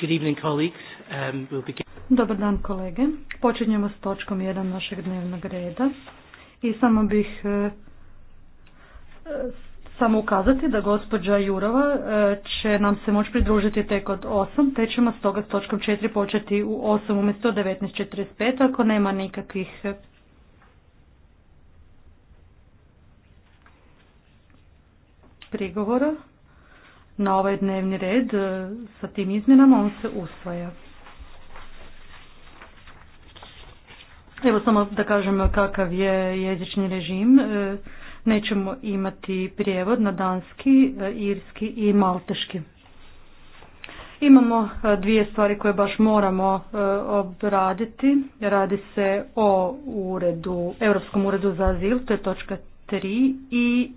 Good evening, um, Dobar dan kolege. Počinjemo s točkom jedan našeg dnevnog reda i samo bih e, e, samo ukazati da gospođa Jurova e, će nam se moći pridružiti tek od 8, te ćemo s toga s točkom 4 početi u 8 umjesto 19.45 ako nema nikakvih prigovora na ovaj dnevni red e, sa tim izmjenama, on se usvaja. Evo samo da kažem kakav je jezični režim. E, nećemo imati prijevod na danski, e, irski i malteški. Imamo dvije stvari koje baš moramo obraditi. Radi se o uredu, Europskom uredu za azil, to je točka 3 i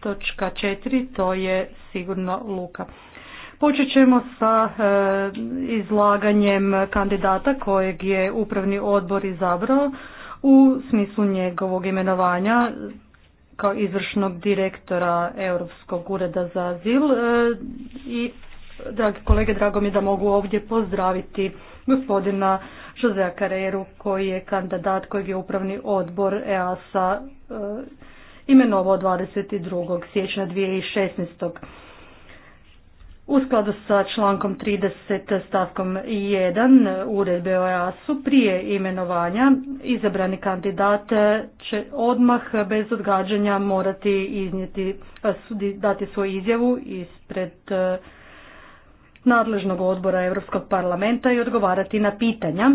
točka 4, to je sigurno Luka. Počet ćemo sa e, izlaganjem kandidata kojeg je upravni odbor izabrao u smislu njegovog imenovanja kao izvršnog direktora Europskog ureda za azil e, i dragi kolege, drago mi da mogu ovdje pozdraviti gospodina Josea Kareru koji je kandidat kojeg je upravni odbor EASA imenovao 22. siječnja 2016. U skladu sa člankom 30 stavkom 1 uredbe o EAS-u prije imenovanja izabrani kandidat će odmah bez odgađanja morati iznijeti, dati svoju izjavu ispred e, nadležnog odbora Europskog parlamenta i odgovarati na pitanja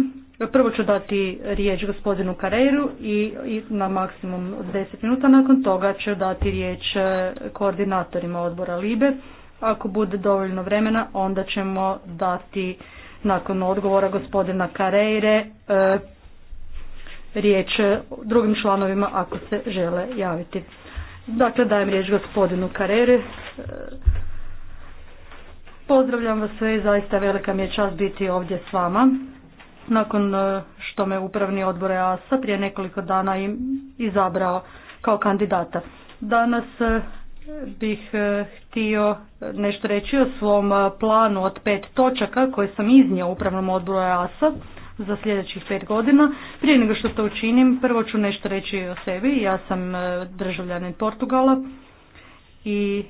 Prvo ću dati riječ gospodinu Kareiru i, na maksimum 10 minuta. Nakon toga ću dati riječ e, koordinatorima odbora LIBE. Ako bude dovoljno vremena, onda ćemo dati nakon odgovora gospodina Kareire e, riječ drugim članovima ako se žele javiti. Dakle, dajem riječ gospodinu Kareire. E, pozdravljam vas sve i zaista velika mi je čast biti ovdje s vama nakon e, što me upravni odbor EASA prije nekoliko dana im izabrao kao kandidata. Danas e, bih e, htio nešto reći o svom planu od pet točaka koje sam iznio upravnom odboru EASA za sljedećih pet godina. Prije nego što to učinim, prvo ću nešto reći o sebi. Ja sam državljanin Portugala i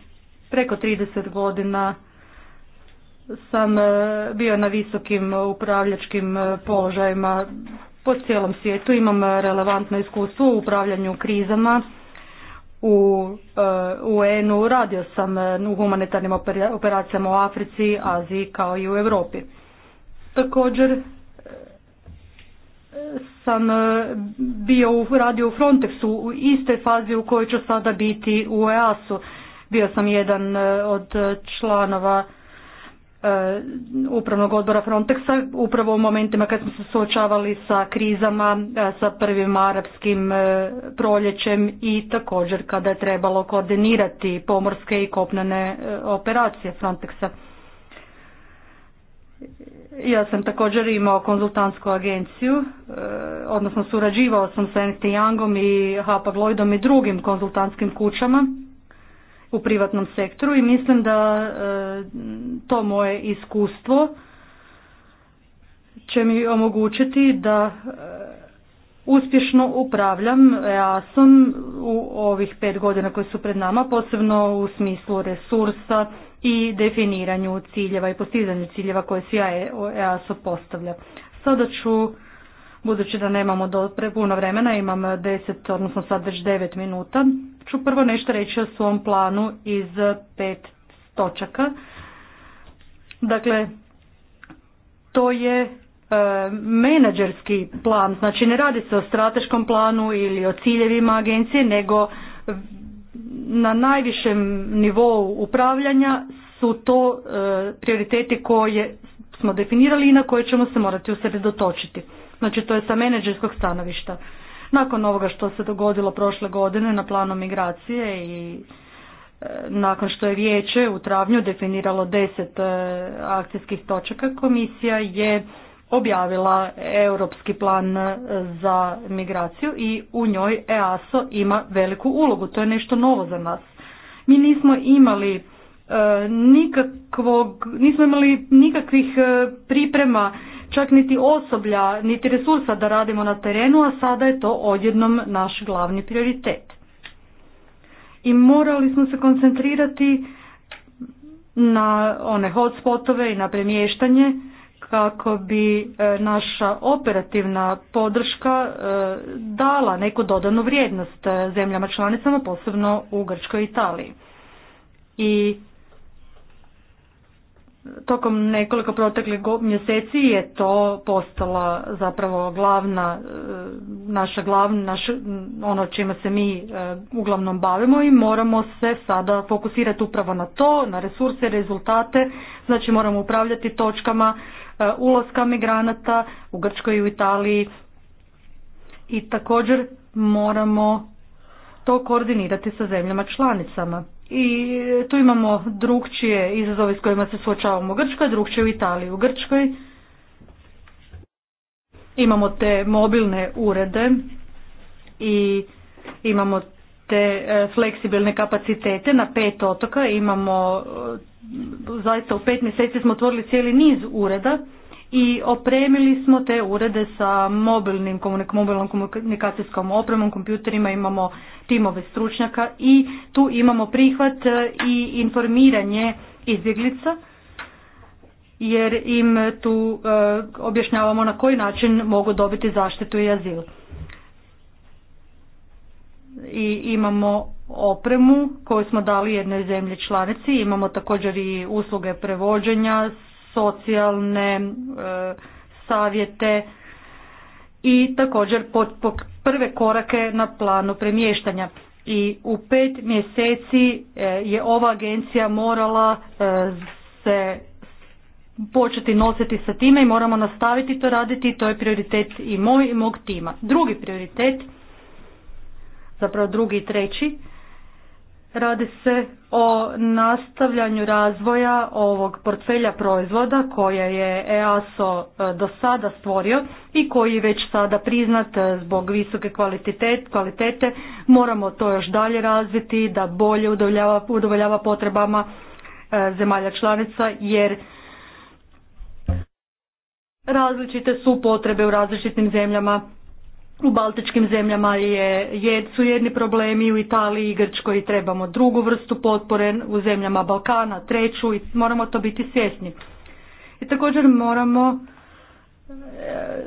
preko 30 godina sam e, bio na visokim e, upravljačkim e, položajima po cijelom svijetu. Imam relevantno iskustvo u upravljanju krizama u UN-u. Radio sam u humanitarnim operacijama u Africi, Aziji kao i u Europi. Također sam bio u radio u Frontexu u istoj fazi u kojoj ću sada biti u EAS-u. Bio sam jedan od članova Eh, upravnog odbora Frontexa upravo u momentima kad smo se suočavali sa krizama, eh, sa prvim arapskim eh, proljećem i također kada je trebalo koordinirati pomorske i kopnene operacije Frontexa. Ja sam također imao konzultantsku agenciju, odnosno surađivao sam sa Ernst Youngom i Hapag Lloydom i drugim konzultantskim kućama u privatnom sektoru i mislim da e, to moje iskustvo će mi omogućiti da e, uspješno upravljam eas u ovih pet godina koje su pred nama, posebno u smislu resursa i definiranju ciljeva i postizanju ciljeva koje si ja e- EASO postavlja. Sada ću, budući da nemamo do, puno vremena, imam 10, odnosno sad već 9 minuta, ću prvo nešto reći o svom planu iz pet točaka. Dakle, to je e, menadžerski plan, znači ne radi se o strateškom planu ili o ciljevima agencije, nego na najvišem nivou upravljanja su to e, prioriteti koje smo definirali i na koje ćemo se morati usredotočiti. Znači to je sa menadžerskog stanovišta. Nakon ovoga što se dogodilo prošle godine na planu migracije i e, nakon što je vijeće u travnju definiralo deset e, akcijskih točaka, komisija je objavila europski plan e, za migraciju i u njoj EASO ima veliku ulogu. To je nešto novo za nas. Mi nismo imali nikakvog, nismo imali nikakvih priprema čak niti osoblja, niti resursa da radimo na terenu, a sada je to odjednom naš glavni prioritet. I morali smo se koncentrirati na one hotspotove i na premještanje kako bi e, naša operativna podrška e, dala neku dodanu vrijednost e, zemljama članicama, posebno u Grčkoj Italiji. I Tokom nekoliko proteklih mjeseci je to postala zapravo glavna, e, naša glavna, naš, ono čime se mi e, uglavnom bavimo i moramo se sada fokusirati upravo na to, na resurse, rezultate, znači moramo upravljati točkama e, ulaska migranata u Grčkoj i u Italiji i također moramo to koordinirati sa zemljama članicama i e, tu imamo drugčije izazove s kojima se suočavamo. u Grčkoj, drugčije u Italiji. U Grčkoj imamo te mobilne urede i imamo te e, fleksibilne kapacitete na pet otoka. Imamo, e, zaista u pet mjeseci smo otvorili cijeli niz ureda i opremili smo te urede sa mobilnim mobilnom komunikacijskom opremom, kompjuterima, imamo timove stručnjaka i tu imamo prihvat e, i informiranje izbjeglica jer im tu e, objašnjavamo na koji način mogu dobiti zaštitu i azil. I imamo opremu koju smo dali jednoj zemlji članici, imamo također i usluge prevođenja, socijalne e, savjete i također prve korake na planu premještanja. I u pet mjeseci e, je ova agencija morala e, se početi nositi sa time i moramo nastaviti to raditi. To je prioritet i moj i mog tima. Drugi prioritet, zapravo drugi i treći, Radi se o nastavljanju razvoja ovog portfelja proizvoda koje je EASO e, do sada stvorio i koji je već sada priznat e, zbog visoke kvalitete. Moramo to još dalje razviti da bolje udovoljava, udovoljava potrebama e, zemalja članica jer različite su potrebe u različitim zemljama u baltičkim zemljama je, je, su jedni problemi, u Italiji i Grčkoj trebamo drugu vrstu potpore, u zemljama Balkana treću i moramo to biti svjesni. I također moramo e,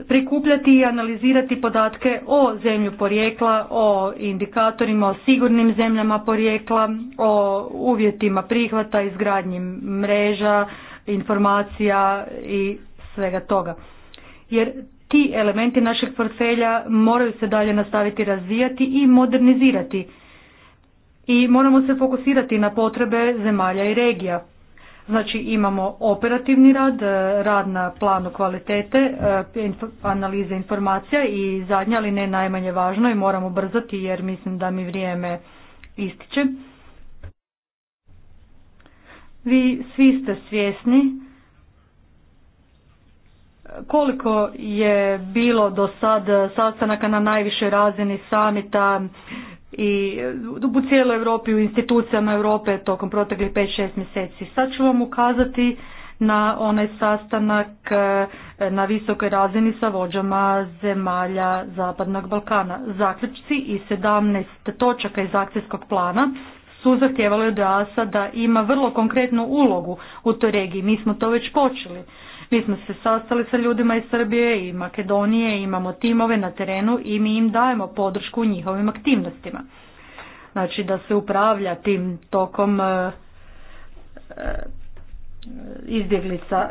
prikupljati i analizirati podatke o zemlju porijekla, o indikatorima, o sigurnim zemljama porijekla, o uvjetima prihvata, izgradnji mreža, informacija i svega toga. Jer ti elementi našeg portfelja moraju se dalje nastaviti razvijati i modernizirati i moramo se fokusirati na potrebe zemalja i regija. Znači imamo operativni rad, rad na planu kvalitete, e, analize informacija i zadnja, ali ne najmanje važno i moramo brzati jer mislim da mi vrijeme ističe. Vi svi ste svjesni koliko je bilo do sad sastanaka na najvišoj razini samita i u cijeloj Europi, u institucijama Europe tokom proteklih 5-6 mjeseci. Sad ću vam ukazati na onaj sastanak e, na visokoj razini sa vođama zemalja Zapadnog Balkana. Zaključci i 17 točaka iz akcijskog plana su zahtjevali od EASA da ima vrlo konkretnu ulogu u toj regiji. Mi smo to već počeli. Mi smo se sastali sa ljudima iz Srbije i Makedonije, imamo timove na terenu i mi im dajemo podršku u njihovim aktivnostima. Znači da se upravlja tim tokom e, e, izbjeglica e,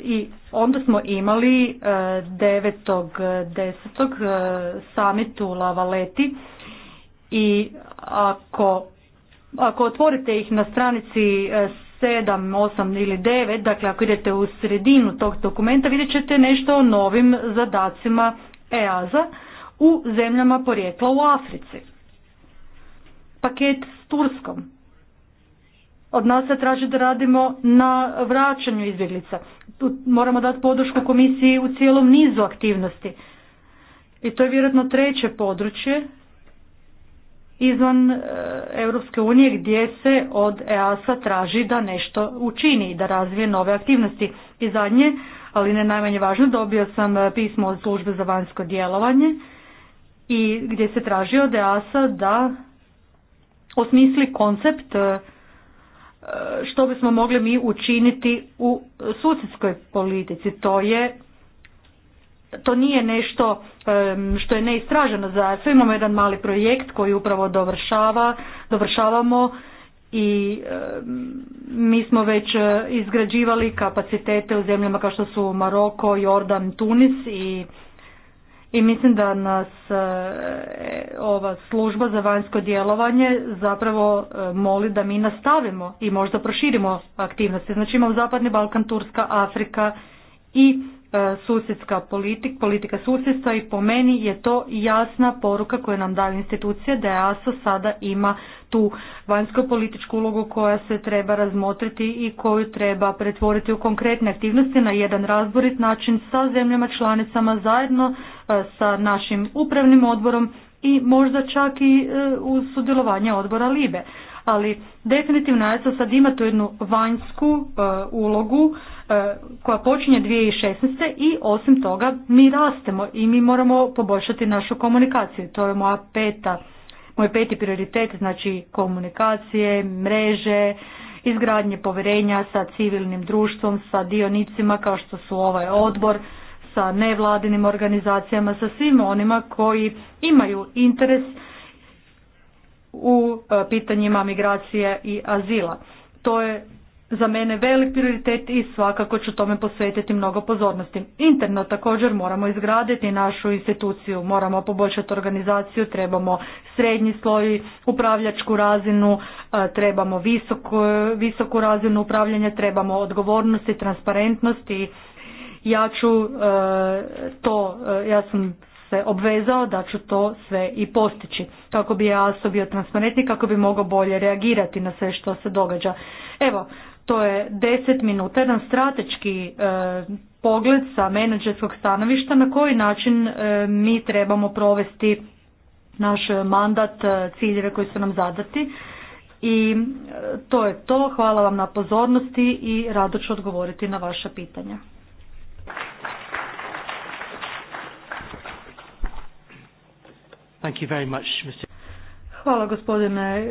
i onda smo imali 9.10. summit u Lavaleti i ako, ako otvorite ih na stranici 7, 8 ili 9, dakle ako idete u sredinu tog dokumenta vidjet ćete nešto o novim zadacima EAZA u zemljama porijekla u Africi. Paket s Turskom. Od nas se traži da radimo na vraćanju izbjeglica. Moramo dati podršku komisiji u cijelom nizu aktivnosti. I to je vjerojatno treće područje izvan e, Europske unije gdje se od EASA traži da nešto učini i da razvije nove aktivnosti. I zadnje, ali ne najmanje važno, dobio sam e, pismo od službe za vanjsko djelovanje i gdje se traži od EASA da osmisli koncept e, što bismo mogli mi učiniti u susjedskoj politici. To je to nije nešto što je neistraženo za sve. Imamo jedan mali projekt koji upravo dovršava, dovršavamo i mi smo već e, izgrađivali kapacitete u zemljama kao što su Maroko, Jordan, Tunis i i mislim da nas e, ova služba za vanjsko djelovanje zapravo e, moli da mi nastavimo i možda proširimo aktivnosti. Znači imamo Zapadni Balkan, Turska, Afrika i E, susjedska politika, politika susjedstva i po meni je to jasna poruka koju nam daju institucije da ASO sada ima tu vanjsko-političku ulogu koja se treba razmotriti i koju treba pretvoriti u konkretne aktivnosti na jedan razborit način sa zemljama članicama zajedno e, sa našim upravnim odborom i možda čak i e, uz sudjelovanje odbora LIBE ali definitivno ASO sad ima tu jednu vanjsku ulogu E, koja počinje 2016. i osim toga mi rastemo i mi moramo poboljšati našu komunikaciju. To je moja peta, moj peti prioritet, znači komunikacije, mreže, izgradnje povjerenja sa civilnim društvom, sa dionicima kao što su ovaj odbor, sa nevladinim organizacijama, sa svim onima koji imaju interes u e, pitanjima migracije i azila. To je za mene velik prioritet i svakako ću tome posvetiti mnogo pozornosti. Interno također moramo izgraditi našu instituciju, moramo poboljšati organizaciju, trebamo srednji sloj, upravljačku razinu, e, trebamo visoku, e, visoku razinu upravljanja, trebamo odgovornosti, transparentnosti. i ja ću e, to, ja sam se obvezao da ću to sve i postići. Kako bi ja bio transparentni, kako bi mogao bolje reagirati na sve što se događa. Evo, to je 10 minuta, jedan strateški e, pogled sa menadžerskog stanovišta na koji način e, mi trebamo provesti naš mandat, e, ciljeve koji su nam zadati. I to je to. Hvala vam na pozornosti i rado ću odgovoriti na vaša pitanja. Thank you very much, Hvala gospodine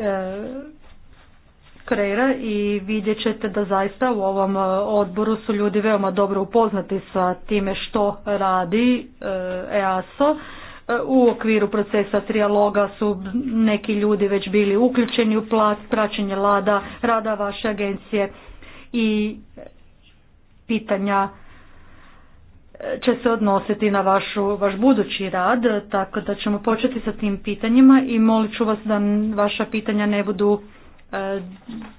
kreira i vidjet ćete da zaista u ovom e, odboru su ljudi veoma dobro upoznati sa time što radi e, EASO. E, u okviru procesa trijaloga su neki ljudi već bili uključeni u plat, praćenje lada, rada vaše agencije i pitanja će se odnositi na vašu, vaš budući rad, tako da ćemo početi sa tim pitanjima i molit ću vas da vaša pitanja ne budu E,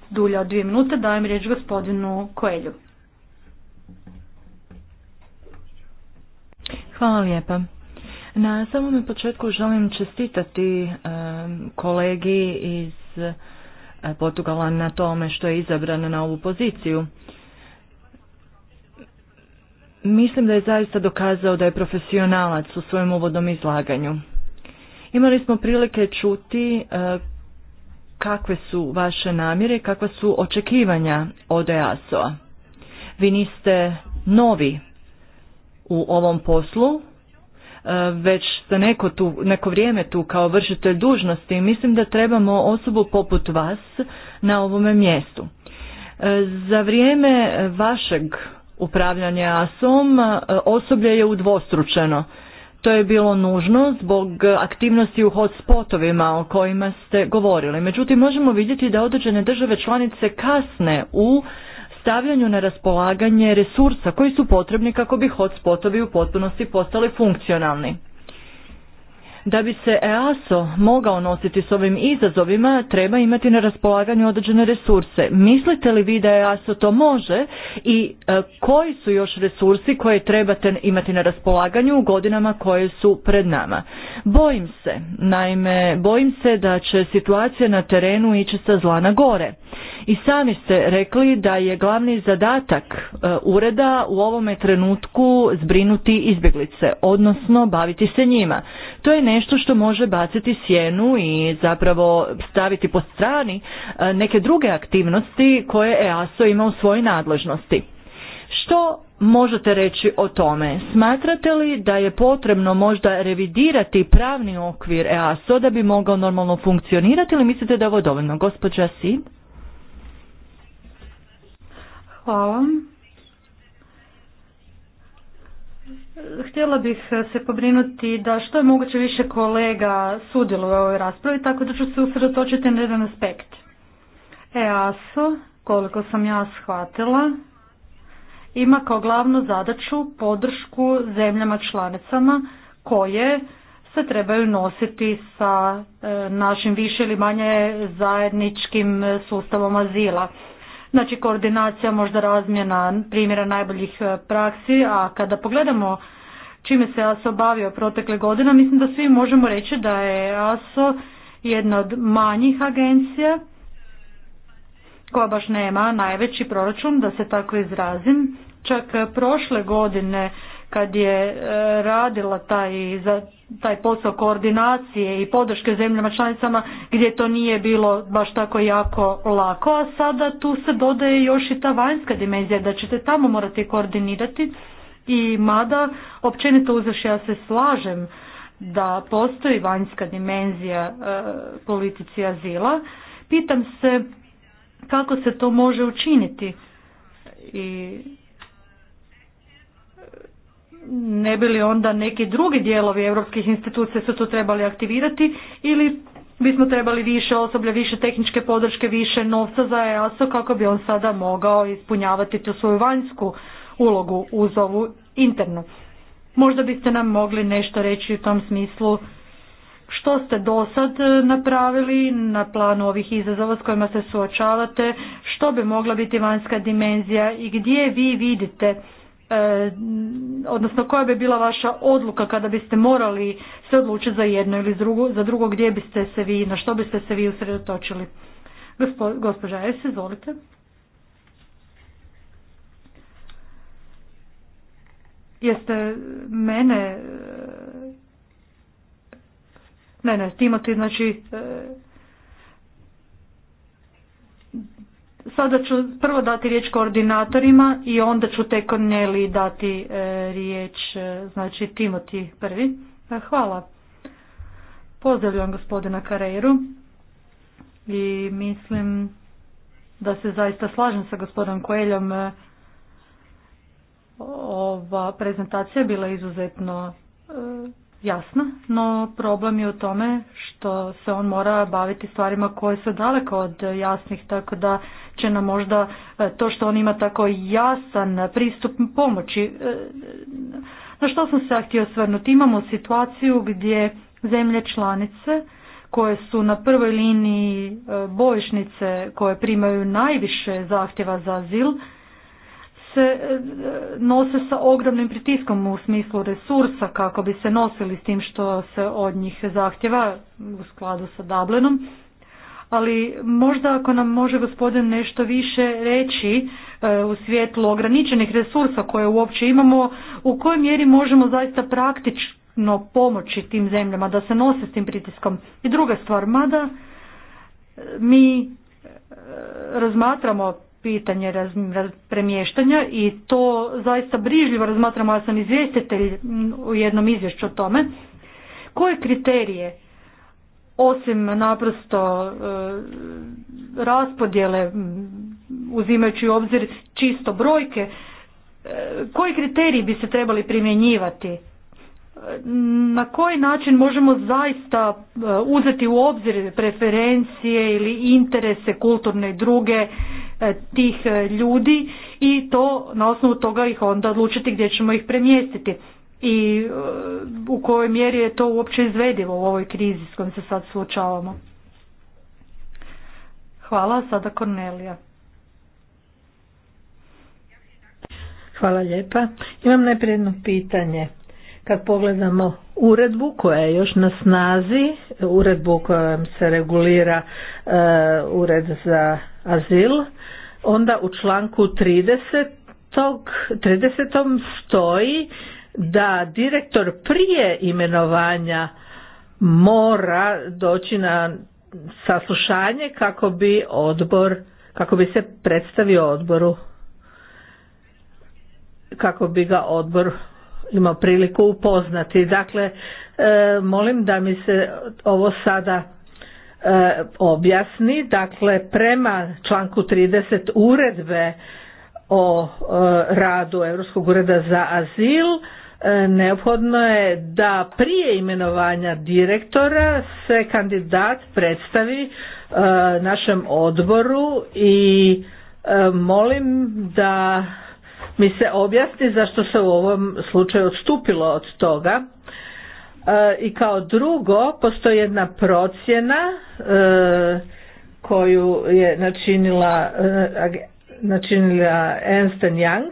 dulja od dvije minute. Dajem riječ gospodinu Koelju. Hvala lijepa. Na samom početku želim čestitati e, kolegi iz e, Portugala na tome što je izabran na ovu poziciju. Mislim da je zaista dokazao da je profesionalac u svojem uvodnom izlaganju. Imali smo prilike čuti kakve su vaše namjere kakva su očekivanja od EASO-a. Vi niste novi u ovom poslu, e, već ste neko, tu, neko vrijeme tu kao vršitelj dužnosti i mislim da trebamo osobu poput vas na ovome mjestu. E, za vrijeme vašeg upravljanja EASO-om e, osoblje je udvostručeno. To je bilo nužno zbog aktivnosti u hotspotovima o kojima ste govorili. Međutim, možemo vidjeti da određene države članice kasne u stavljanju na raspolaganje resursa koji su potrebni kako bi hotspotovi u potpunosti postali funkcionalni. Da bi se EASO mogao nositi s ovim izazovima, treba imati na raspolaganju određene resurse. Mislite li vi da EASO to može i e, koji su još resursi koje trebate imati na raspolaganju u godinama koje su pred nama? Bojim se, naime, bojim se da će situacija na terenu ići sa zla na gore. I sami ste rekli da je glavni zadatak e, ureda u ovome trenutku zbrinuti izbjeglice, odnosno baviti se njima to je nešto što može baciti sjenu i zapravo staviti po strani e, neke druge aktivnosti koje EASO ima u svojoj nadležnosti. Što možete reći o tome? Smatrate li da je potrebno možda revidirati pravni okvir EASO da bi mogao normalno funkcionirati ili mislite da je ovo dovoljno? Gospođa Sid? Hvala Htjela bih se pobrinuti da što je moguće više kolega sudjeluje u ovoj raspravi, tako da ću se usredotočiti na jedan aspekt. EASO, koliko sam ja shvatila, ima kao glavnu zadaću podršku zemljama članicama koje se trebaju nositi sa e, našim više ili manje zajedničkim sustavom azila. Znači koordinacija, možda razmjena primjera najboljih e, praksi, a kada pogledamo čime se ASO bavio protekle godine, mislim da svi možemo reći da je ASO jedna od manjih agencija koja baš nema najveći proračun, da se tako izrazim. Čak prošle godine kad je e, radila taj, taj posao koordinacije i podrške zemljama članicama gdje to nije bilo baš tako jako lako, a sada tu se dodaje još i ta vanjska dimenzija da ćete tamo morati koordinirati i mada općenito uzeš ja se slažem da postoji vanjska dimenzija e, politici azila, pitam se kako se to može učiniti i ne bi li onda neki drugi dijelovi europskih institucija su tu trebali aktivirati ili bismo trebali više osoblja, više tehničke podrške, više novca za EASO kako bi on sada mogao ispunjavati tu svoju vanjsku ulogu uz ovu internu. Možda biste nam mogli nešto reći u tom smislu što ste do sad napravili na planu ovih izazova s kojima se suočavate, što bi mogla biti vanjska dimenzija i gdje vi vidite E, odnosno koja bi bila vaša odluka kada biste morali se odlučiti za jedno ili drugo, za drugo gdje biste se vi, na što biste se vi usredotočili. Gospo, gospođa S, izvolite. Jeste mene... E, ne, ne, Timoti, znači e, Sada ću prvo dati riječ koordinatorima i onda ću tek Korneli dati e, riječ, e, znači Timoti prvi. E, hvala. Pozdravljam gospodina Kareru i mislim da se zaista slažem sa gospodom Koeljom. Ova prezentacija je bila izuzetno jasno, no problem je u tome što se on mora baviti stvarima koje su daleko od jasnih, tako da će nam možda e, to što on ima tako jasan pristup pomoći. E, na što sam se htio osvrnuti? Imamo situaciju gdje zemlje članice koje su na prvoj liniji e, bojišnice koje primaju najviše zahtjeva za azil, se e, nose sa ogromnim pritiskom u smislu resursa kako bi se nosili s tim što se od njih zahtjeva u skladu sa Dublinom. Ali možda ako nam može gospodin nešto više reći e, u svjetlu ograničenih resursa koje uopće imamo, u kojoj mjeri možemo zaista praktično pomoći tim zemljama da se nose s tim pritiskom. I druga stvar, mada e, mi razmatramo pitanje raz, premještanja i to zaista brižljivo razmatramo, ja sam izvjestitelj u jednom izvješću o tome. Koje kriterije, osim naprosto e, raspodjele, uzimajući u obzir čisto brojke, e, koji kriteriji bi se trebali primjenjivati na koji način možemo zaista e, uzeti u obzir preferencije ili interese kulturne i druge e, tih e, ljudi i to na osnovu toga ih onda odlučiti gdje ćemo ih premjestiti i u kojoj mjeri je to uopće izvedivo u ovoj krizi s kojom se sad suočavamo. Hvala, sada Kornelija. Hvala lijepa. Imam najprije pitanje. Kad pogledamo uredbu koja je još na snazi, uredbu kojom se regulira eh, ured za azil, onda u članku 30. 30. stoji da direktor prije imenovanja mora doći na saslušanje kako bi odbor kako bi se predstavio odboru kako bi ga odbor imao priliku upoznati. Dakle, e, molim da mi se ovo sada e, objasni. Dakle, prema članku 30 uredbe o e, radu Europskog ureda za azil, neophodno je da prije imenovanja direktora se kandidat predstavi našem odboru i molim da mi se objasni zašto se u ovom slučaju odstupilo od toga. E, I kao drugo, postoji jedna procjena e, koju je načinila, e, načinila Ernst Young,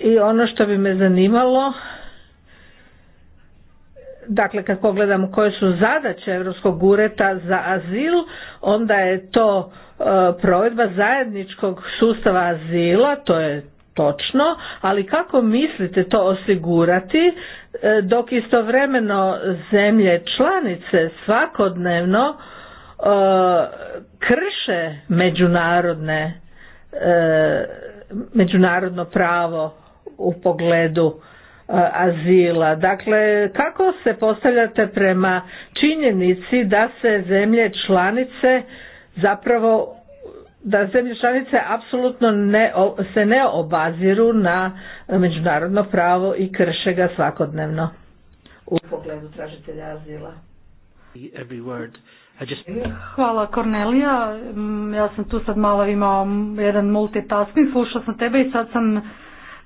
i ono što bi me zanimalo dakle kad pogledamo koje su zadaće Europskog ureta za azil, onda je to e, provedba zajedničkog sustava azila, to je točno, ali kako mislite to osigurati e, dok istovremeno zemlje članice svakodnevno e, krše međunarodne međunarodno pravo u pogledu azila. Dakle, kako se postavljate prema činjenici da se zemlje članice zapravo da zemlje članice apsolutno ne, se ne obaziru na međunarodno pravo i krše ga svakodnevno u pogledu tražitelja azila. Hvala Kornelija, mm, ja sam tu sad malo imao jedan multitasking, slušao sam tebe i sad sam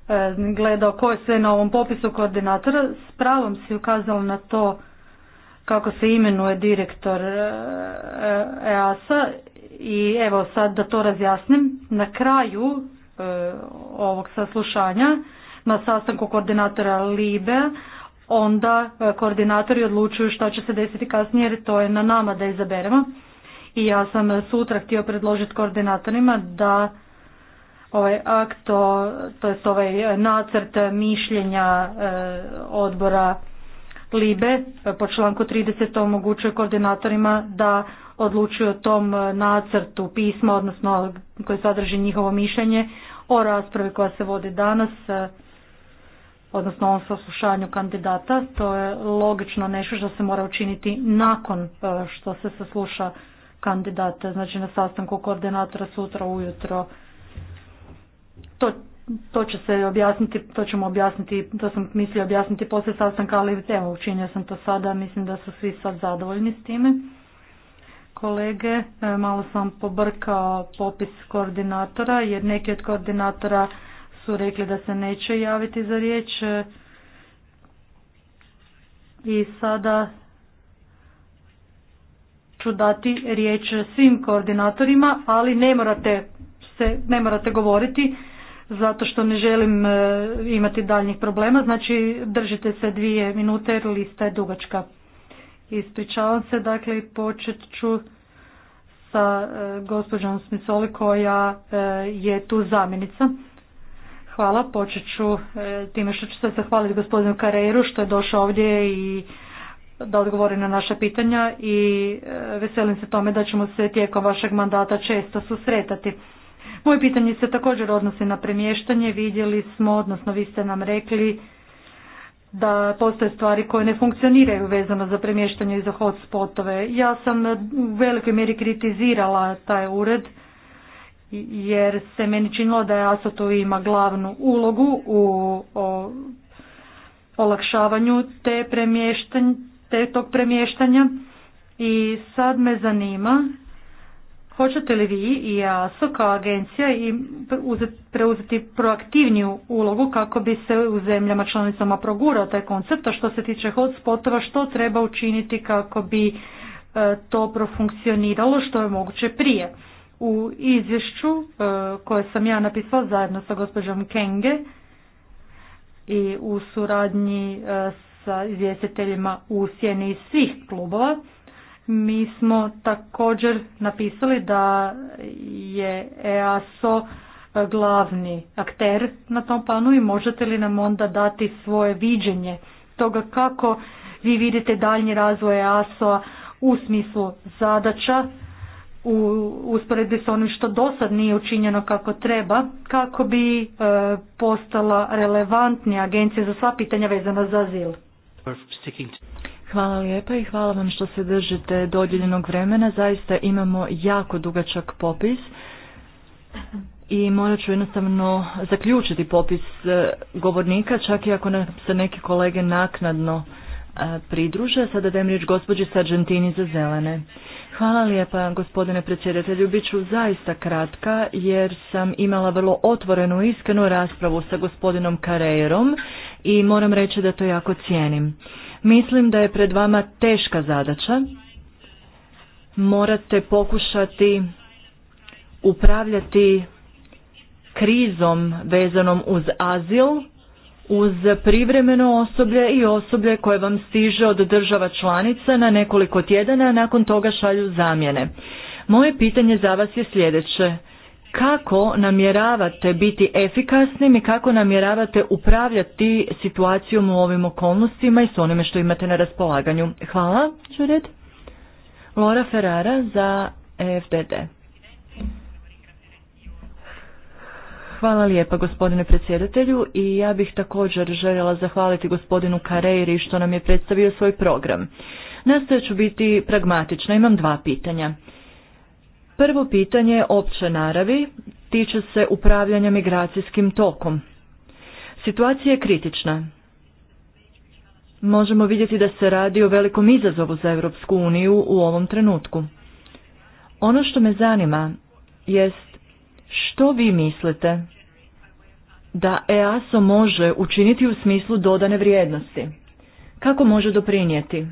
E, gledao ko je sve na ovom popisu koordinatora, s pravom si ukazao na to kako se imenuje direktor EASA e i evo sad da to razjasnim, na kraju e, ovog saslušanja na sastanku koordinatora Libe onda koordinatori odlučuju što će se desiti kasnije jer to je na nama da izaberemo. I ja sam sutra htio predložiti koordinatorima da ovaj akt, to, to je ovaj nacrt mišljenja e, odbora LIBE po članku 30 omogućuje koordinatorima da odlučuju o tom nacrtu pisma, odnosno koji sadrži njihovo mišljenje o raspravi koja se vodi danas, e, odnosno o saslušanju kandidata. To je logično nešto što se mora učiniti nakon e, što se sasluša kandidata, znači na sastanku koordinatora sutra ujutro to, to će se objasniti, to ćemo objasniti, to sam mislio objasniti poslije sastanka, ali evo učinio sam to sada, mislim da su svi sad zadovoljni s time. Kolege, e, malo sam pobrkao popis koordinatora jer neki od koordinatora su rekli da se neće javiti za riječ e, i sada ću dati riječ svim koordinatorima, ali ne morate, se, ne morate govoriti zato što ne želim e, imati daljnjih problema. Znači držite se dvije minute jer lista je dugačka. Ispričavam se, dakle počet ću sa e, gospođom Smisoli koja e, je tu zamjenica. Hvala, počet ću time što ću se zahvaliti gospodinu Kareru što je došao ovdje i da odgovori na naša pitanja i veselim se tome da ćemo se tijekom vašeg mandata često susretati. Moje pitanje se također odnosi na premještanje. Vidjeli smo, odnosno vi ste nam rekli da postoje stvari koje ne funkcioniraju vezano za premještanje i za hotspotove. Ja sam u velikoj mjeri kritizirala taj ured jer se meni činilo da ASO tu ima glavnu ulogu u o, olakšavanju te, te tog premještanja i sad me zanima Hoćete li vi i ASO kao agencija i preuzeti proaktivniju ulogu kako bi se u zemljama članicama progurao taj koncept, a što se tiče hotspotova, što treba učiniti kako bi e, to profunkcioniralo što je moguće prije. U izvješću e, koje sam ja napisala zajedno sa gospođom Kenge i u suradnji e, sa izvjestiteljima u sjeni svih klubova, mi smo također napisali da je EASO e, glavni akter na tom planu i možete li nam onda dati svoje viđenje toga kako vi vidite daljnji razvoj EASO-a u smislu zadaća u usporedbi sa onim što do sad nije učinjeno kako treba, kako bi e, postala relevantnija agencija za sva pitanja vezana za azil. Hvala lijepa i hvala vam što se držite dodjeljenog vremena. Zaista imamo jako dugačak popis i morat ću jednostavno zaključiti popis e, govornika, čak i ako nam se neki kolege naknadno e, pridruže. Sada dajem riječ gospođi Sargentini za zelene. Hvala lijepa gospodine predsjedatelju, bit ću zaista kratka jer sam imala vrlo otvorenu iskrenu raspravu sa gospodinom Karejerom i moram reći da to jako cijenim. Mislim da je pred vama teška zadaća. Morate pokušati upravljati krizom vezanom uz azil, uz privremeno osoblje i osoblje koje vam stiže od država članica na nekoliko tjedana, a nakon toga šalju zamjene. Moje pitanje za vas je sljedeće kako namjeravate biti efikasnim i kako namjeravate upravljati situacijom u ovim okolnostima i s onime što imate na raspolaganju. Hvala, Đured. Lora Ferrara za EFDD. Hvala lijepa gospodine predsjedatelju i ja bih također željela zahvaliti gospodinu Kareiri što nam je predstavio svoj program. Nastojat ću biti pragmatična, imam dva pitanja. Prvo pitanje je opće naravi, tiče se upravljanja migracijskim tokom. Situacija je kritična. Možemo vidjeti da se radi o velikom izazovu za Europsku uniju u ovom trenutku. Ono što me zanima jest što vi mislite da EASO može učiniti u smislu dodane vrijednosti? Kako može doprinijeti?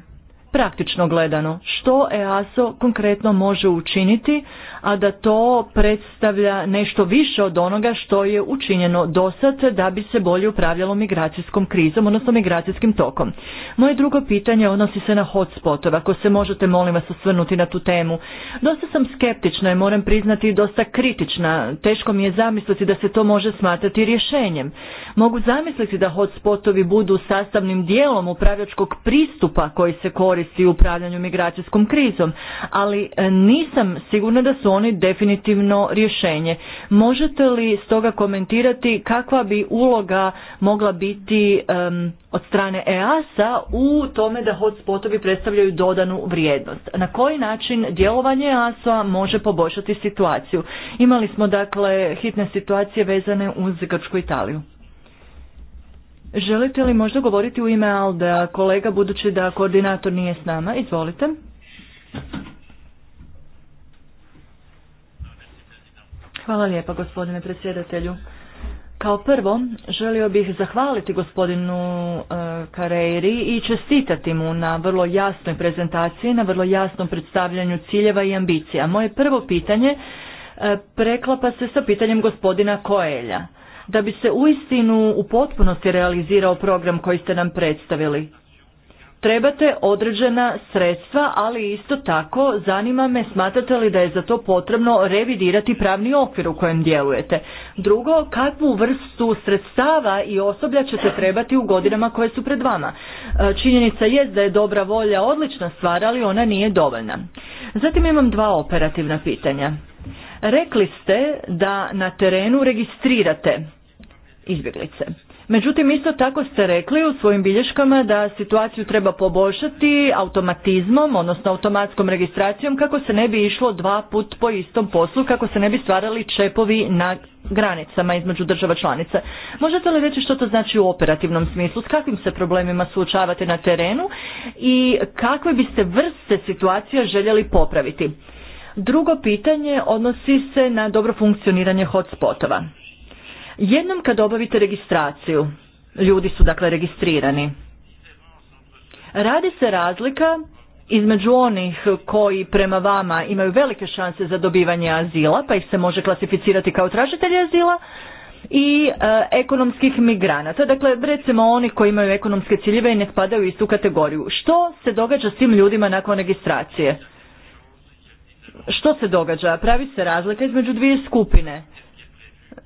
praktično gledano što EASO konkretno može učiniti, a da to predstavlja nešto više od onoga što je učinjeno dosad da bi se bolje upravljalo migracijskom krizom, odnosno migracijskim tokom. Moje drugo pitanje odnosi se na hotspotove, ako se možete molim vas osvrnuti na tu temu. Dosta sam skeptična i moram priznati dosta kritična, teško mi je zamisliti da se to može smatrati rješenjem. Mogu zamisliti da hotspotovi budu sastavnim dijelom upravljačkog pristupa koji se koristi koristi u upravljanju migracijskom krizom, ali e, nisam sigurna da su oni definitivno rješenje. Možete li stoga komentirati kakva bi uloga mogla biti od strane EASA u tome da hotspotovi predstavljaju dodanu vrijednost? Na koji način djelovanje EASA može poboljšati situaciju? Imali smo dakle hitne situacije vezane uz Grčku Italiju. Želite li možda govoriti u ime Alda, kolega, budući da koordinator nije s nama? Izvolite. Hvala lijepa, gospodine predsjedatelju. Kao prvo, želio bih zahvaliti gospodinu e, i čestitati mu na vrlo jasnoj prezentaciji, na vrlo jasnom predstavljanju ciljeva i ambicija. Moje prvo pitanje e, preklapa se sa pitanjem gospodina Koelja da bi se uistinu u potpunosti realizirao program koji ste nam predstavili. Trebate određena sredstva, ali isto tako zanima me smatrate li da je za to potrebno revidirati pravni okvir u kojem djelujete. Drugo, kakvu vrstu sredstava i osoblja ćete trebati u godinama koje su pred vama. E, činjenica je da je dobra volja odlična stvar, ali ona nije dovoljna. Zatim imam dva operativna pitanja. Rekli ste da na terenu registrirate izbjeglice. Međutim, isto tako ste rekli u svojim bilješkama da situaciju treba poboljšati automatizmom, odnosno automatskom registracijom kako se ne bi išlo dva put po istom poslu, kako se ne bi stvarali čepovi na granicama između država članica. Možete li reći što to znači u operativnom smislu, s kakvim se problemima suočavate na terenu i kakve biste vrste situacija željeli popraviti? Drugo pitanje odnosi se na dobro funkcioniranje hotspotova. Jednom kad obavite registraciju, ljudi su dakle registrirani, radi se razlika između onih koji prema vama imaju velike šanse za dobivanje azila, pa ih se može klasificirati kao tražitelji azila, i e, ekonomskih migranata. Dakle, recimo oni koji imaju ekonomske ciljeve i ne spadaju u istu kategoriju. Što se događa s tim ljudima nakon registracije? Što se događa? Pravi se razlika između dvije skupine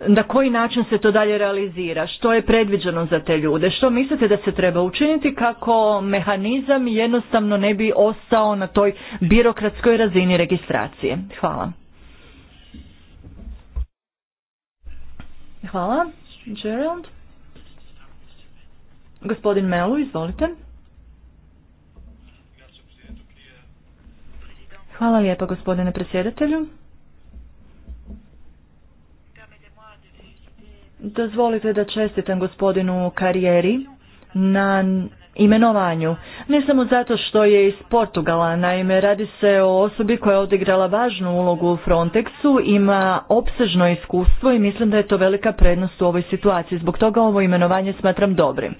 na koji način se to dalje realizira, što je predviđeno za te ljude, što mislite da se treba učiniti kako mehanizam jednostavno ne bi ostao na toj birokratskoj razini registracije. Hvala. Hvala. Gerald. Gospodin Melu, izvolite. Hvala lijepo, gospodine predsjedatelju. Dozvolite da čestitam gospodinu karijeri na imenovanju. Ne samo zato što je iz Portugala, naime radi se o osobi koja je odigrala važnu ulogu u Frontexu, ima opsežno iskustvo i mislim da je to velika prednost u ovoj situaciji. Zbog toga ovo imenovanje smatram dobrim.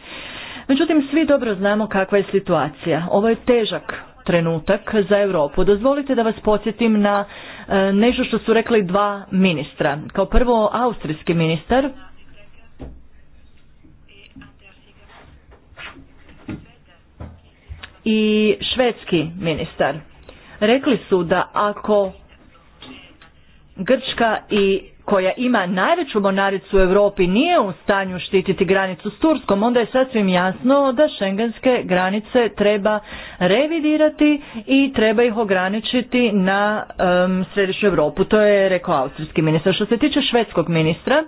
Međutim, svi dobro znamo kakva je situacija. Ovo je težak trenutak za Europu. Dozvolite da vas podsjetim na e, nešto što su rekli dva ministra. Kao prvo, austrijski ministar i švedski ministar. Rekli su da ako Grčka i koja ima najveću monaricu u Europi nije u stanju štititi granicu s Turskom, onda je sasvim jasno da šengenske granice treba revidirati i treba ih ograničiti na um, središnju Europu. To je rekao austrijski ministar. Što se tiče švedskog ministra,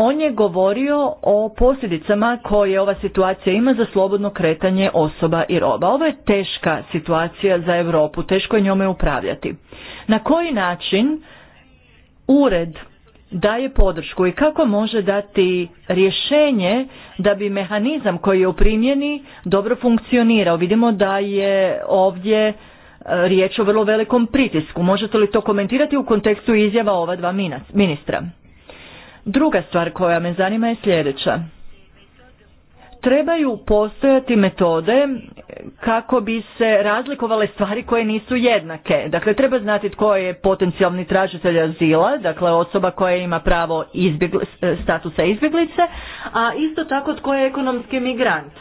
on je govorio o posljedicama koje ova situacija ima za slobodno kretanje osoba i roba. Ovo je teška situacija za Europu, teško je njome upravljati. Na koji način ured daje podršku i kako može dati rješenje da bi mehanizam koji je u primjeni dobro funkcionirao. Vidimo da je ovdje e, riječ o vrlo velikom pritisku. Možete li to komentirati u kontekstu izjava ova dva ministra? Druga stvar koja me zanima je sljedeća. Trebaju postojati metode kako bi se razlikovale stvari koje nisu jednake. Dakle, treba znati tko je potencijalni tražitelj azila, dakle osoba koja ima pravo e, statusa izbjeglice, a isto tako tko je ekonomski migrant.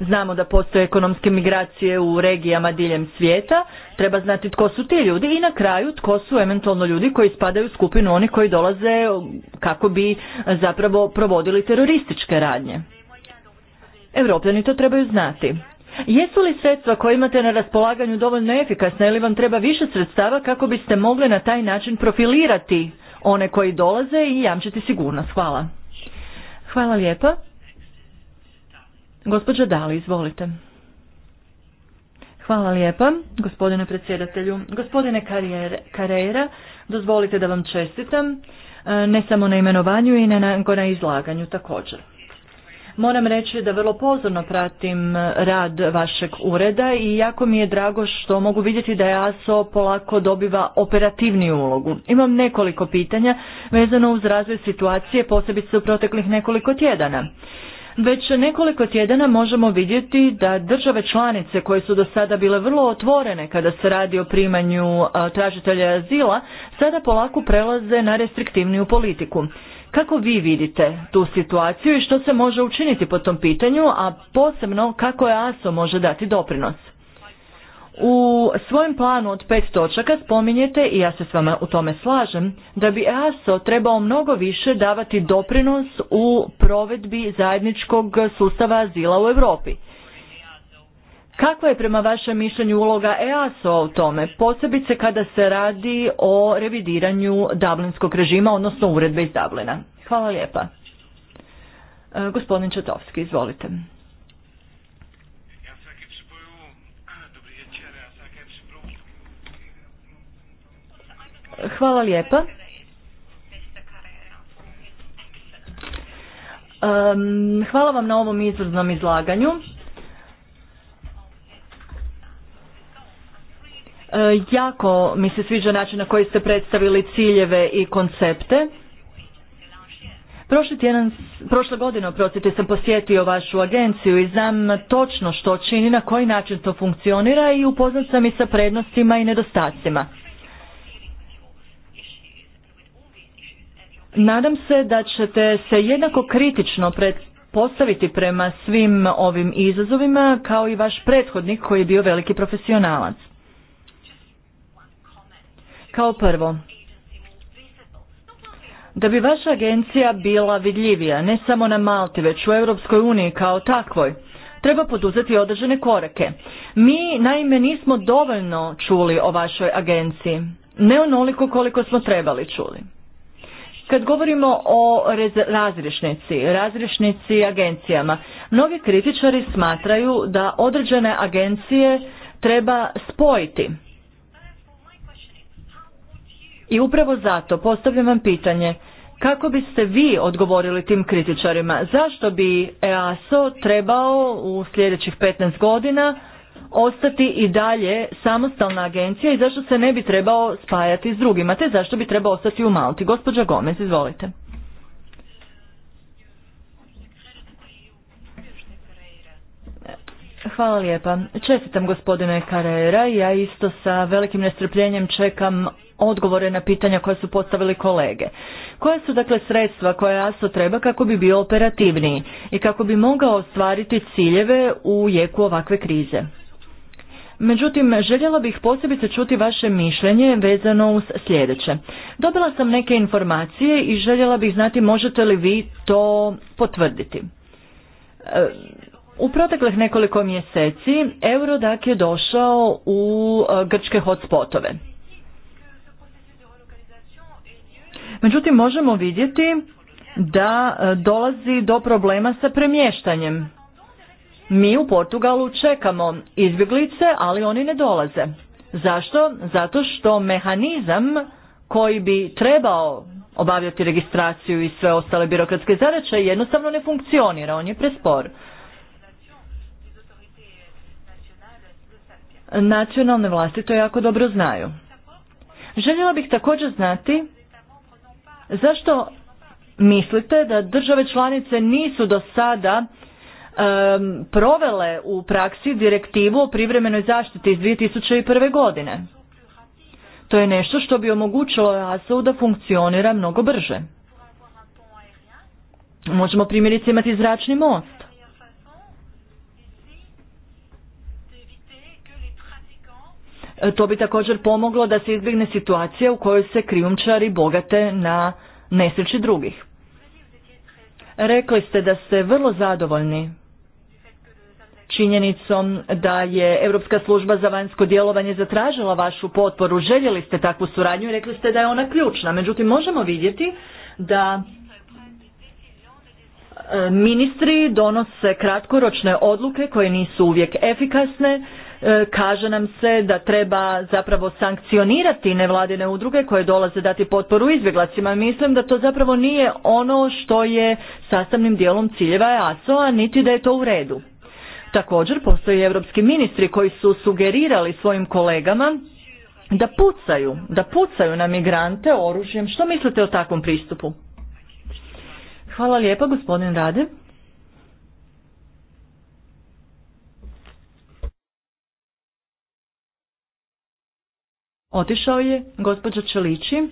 Znamo da postoje ekonomske migracije u regijama diljem svijeta, treba znati tko su ti ljudi i na kraju tko su eventualno ljudi koji spadaju u skupinu oni koji dolaze kako bi zapravo provodili terorističke radnje. Evropljani to trebaju znati. Jesu li sredstva koje imate na raspolaganju dovoljno efikasna ili vam treba više sredstava kako biste mogli na taj način profilirati one koji dolaze i jamčiti sigurnost? Hvala. Hvala lijepa. Gospođa Dali, izvolite. Hvala lijepa, gospodine predsjedatelju. Gospodine Karera, dozvolite da vam čestitam, e, ne samo na imenovanju i nego na izlaganju također. Moram reći da vrlo pozorno pratim rad vašeg ureda i jako mi je drago što mogu vidjeti da ASO polako dobiva operativniju ulogu. Imam nekoliko pitanja vezano uz razvoj situacije, posebice u proteklih nekoliko tjedana. Već nekoliko tjedana možemo vidjeti da države članice koje su do sada bile vrlo otvorene kada se radi o primanju e, tražitelja azila, sada polako prelaze na restriktivniju politiku. Kako vi vidite tu situaciju i što se može učiniti po tom pitanju, a posebno kako je ASO može dati doprinos? U svojem planu od pet točaka spominjete, i ja se s vama u tome slažem, da bi EASO trebao mnogo više davati doprinos u provedbi zajedničkog sustava azila u Europi. Kakva je prema vašem mišljenju uloga EASO u tome, posebice kada se radi o revidiranju Dublinskog režima, odnosno uredbe iz Dublina? Hvala lijepa. E, gospodin Četovski, izvolite. Hvala lijepa. hvala vam na ovom izvrznom izlaganju. E, jako mi se sviđa način na koji ste predstavili ciljeve i koncepte. Prošli tjedan, prošle godine, oprostite, sam posjetio vašu agenciju i znam točno što čini, na koji način to funkcionira i upoznat sam i sa prednostima i nedostacima. Nadam se da ćete se jednako kritično postaviti prema svim ovim izazovima kao i vaš prethodnik koji je bio veliki profesionalac. Kao prvo, da bi vaša agencija bila vidljivija, ne samo na Malti, već u Europskoj uniji kao takvoj, treba poduzeti određene korake. Mi naime nismo dovoljno čuli o vašoj agenciji, ne onoliko koliko smo trebali čuli. Kad govorimo o razrešnici, razrešnici agencijama, mnogi kritičari smatraju da određene agencije treba spojiti. I upravo zato postavljam vam pitanje, kako biste vi odgovorili tim kritičarima? Zašto bi EASO trebao u sljedećih 15 godina ostati i dalje samostalna agencija i zašto se ne bi trebao spajati s drugima, te zašto bi trebao ostati u Malti. Gospođa Gomez, izvolite. Hvala lijepa. Čestitam gospodine Karera. Ja isto sa velikim nestrpljenjem čekam odgovore na pitanja koja su postavili kolege. Koje su dakle sredstva koja ASO treba kako bi bio operativniji i kako bi mogao ostvariti ciljeve u jeku ovakve krize? Međutim, željela bih posebice čuti vaše mišljenje vezano uz sljedeće. Dobila sam neke informacije i željela bih znati možete li vi to potvrditi. E, u proteklih nekoliko mjeseci Eurodak je došao u e, grčke hotspotove. Međutim, možemo vidjeti da e, dolazi do problema sa premještanjem. Mi u Portugalu čekamo izbjeglice, ali oni ne dolaze. Zašto? Zato što mehanizam koji bi trebao obavljati registraciju i sve ostale birokratske zadaće jednostavno ne funkcionira, on je prespor. Nacionalne vlasti to jako dobro znaju. Željela bih također znati zašto mislite da države članice nisu do sada provele u praksi direktivu o privremenoj zaštiti iz 2001. godine. To je nešto što bi omogućilo ASO da funkcionira mnogo brže. Možemo primjerice imati zračni most. E, to bi također pomoglo da se izbjegne situacija u kojoj se krijumčari bogate na nesreći drugih. Rekli ste da ste vrlo zadovoljni činjenicom da je Europska služba za vanjsko djelovanje zatražila vašu potporu. Željeli ste takvu suradnju i rekli ste da je ona ključna. Međutim, možemo vidjeti da e, ministri donose kratkoročne odluke koje nisu uvijek efikasne. E, kaže nam se da treba zapravo sankcionirati nevladine udruge koje dolaze dati potporu izbjeglacima. Mislim da to zapravo nije ono što je sastavnim dijelom ciljeva EASO-a, niti da je to u redu. Također postoje europski ministri koji su sugerirali svojim kolegama da pucaju, da pucaju na migrante oružjem. Što mislite o takvom pristupu? Hvala lijepa, gospodin Rade. Otišao je gospođa Čelići.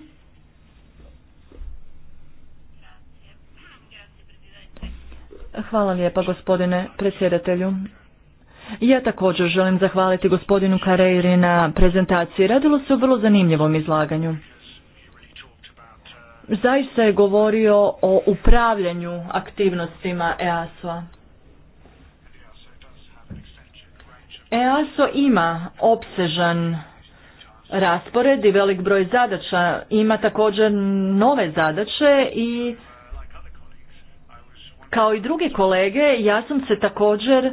Hvala lijepa gospodine predsjedatelju. Ja također želim zahvaliti gospodinu Kareiri na prezentaciji. Radilo se o vrlo zanimljivom izlaganju. Zaista je govorio o upravljanju aktivnostima EASO-a. EASO ima obsežan raspored i velik broj zadaća. Ima također nove zadaće i kao i drugi kolege, ja sam se također e,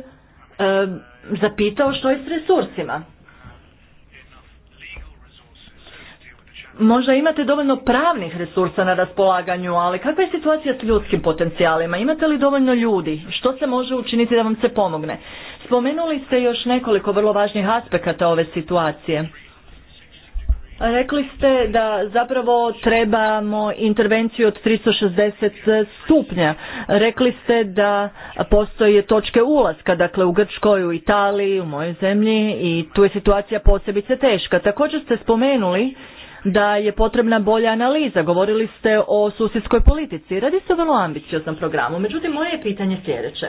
zapitao što je s resursima. Možda imate dovoljno pravnih resursa na raspolaganju, ali kakva je situacija s ljudskim potencijalima? Imate li dovoljno ljudi? Što se može učiniti da vam se pomogne? Spomenuli ste još nekoliko vrlo važnih aspekata ove situacije. Rekli ste da zapravo trebamo intervenciju od 360 stupnja. Rekli ste da postoje točke ulaska, dakle u Grčkoj, u Italiji, u mojoj zemlji i tu je situacija posebice teška. Također ste spomenuli da je potrebna bolja analiza. Govorili ste o susjedskoj politici. Radi se o vrlo ambicioznom programu. Međutim, moje pitanje sljedeće.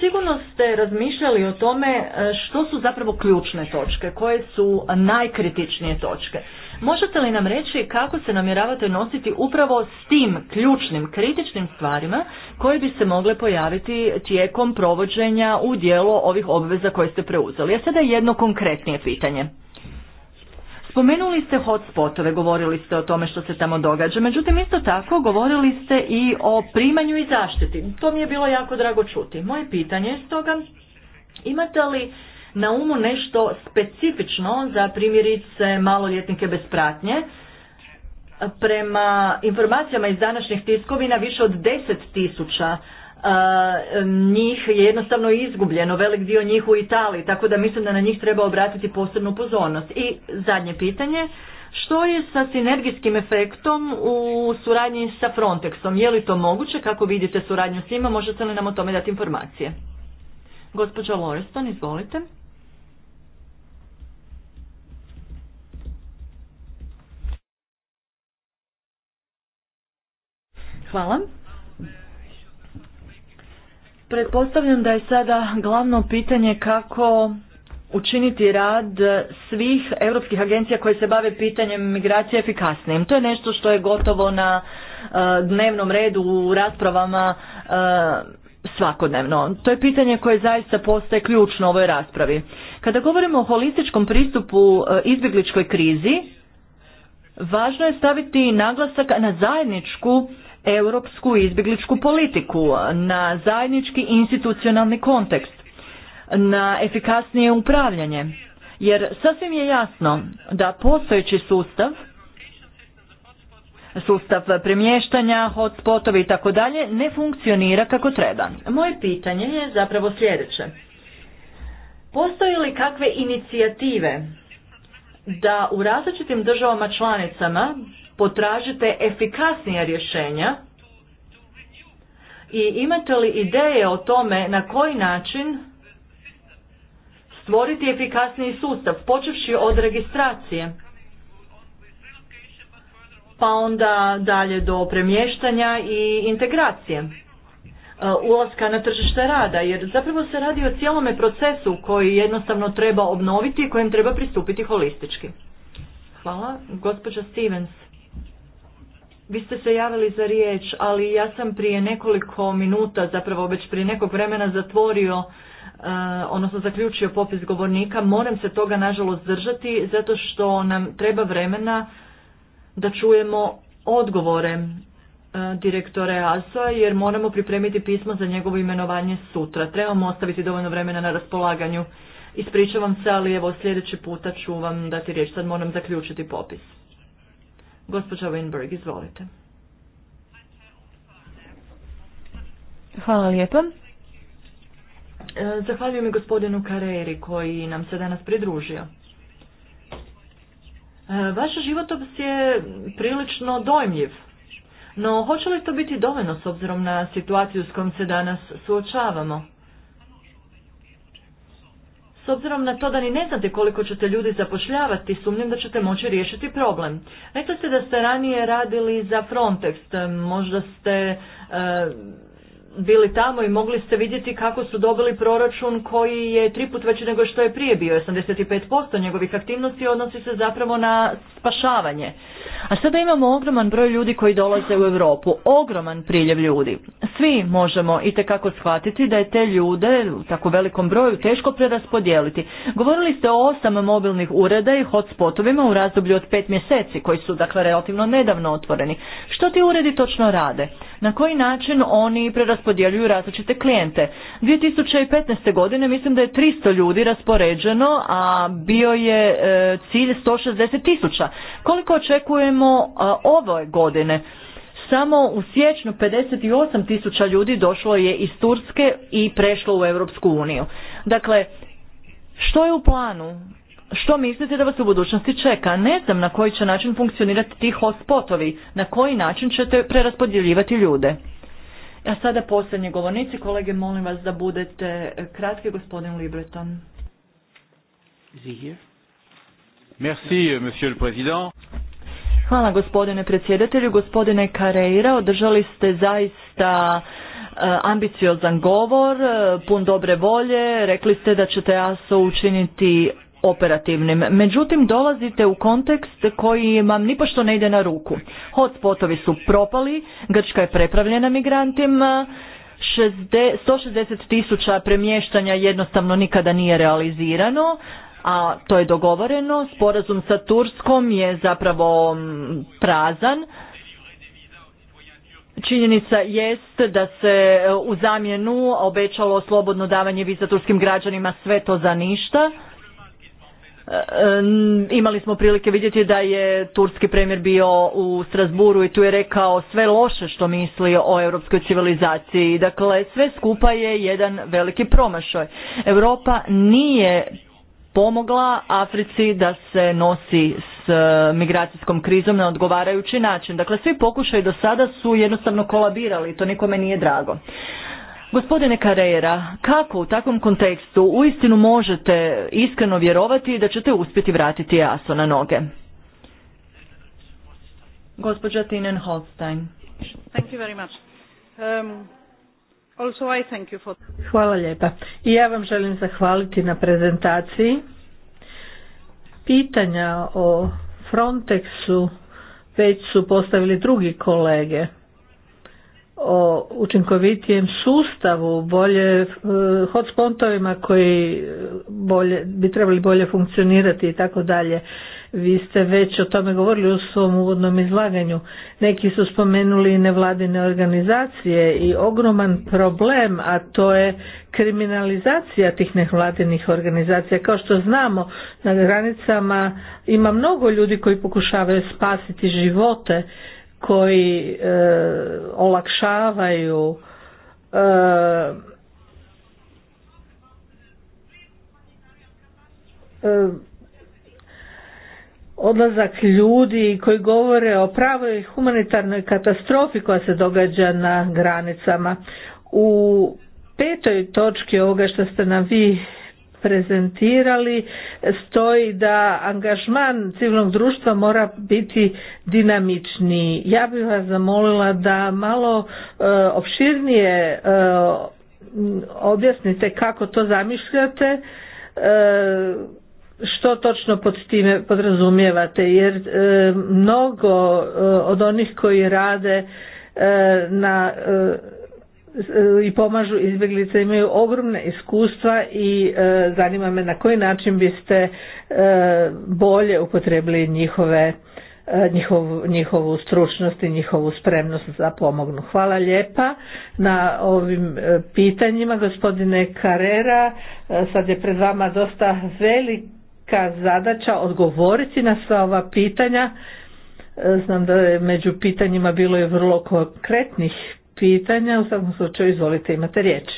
Sigurno ste razmišljali o tome e, što su zapravo ključne točke, koje su najkritičnije točke. Možete li nam reći kako se namjeravate nositi upravo s tim ključnim, kritičnim stvarima koje bi se mogle pojaviti tijekom provođenja u dijelu ovih obveza koje ste preuzeli? A sada jedno konkretnije pitanje. Spomenuli ste hotspotove, govorili ste o tome što se tamo događa, međutim isto tako govorili ste i o primanju i zaštiti. To mi je bilo jako drago čuti. Moje pitanje je stoga, imate li na umu nešto specifično za primjerice maloljetnike bez pratnje? Prema informacijama iz današnjih tiskovina više od 10 tisuća njih je jednostavno izgubljeno, velik dio njih u Italiji, tako da mislim da na njih treba obratiti posebnu pozornost. I zadnje pitanje, što je sa sinergijskim efektom u suradnji sa Frontexom? Je li to moguće? Kako vidite suradnju s njima? Možete li nam o tome dati informacije? Gospođa Loreston, izvolite. Hvala. Pretpostavljam da je sada glavno pitanje kako učiniti rad svih europskih agencija koje se bave pitanjem migracije efikasnijim. To je nešto što je gotovo na e, dnevnom redu u raspravama e, svakodnevno. To je pitanje koje zaista postaje ključno u ovoj raspravi. Kada govorimo o holističkom pristupu e, izbjegličkoj krizi, važno je staviti naglasak na zajedničku europsku izbjegličku politiku, na zajednički institucionalni kontekst, na efikasnije upravljanje. Jer sasvim je jasno da postojeći sustav sustav premještanja, hotspotovi i tako dalje ne funkcionira kako treba. Moje pitanje je zapravo sljedeće. Postoje li kakve inicijative da u različitim državama članicama potražite efikasnija rješenja i imate li ideje o tome na koji način stvoriti efikasniji sustav, počevši od registracije, pa onda dalje do premještanja i integracije e, ulaska na tržište rada, jer zapravo se radi o cijelome procesu koji jednostavno treba obnoviti i kojem treba pristupiti holistički. Hvala. Gospođa Stevens. Vi ste se javili za riječ, ali ja sam prije nekoliko minuta, zapravo već prije nekog vremena zatvorio, e, odnosno zaključio popis govornika. Moram se toga nažalost držati, zato što nam treba vremena da čujemo odgovore e, direktore ASO, jer moramo pripremiti pismo za njegovo imenovanje sutra. Trebamo ostaviti dovoljno vremena na raspolaganju. Ispričavam se, ali evo sljedeći puta ću vam dati riječ, sad moram zaključiti popis. Gospođa Weinberg, izvolite. Hvala lijepo. E, zahvaljujem i gospodinu Kareri koji nam se danas pridružio. E, vaš životopis je prilično dojmljiv, no hoće li to biti dovoljno s obzirom na situaciju s kojom se danas suočavamo? S obzirom na to da ni ne znate koliko ćete ljudi zapošljavati, sumnjam da ćete moći riješiti problem. Rekli ste da ste ranije radili za Frontex, možda ste e, bili tamo i mogli ste vidjeti kako su dobili proračun koji je put veći nego što je prije bio. 85% njegovih aktivnosti odnosi se zapravo na spašavanje. A sada imamo ogroman broj ljudi koji dolaze u Europu, ogroman priljev ljudi. Svi možemo i kako shvatiti da je te ljude u tako velikom broju teško preraspodijeliti. Govorili ste o osam mobilnih ureda i hotspotovima u razdoblju od pet mjeseci koji su dakle relativno nedavno otvoreni. Što ti uredi točno rade? na koji način oni preraspodjeljuju različite klijente. 2015. godine mislim da je 300 ljudi raspoređeno, a bio je e, cilj 160 tisuća. Koliko očekujemo ove godine? Samo u siječnju 58 tisuća ljudi došlo je iz Turske i prešlo u Europsku uniju. Dakle, što je u planu što mislite da vas u budućnosti čeka? Ne znam na koji će način funkcionirati ti hotspotovi, na koji način ćete preraspodjeljivati ljude. A sada posljednji govornici, kolege, molim vas da budete kratki, gospodin Libreton. Merci, euh, monsieur le président. Hvala gospodine predsjedatelju. Gospodine Kareira, održali ste zaista eh, ambiciozan govor, eh, pun dobre volje. Rekli ste da ćete ASO učiniti operativnim. Međutim, dolazite u kontekst koji vam nipošto ne ide na ruku. Hotspotovi su propali, Grčka je prepravljena migrantima, 160 tisuća premještanja jednostavno nikada nije realizirano, a to je dogovoreno. Sporazum sa Turskom je zapravo mm, prazan. Činjenica jest da se e, u zamjenu obećalo slobodno davanje viza turskim građanima sve to za ništa. Imali smo prilike vidjeti da je turski premijer bio u Strasburu i tu je rekao sve loše što misli o europskoj civilizaciji. Dakle, sve skupa je jedan veliki promašaj. Europa nije pomogla Africi da se nosi s e, migracijskom krizom na odgovarajući način. Dakle, svi pokušaj do sada su jednostavno kolabirali, to nikome nije drago. Gospodine karera kako u takvom kontekstu uistinu možete iskreno vjerovati da ćete uspjeti vratiti jaso na noge? Gospođa Tinen Holstein. very much. Um, I Hvala lijepa. I ja vam želim zahvaliti na prezentaciji. Pitanja o Frontexu već su postavili drugi kolege o učinkovitijem sustavu, bolje e, hotspontovima koji e, bolje, bi trebali bolje funkcionirati i tako dalje. Vi ste već o tome govorili u svom uvodnom izlaganju. Neki su spomenuli nevladine organizacije i ogroman problem, a to je kriminalizacija tih nevladinih organizacija. Kao što znamo, na granicama ima mnogo ljudi koji pokušavaju spasiti živote koji e, olakšavaju e, e, odlazak ljudi koji govore o pravoj humanitarnoj katastrofi koja se događa na granicama. U petoj točki ovoga što ste nam vi prezentirali stoji da angažman civilnog društva mora biti dinamičniji. Ja bih vas zamolila da malo e, opširnije e, objasnite kako to zamišljate e, što točno pod time podrazumijevate jer mnogo od onih koji rade na E, i pomažu izbjeglice imaju ogromne iskustva i e, zanima me na koji način biste e, bolje upotrebili njihove njihovu stručnost i njihovu spremnost za pomognu. Hvala lijepa na ovim pitanjima gospodine Karera. Sad je pred vama dosta velika zadaća odgovoriti na sva ova pitanja. Znam da je među pitanjima bilo i vrlo konkretnih pitanja. U svakom slučaju izvolite imate riječ.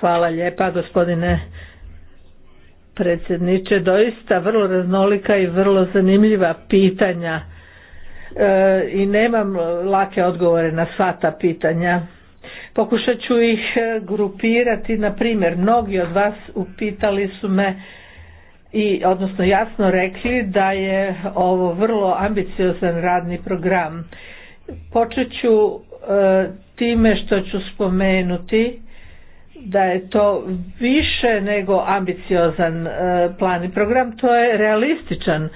Hvala lijepa gospodine predsjedniče. Doista vrlo raznolika i vrlo zanimljiva pitanja e, i nemam lake odgovore na sva ta pitanja. Pokušat ću ih e, grupirati, na primjer, mnogi od vas upitali su me i odnosno jasno rekli da je ovo vrlo ambiciozan radni program Počet ću e, time što ću spomenuti da je to više nego ambiciozan e, plan i program, to je realističan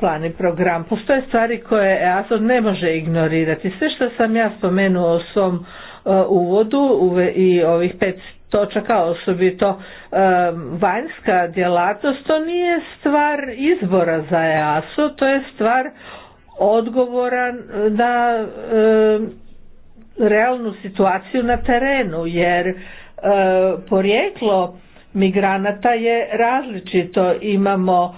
plan i program. Postoje stvari koje EASO ne može ignorirati. Sve što sam ja spomenuo u svom e, uvodu i ovih pet točaka, osobito vanjska djelatnost, to nije stvar izbora za EASO, to je stvar odgovoran e, na e, realnu situaciju na terenu jer e, porijeklo migranata je različito imamo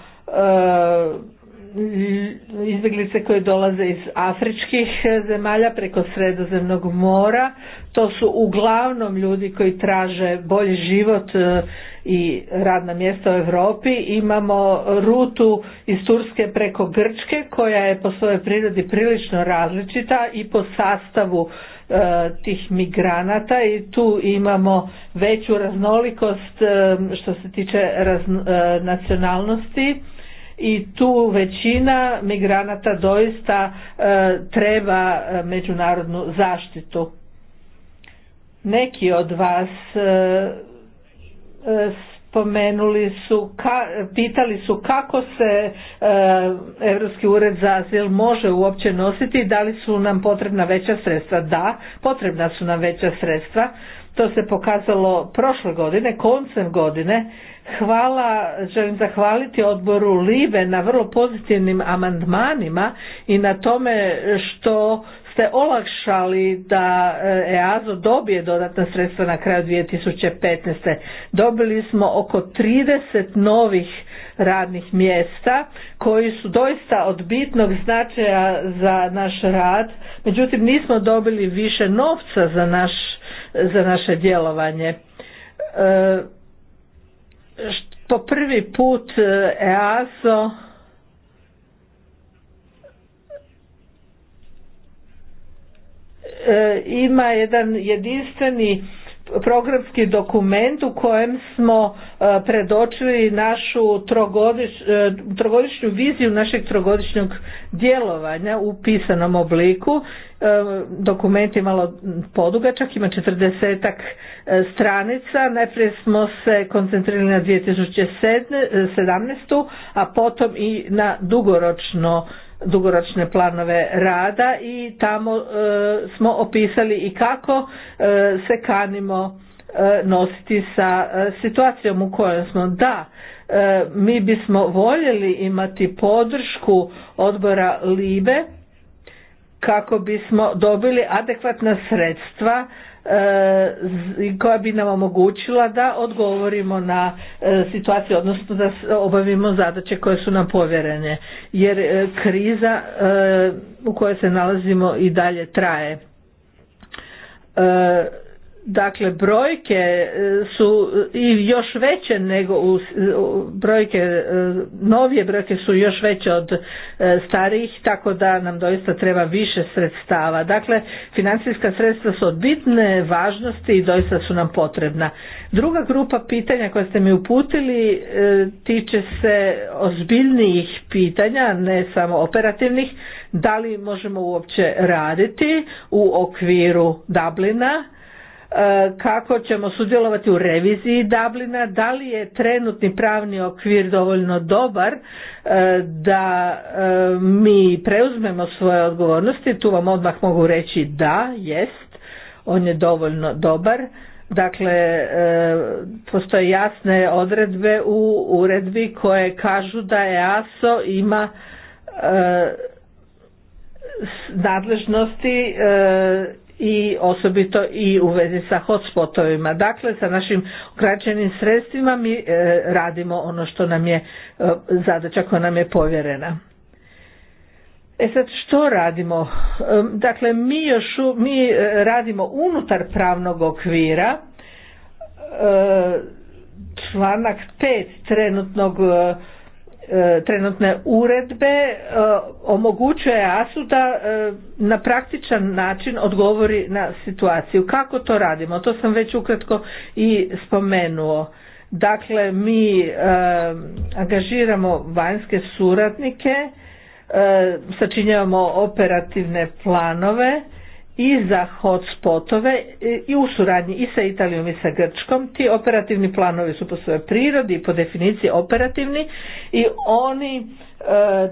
izbjeglice koje dolaze iz afričkih eh, zemalja preko sredozemnog mora. To su uglavnom ljudi koji traže bolji život eh, i radna mjesta u Europi. Imamo rutu iz Turske preko Grčke koja je po svojoj prirodi prilično različita i po sastavu eh, tih migranata i tu imamo veću raznolikost što se tiče nacionalnosti i tu većina migranata doista e, treba e, međunarodnu zaštitu. Neki od vas e, spomenuli su, ka, pitali su kako se Europski ured za azil može uopće nositi i da li su nam potrebna veća sredstva. Da, potrebna su nam veća sredstva. To se pokazalo prošle godine, koncem godine Hvala, želim zahvaliti odboru Live na vrlo pozitivnim amandmanima i na tome što ste olakšali da e, EAZO dobije dodatna sredstva na kraju 2015. Dobili smo oko 30 novih radnih mjesta koji su doista od bitnog značaja za naš rad, međutim nismo dobili više novca za, naš, za naše djelovanje. E, po prvi put e, EASO e, ima jedan jedinstveni programski dokument u kojem smo e, predočili našu trogodiš, trogodišnju viziju našeg trogodišnjeg djelovanja u pisanom obliku. Dokument je malo podugačak, ima četrdesetak E, stranica. Najprije smo se koncentrirali na 2017. E, a potom i na dugoročno dugoročne planove rada i tamo e, smo opisali i kako se kanimo nositi sa situacijom u kojoj smo da mi bismo voljeli imati podršku odbora Libe kako bismo dobili adekvatna sredstva E, koja bi nam omogućila da odgovorimo na e, situaciju, odnosno da obavimo zadaće koje su nam povjerene. Jer e, kriza u kojoj se nalazimo i dalje traje. Dakle, brojke e, su e, i još veće nego u e, brojke, novije brojke su još veće od starijih, tako da nam doista treba više sredstava. Dakle, financijska sredstva su od bitne važnosti i doista su nam potrebna. Druga grupa pitanja koja ste mi uputili tiče se ozbiljnijih pitanja, ne samo operativnih, da li možemo uopće raditi u okviru Dublina, kako ćemo sudjelovati u reviziji Dublina, da li je trenutni pravni okvir dovoljno dobar e, da e, mi preuzmemo svoje odgovornosti, tu vam odmah mogu reći da, jest, on je dovoljno dobar. Dakle, e, postoje jasne odredbe u uredbi koje kažu da EASO ima nadležnosti i osobito i u vezi sa hotspotovima. Dakle, sa našim ukraćenim sredstvima mi e, radimo ono što nam je e, zadaća koja nam je povjerena. E sad što radimo? E, dakle, mi još mi radimo unutar pravnog okvira članak 5 trenutnog E, trenutne uredbe e, omogućuje ASU da e, na praktičan način odgovori na situaciju. Kako to radimo? To sam već ukratko i spomenuo. Dakle, mi angažiramo vanjske suradnike, sačinjavamo operativne planove, i za hotspotove e, i u suradnji i sa Italijom i sa Grčkom. Ti operativni planovi su po svojoj prirodi i po definiciji operativni i oni e,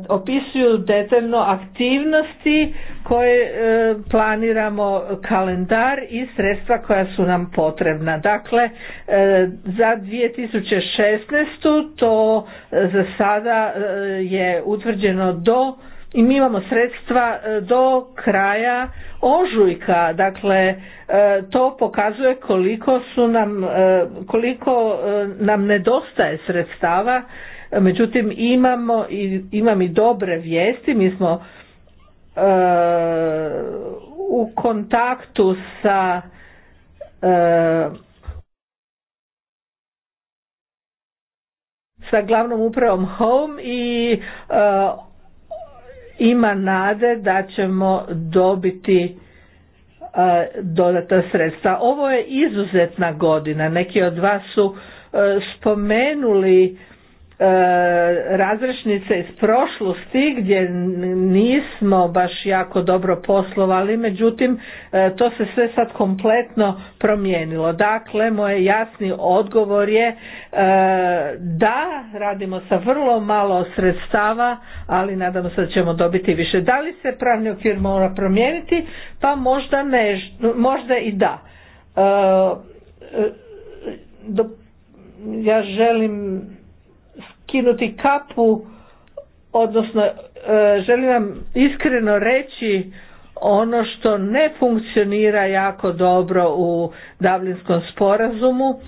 opisuju detaljno aktivnosti koje e, planiramo kalendar i sredstva koja su nam potrebna. Dakle, e, za 2016. to za sada je utvrđeno do i mi imamo sredstva e, do kraja ožujka, dakle e, to pokazuje koliko su nam e, koliko nam nedostaje sredstava. Međutim imamo imam i dobre vijesti, mi smo u kontaktu sa sa glavnom upravom Home i ima nade da ćemo dobiti e, dodata sredstva. Ovo je izuzetna godina. Neki od vas su e, spomenuli E, razrešnice iz prošlosti gdje nismo baš jako dobro poslovali, međutim e, to se sve sad kompletno promijenilo. Dakle, moj jasni odgovor je e, da radimo sa vrlo malo sredstava, ali nadamo se da ćemo dobiti više. Da li se pravni okvir mora promijeniti? Pa možda, možda i da. ja želim skinuti kapu odnosno e, želim vam iskreno reći ono što ne funkcionira jako dobro u Dublinskom sporazumu. E,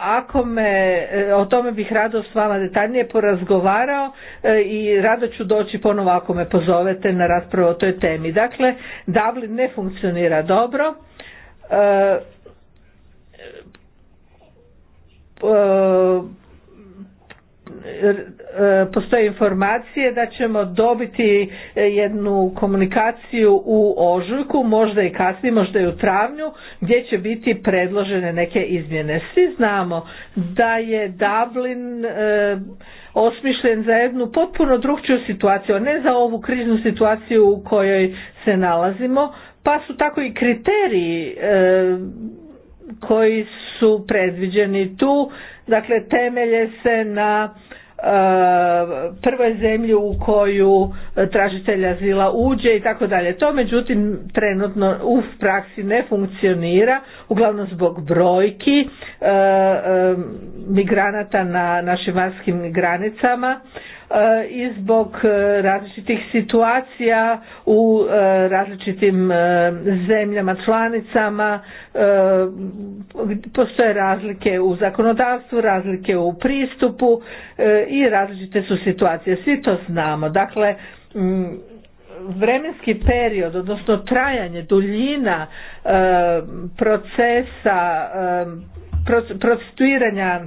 ako me, e, o tome bih rado s vama detaljnije porazgovarao i rado ću doći ponovo ako me pozovete na raspravu o toj temi. Dakle, Dublin ne funkcionira dobro. E, postoje informacije da ćemo dobiti e, jednu komunikaciju u ožujku, možda i kasnije, možda i u travnju, gdje će biti predložene neke izmjene. Svi znamo da je Dublin e, osmišljen za jednu potpuno drugčiju situaciju, a ne za ovu kriznu situaciju u kojoj se nalazimo, pa su tako i kriteriji koji su predviđeni tu dakle temelje se na e, prvoj zemlji u koju tražitelj azila uđe i tako dalje. To međutim trenutno u praksi ne funkcionira, uglavnom zbog brojki e, e, migranata na našim vanjskim granicama. E, i zbog e, različitih situacija u e, različitim zemljama članicama postoje razlike u zakonodavstvu, razlike u pristupu i različite su situacije. Svi to znamo. Dakle, vremenski period, odnosno trajanje, duljina procesa prostituiranja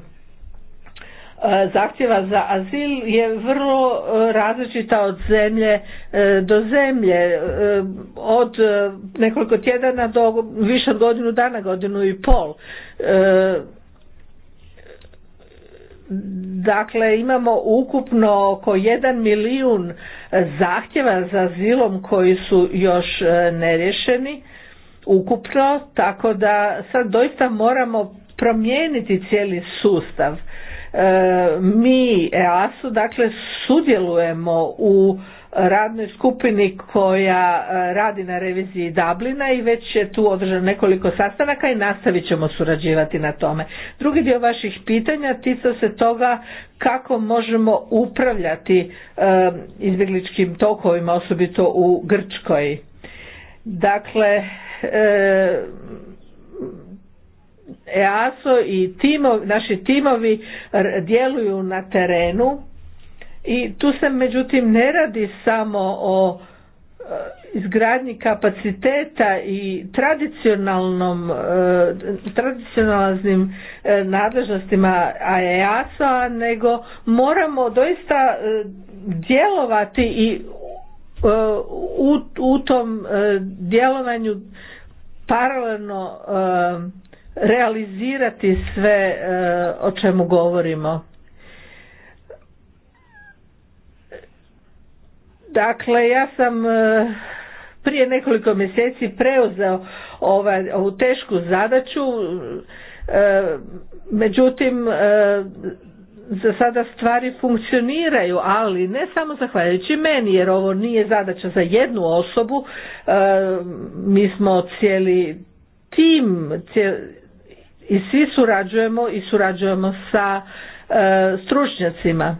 E, zahtjeva za azil je vrlo e, različita od zemlje e, do zemlje od nekoliko tjedana do više od godinu dana godinu i pol dakle imamo ukupno oko jedan milijun zahtjeva za azilom koji su još nerješeni ukupno tako da sad doista moramo promijeniti cijeli sustav mi EASU dakle sudjelujemo u radnoj skupini koja e, radi na reviziji Dublina i već je tu održano nekoliko sastanaka i nastavit ćemo surađivati na tome. Drugi dio vaših pitanja tica se toga kako možemo upravljati e, izbjegličkim tokovima, osobito u Grčkoj. Dakle, e, EASO i timovi, naši timovi djeluju na terenu i tu se međutim ne radi samo o e, izgradnji kapaciteta i tradicionalnom e, tradicionalnim e, nadležnostima EASO-a nego moramo doista djelovati i u, u tom djelovanju paralelno realizirati sve e, o čemu govorimo. Dakle, ja sam e, prije nekoliko mjeseci preuzeo ovaj, ovu tešku zadaću, e, međutim, za sada stvari funkcioniraju, ali ne samo zahvaljujući meni, jer ovo nije zadaća za jednu osobu, mi smo cijeli tim, cijeli i svi surađujemo i surađujemo sa e, stručnjacima.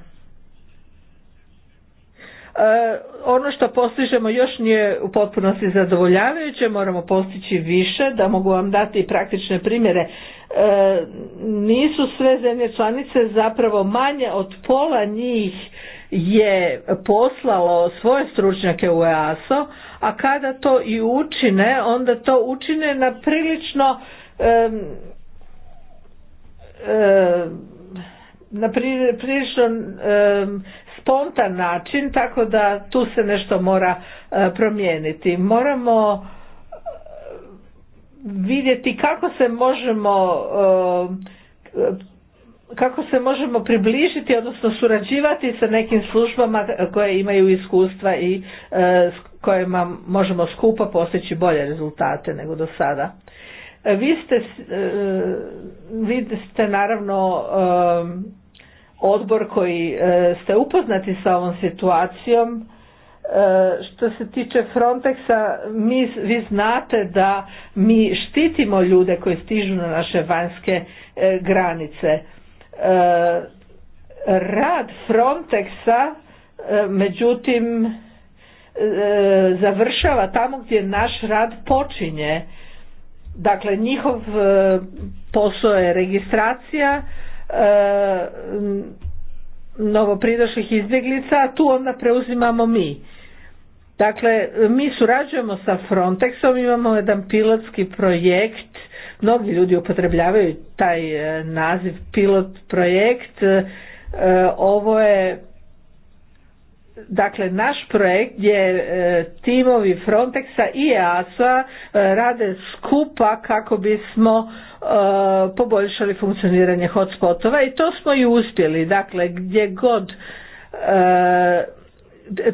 E, ono što postižemo još nije u potpunosti zadovoljavajuće, moramo postići više, da mogu vam dati i praktične primjere. E, nisu sve zemlje članice, zapravo manje od pola njih je poslalo svoje stručnjake u EASO, a kada to i učine, onda to učine na prilično E, na prilično e, spontan način tako da tu se nešto mora e, promijeniti moramo vidjeti kako se možemo kako se možemo približiti odnosno surađivati sa nekim službama koje imaju iskustva i s kojima možemo skupa postići bolje rezultate nego do sada vi ste, e, vi ste naravno odbor koji e, ste upoznati sa ovom situacijom. E, što se tiče Frontexa, mi, vi znate da mi štitimo ljude koji stižu na naše vanjske granice. Rad Frontexa, međutim, završava tamo gdje naš rad počinje Dakle, njihov e, posao je registracija e, novopridošlih izbjeglica, a tu onda preuzimamo mi. Dakle, mi surađujemo sa Frontexom, imamo jedan pilotski projekt, mnogi ljudi upotrebljavaju taj e, naziv pilot projekt, ovo je Dakle, naš projekt gdje e, timovi Frontexa i EASA e, rade skupa kako bismo e, poboljšali funkcioniranje hotspotova i to smo i uspjeli. Dakle, gdje god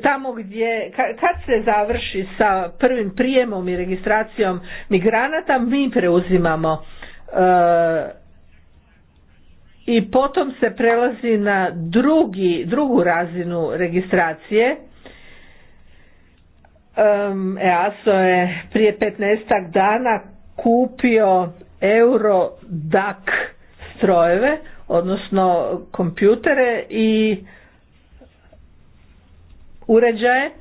tamo gdje kad se završi sa prvim prijemom i registracijom migranata mi preuzimamo i potom se prelazi na drugi, drugu razinu registracije. EASO e, je prije 15 dana kupio Eurodac strojeve, odnosno kompjutere i uređaje.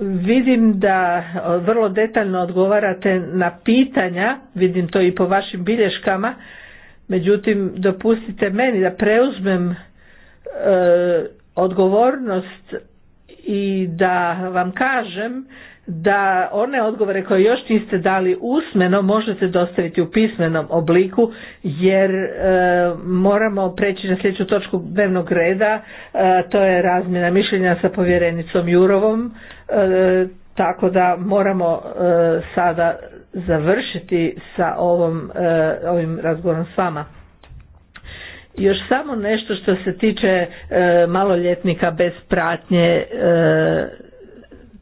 Vidim da vrlo detaljno odgovarate na pitanja, vidim to i po vašim bilješkama, međutim dopustite meni da preuzmem e, odgovornost i da vam kažem da one odgovore koje još niste dali usmeno možete dostaviti u pismenom obliku jer e, moramo preći na sljedeću točku dnevnog reda, e, to je razmjena mišljenja sa povjerenicom Jurovom, e, tako da moramo sada završiti sa ovom, ovim razgovorom s vama. Još samo nešto što se tiče maloljetnika bez pratnje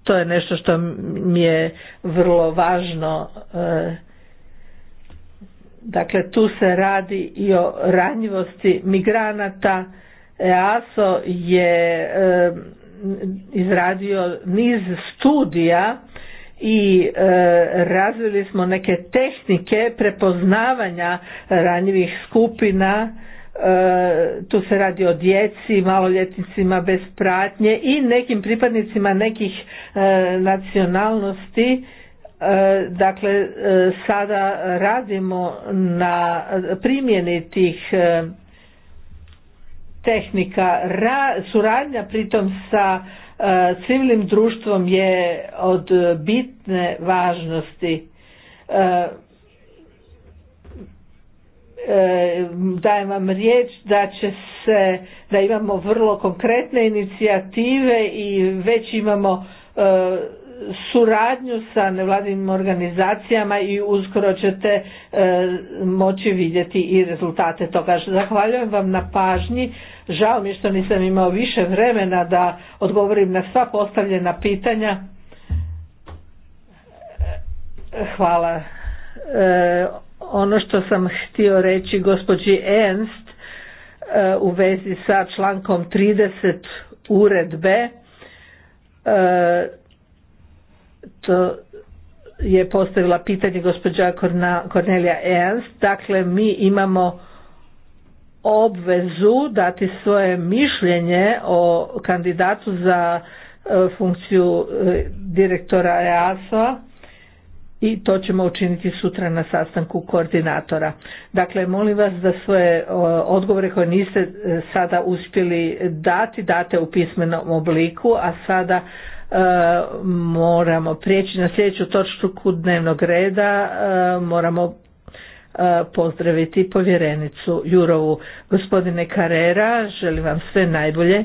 to je nešto što mi je vrlo važno e, dakle tu se radi i o ranjivosti migranata EASO je e, izradio niz studija i e, razvili smo neke tehnike prepoznavanja ranjivih skupina E, tu se radi o djeci, maloljetnicima bez pratnje i nekim pripadnicima nekih e, nacionalnosti e, dakle sada radimo na primjeni tih tehnika suradnja pritom sa civilnim društvom je od bitne važnosti E, dajem vam riječ da će se, da imamo vrlo konkretne inicijative i već imamo e, suradnju sa nevladinim organizacijama i uskoro ćete e, moći vidjeti i rezultate toga. Zahvaljujem vam na pažnji. Žao mi je što nisam imao više vremena da odgovorim na sva postavljena pitanja. Hvala ono što sam htio reći gospođi Ernst e, u vezi sa člankom 30 uredbe e, to je postavila pitanje gospođa Kornelija Ernst dakle mi imamo obvezu dati svoje mišljenje o kandidatu za e, funkciju direktora EASO i to ćemo učiniti sutra na sastanku koordinatora. Dakle, molim vas da svoje odgovore koje niste e, sada uspjeli dati, date u pismenom obliku, a sada e, moramo prijeći na sljedeću točku dnevnog reda, e, moramo pozdraviti povjerenicu Jurovu. Gospodine Karera, želim vam sve najbolje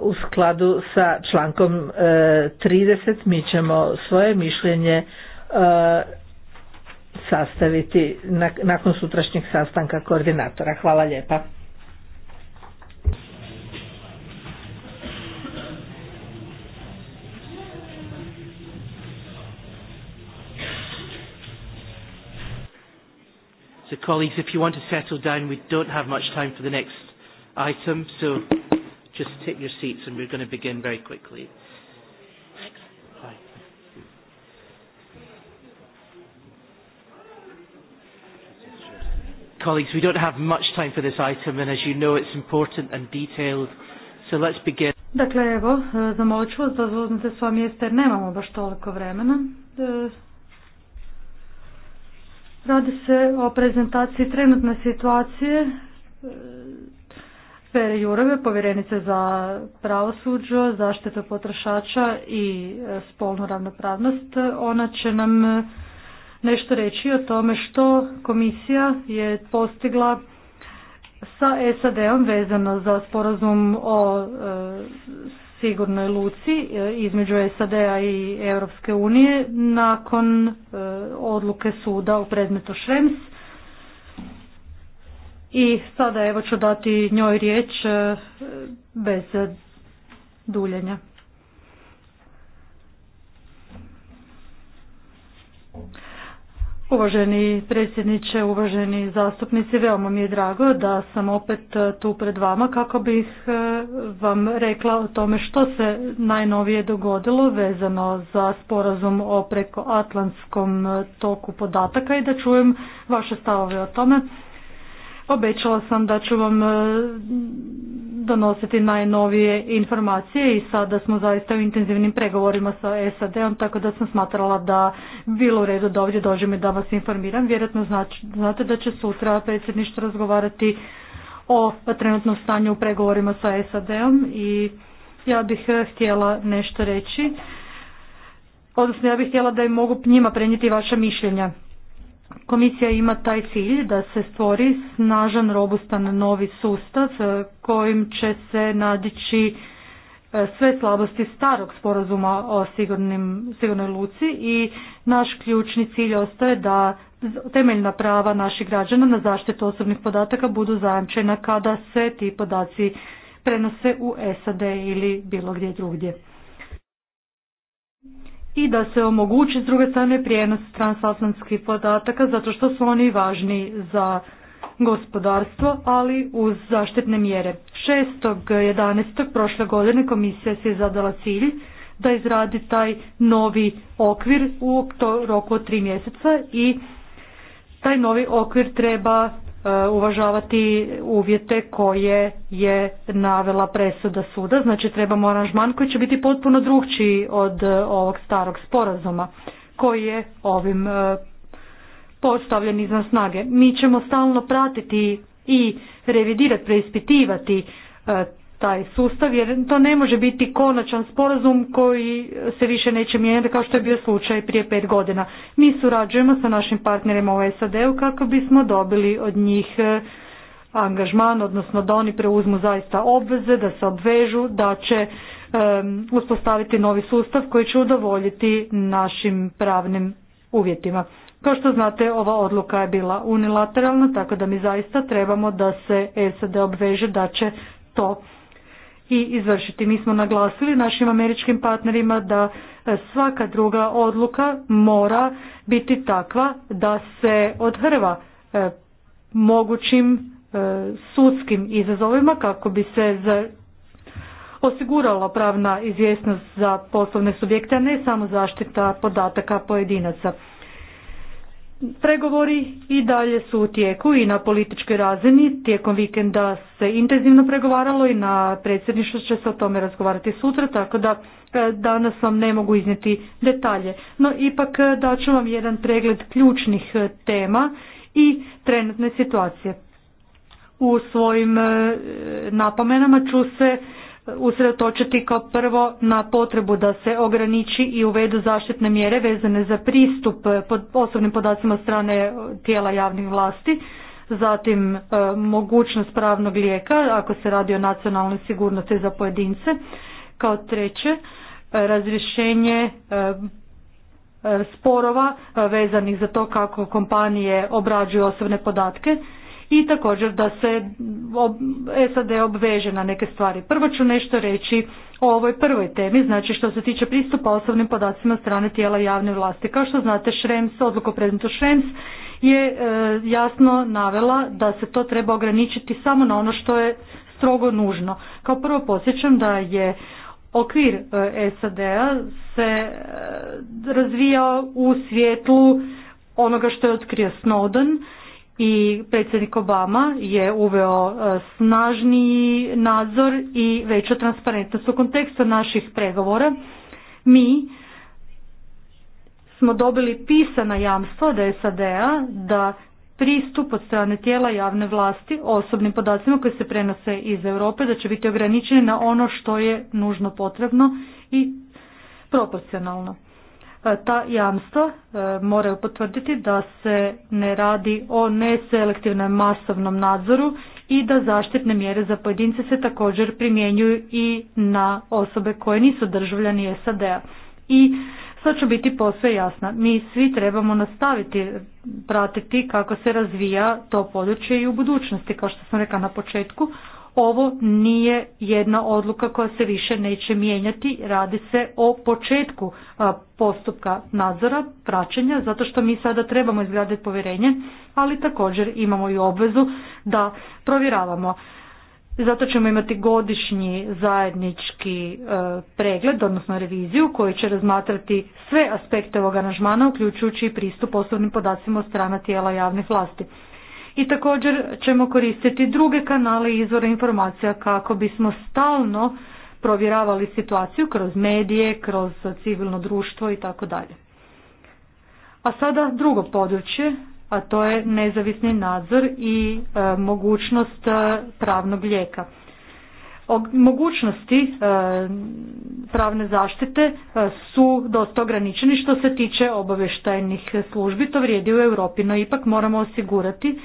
u skladu sa člankom 30 e, mi ćemo svoje mišljenje e, sastaviti nakon sutrašnjeg sastanka koordinatora. Hvala lijepa. So colleagues, if you want to settle down, we don't have much time for the next item, so just take your seats and we're going to begin very quickly. Colleagues, we don't have much time for this item and as you know it's important and detailed. So let's begin. Dakle, evo, zamolit ću vas, se sva mjesta jer nemamo baš toliko vremena. E, radi se o prezentaciji trenutne situacije e, Pere Jurove, povjerenice za pravosuđe, zaštitu potrošača i e, spolnu ravnopravnost. Ona će nam e, nešto reći o tome što komisija je postigla sa SAD-om vezano za sporazum o e, sigurnoj luci između SAD-a i Europske unije nakon odluke suda u predmetu Šrems i sada evo ću dati njoj riječ e, bez duljenja. Uvaženi predsjedniče, uvaženi zastupnici, veoma mi je drago da sam opet e, tu pred vama kako bih e, vam rekla o tome što se najnovije dogodilo vezano za sporazum o prekoatlantskom toku podataka i da čujem vaše stavove o tome Obećala sam da ću vam e, donositi najnovije informacije i sada smo zaista u intenzivnim pregovorima sa SAD-om, tako da sam smatrala da bilo u redu da ovdje dođem i da vas informiram. Vjerojatno znači, znate da će sutra predsjedništvo razgovarati o trenutnom stanju u pregovorima sa SAD-om i ja bih e, htjela nešto reći, odnosno ja bih htjela da im mogu njima prenijeti vaša mišljenja. Komisija ima taj cilj da se stvori snažan, robustan novi sustav e, kojim će se nadići e, sve slabosti starog sporazuma o sigurnim, sigurnoj luci i naš ključni cilj ostaje da temeljna prava naših građana na zaštitu osobnih podataka budu zajamčena kada se ti podaci prenose u SAD ili bilo gdje drugdje i da se omogući s druge strane prijenos transatlantskih podataka zato što su oni važni za gospodarstvo, ali uz zaštitne mjere. 6.11. prošle godine komisija se je zadala cilj da izradi taj novi okvir u roku od tri mjeseca i taj novi okvir treba Eh, uvažavati uvjete koje je navela presuda suda. Znači trebamo aranžman koji će biti potpuno drugčiji od eh, ovog starog sporazuma koji je ovim eh, postavljen iznad snage. Mi ćemo stalno pratiti i revidirati, preispitivati taj sustav jer to ne može biti konačan sporazum koji se više neće mijenjati kao što je bio slučaj prije pet godina. Mi surađujemo sa našim partnerima u SAD-u kako bismo dobili od njih e, angažman, odnosno da oni preuzmu zaista obveze, da se obvežu, da će uspostaviti novi sustav koji će udovoljiti našim pravnim uvjetima. Kao što znate, ova odluka je bila unilateralna, tako da mi zaista trebamo da se SAD obveže da će to i izvršiti. Mi smo naglasili našim američkim partnerima da e, svaka druga odluka mora biti takva da se odhrva e, mogućim e, sudskim izazovima kako bi se osigurala pravna izvjesnost za poslovne subjekte, a ne samo zaštita podataka pojedinaca. Pregovori i dalje su u tijeku i na političkoj razini. Tijekom vikenda se intenzivno pregovaralo i na predsjedništvu će se o tome razgovarati sutra, tako da e, danas vam ne mogu iznijeti detalje. No ipak e, daću vam jedan pregled ključnih e, tema i trenutne situacije. U svojim napomenama ću se usredotočiti kao prvo na potrebu da se ograniči i uvedu zaštitne mjere vezane za pristup eh, pod osobnim podacima strane eh, tijela javnih vlasti, zatim eh, mogućnost pravnog lijeka ako se radi o nacionalnoj sigurnosti za pojedince, kao treće razrješenje sporova vezanih za to kako kompanije obrađuju osobne podatke i također da se SAD obveže na neke stvari. Prvo ću nešto reći o ovoj prvoj temi, znači što se tiče pristupa osobnim podacima strane tijela javne vlasti. Kao što znate, Šrems, odluku predmetu Šrems je e, jasno navela da se to treba ograničiti samo na ono što je strogo nužno. Kao prvo posjećam da je okvir e, SAD-a se e, razvijao u svijetlu onoga što je otkrio Snowden, i predsjednik Obama je uveo e, snažniji nadzor i veću transparentnost u kontekstu naših pregovora. Mi smo dobili pisana jamstva od SAD-a da pristup od strane tijela javne vlasti osobnim podacima koji se prenose iz Europe da će biti ograničeni na ono što je nužno potrebno i proporcionalno. E, ta jamstva e, moraju potvrditi da se ne radi o neselektivnom masovnom nadzoru i da zaštitne mjere za pojedince se također primjenjuju i na osobe koje nisu državljani SAD-a. I sad ću biti posve jasna, mi svi trebamo nastaviti pratiti kako se razvija to područje i u budućnosti, kao što sam rekla na početku, ovo nije jedna odluka koja se više neće mijenjati, radi se o početku postupka nadzora, praćenja, zato što mi sada trebamo izgraditi povjerenje, ali također imamo i obvezu da provjeravamo. Zato ćemo imati godišnji zajednički e, pregled, odnosno reviziju, koji će razmatrati sve aspekte ovog aranžmana, uključujući i pristup osobnim podacima od strana tijela javnih vlasti i također ćemo koristiti druge kanale i izvore informacija kako bismo stalno provjeravali situaciju kroz medije, kroz civilno društvo i tako dalje. A sada drugo područje, a to je nezavisni nadzor i e, mogućnost e, pravnog lijeka. mogućnosti e, pravne zaštite su dosta ograničeni što se tiče obavještajnih službi, to vrijedi u Europi, no ipak moramo osigurati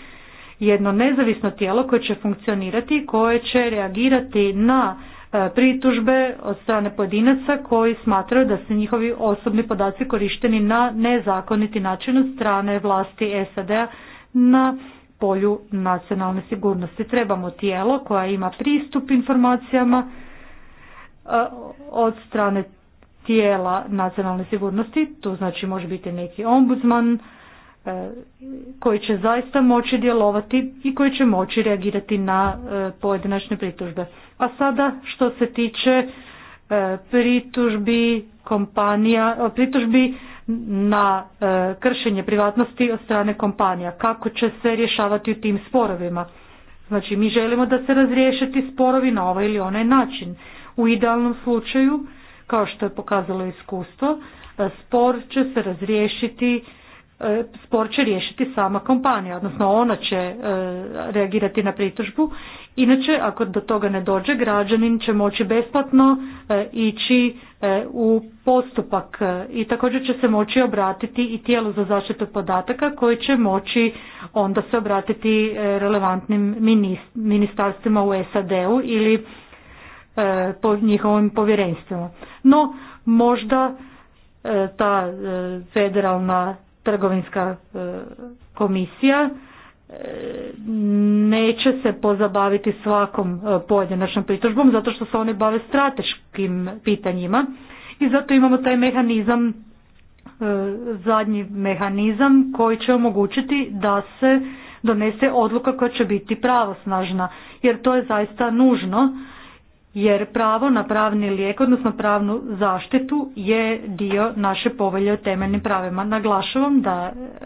jedno nezavisno tijelo koje će funkcionirati, koje će reagirati na e, pritužbe od strane pojedinaca koji smatraju da su njihovi osobni podaci korišteni na nezakoniti način od strane vlasti SAD-a na polju nacionalne sigurnosti. Trebamo tijelo koja ima pristup informacijama e, od strane tijela nacionalne sigurnosti, to znači može biti neki ombudsman, E, koji će zaista moći djelovati i koji će moći reagirati na e, pojedinačne pritužbe. A sada što se tiče e, pritužbi kompanija, pritužbi na kršenje privatnosti od strane kompanija. Kako će se rješavati u tim sporovima? Znači mi želimo da se razriješiti sporovi na ovaj ili onaj način. U idealnom slučaju, kao što je pokazalo iskustvo, spor će se razriješiti E, spor će riješiti sama kompanija, odnosno ona će e, reagirati na pritužbu. Inače, ako do toga ne dođe, građanin će moći besplatno e, ići u postupak i također će se moći obratiti i tijelu za zaštitu podataka koji će moći onda se obratiti relevantnim ministarstvima u SAD-u ili po njihovim povjerenstvima. No, možda ta federalna trgovinska e, komisija e, neće se pozabaviti svakom e, pojedinačnom pritužbom zato što se oni bave strateškim pitanjima i zato imamo taj mehanizam zadnji mehanizam koji će omogućiti da se donese odluka koja će biti pravosnažna jer to je zaista nužno jer pravo na pravni lijek, odnosno pravnu zaštitu je dio naše povelje o temeljnim pravima. Naglašavam da e,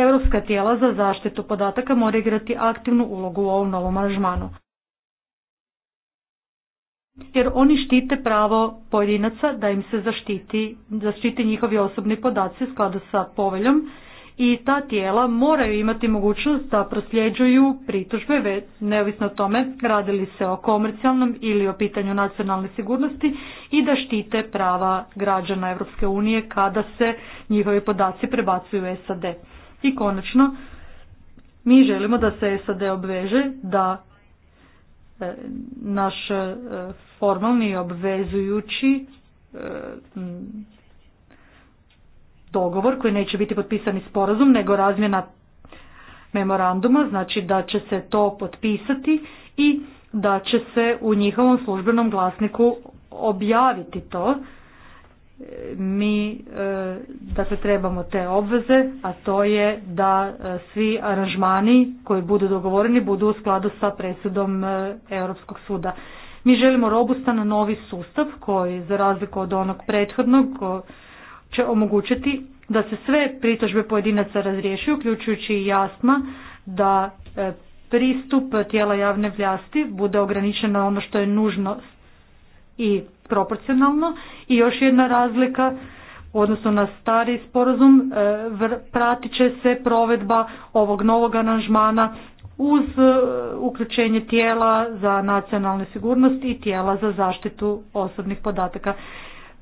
europska tijela za zaštitu podataka mora igrati aktivnu ulogu u ovom novom aranžmanu. Jer oni štite pravo pojedinaca da im se zaštiti, zaštiti njihovi osobni podaci u skladu sa poveljom i ta tijela moraju imati mogućnost da prosljeđuju pritužbe neovisno o tome li se o komercijalnom ili o pitanju nacionalne sigurnosti i da štite prava građana Europske unije kada se njihovi podaci prebacuju u SAD. I konačno, mi želimo da se SAD obveže da e, naš e, formalni obvezujući e, dogovor koji neće biti potpisani sporazum nego razmjena memoranduma, znači da će se to potpisati i da će se u njihovom službenom glasniku objaviti to. E, mi e, da se trebamo te obveze, a to je da e, svi aranžmani koji budu dogovoreni budu u skladu sa presudom Europskog suda. Mi želimo robustan novi sustav koji za razliku od onog prethodnog će omogućiti da se sve pritužbe pojedinaca razriješi, uključujući i jasma da e, pristup tijela javne vlasti bude na ono što je nužno i proporcionalno. I još jedna razlika odnosno na stari sporazum e, pratit će se provedba ovog novog aranžmana uz e, uključenje tijela za nacionalnu sigurnost i tijela za zaštitu osobnih podataka.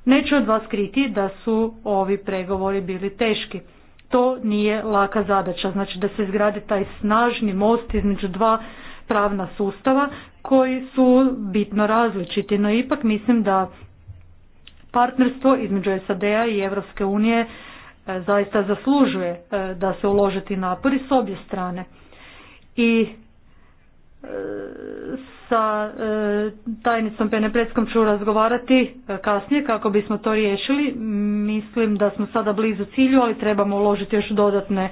Neću od vas kriti da su ovi pregovori bili teški. To nije laka zadaća, znači da se izgradi taj snažni most između dva pravna sustava koji su bitno različiti, no ipak mislim da partnerstvo između SAD-a i Europske unije e, zaista zaslužuje e, da se uložiti napori s obje strane. I sa e, tajnicom Penepletskom ću razgovarati e, kasnije kako bismo to riješili. Mislim da smo sada blizu cilju, ali trebamo uložiti još dodatne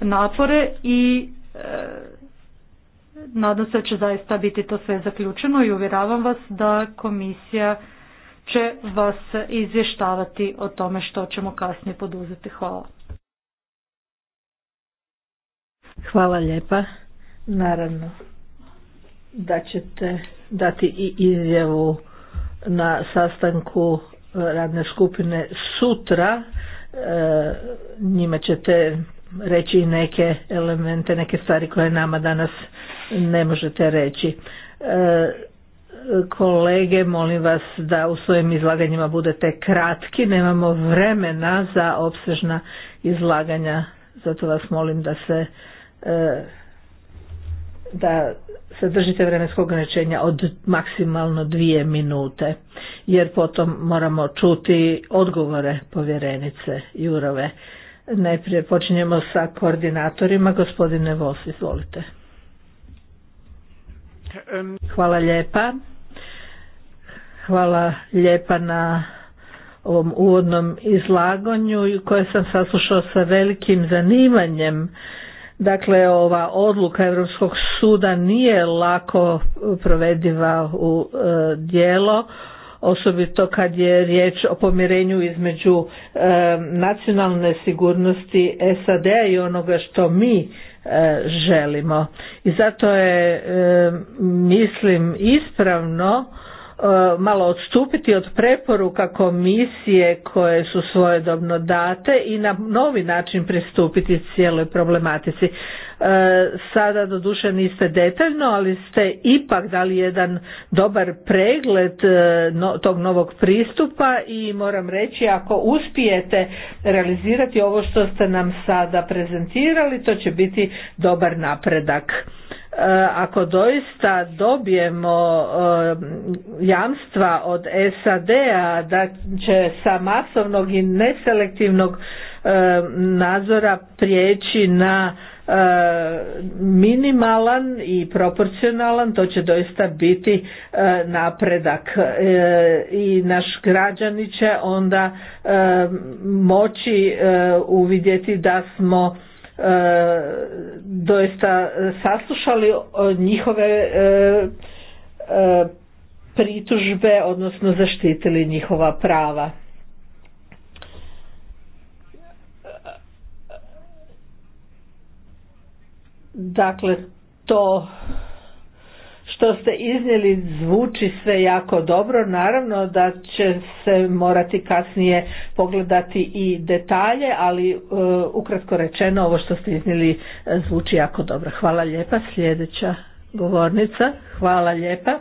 napore i e, nadam se da će zaista biti to sve zaključeno i uvjeravam vas da komisija će vas izvještavati o tome što ćemo kasnije poduzeti. Hvala. Hvala lijepa. Naravno, da ćete dati i izjavu na sastanku e, radne skupine sutra. E, Njima ćete reći i neke elemente, neke stvari koje nama danas ne možete reći. E, kolege, molim vas da u svojim izlaganjima budete kratki, nemamo vremena za opsežna izlaganja, zato vas molim da se da se držite vremenskog ograničenja od maksimalno dvije minute, jer potom moramo čuti odgovore povjerenice Jurove. Najprije počinjemo sa koordinatorima. Gospodine Vos, izvolite. Hvala lijepa. Hvala lijepa na ovom uvodnom izlaganju koje sam saslušao sa velikim zanimanjem Dakle, ova odluka Europskog suda nije lako provediva u e, djelo, osobito kad je riječ o pomirenju između e, nacionalne sigurnosti SAD-a i onoga što mi e, želimo. I zato je, mislim, ispravno E, malo odstupiti od preporuka komisije koje su svojedobno date i na novi način pristupiti cijeloj problematici. E, sada doduše niste detaljno, ali ste ipak dali jedan dobar pregled e, tog novog pristupa i moram reći ako uspijete realizirati ovo što ste nam sada prezentirali, to će biti dobar napredak. Eh, ako doista dobijemo eh, jamstva od SAD-a da će sa masovnog i neselektivnog eh, nadzora prijeći na minimalan i proporcionalan to će doista biti napredak i naš građani će onda moći uvidjeti da smo E, doista saslušali e, njihove e, pritužbe, odnosno zaštitili njihova prava. Dakle, to što ste iznijeli zvuči sve jako dobro, naravno da će se morati kasnije pogledati i detalje, ali e, ukratko rečeno ovo što ste iznijeli e, zvuči jako dobro. Hvala lijepa, sljedeća govornica. Hvala lijepa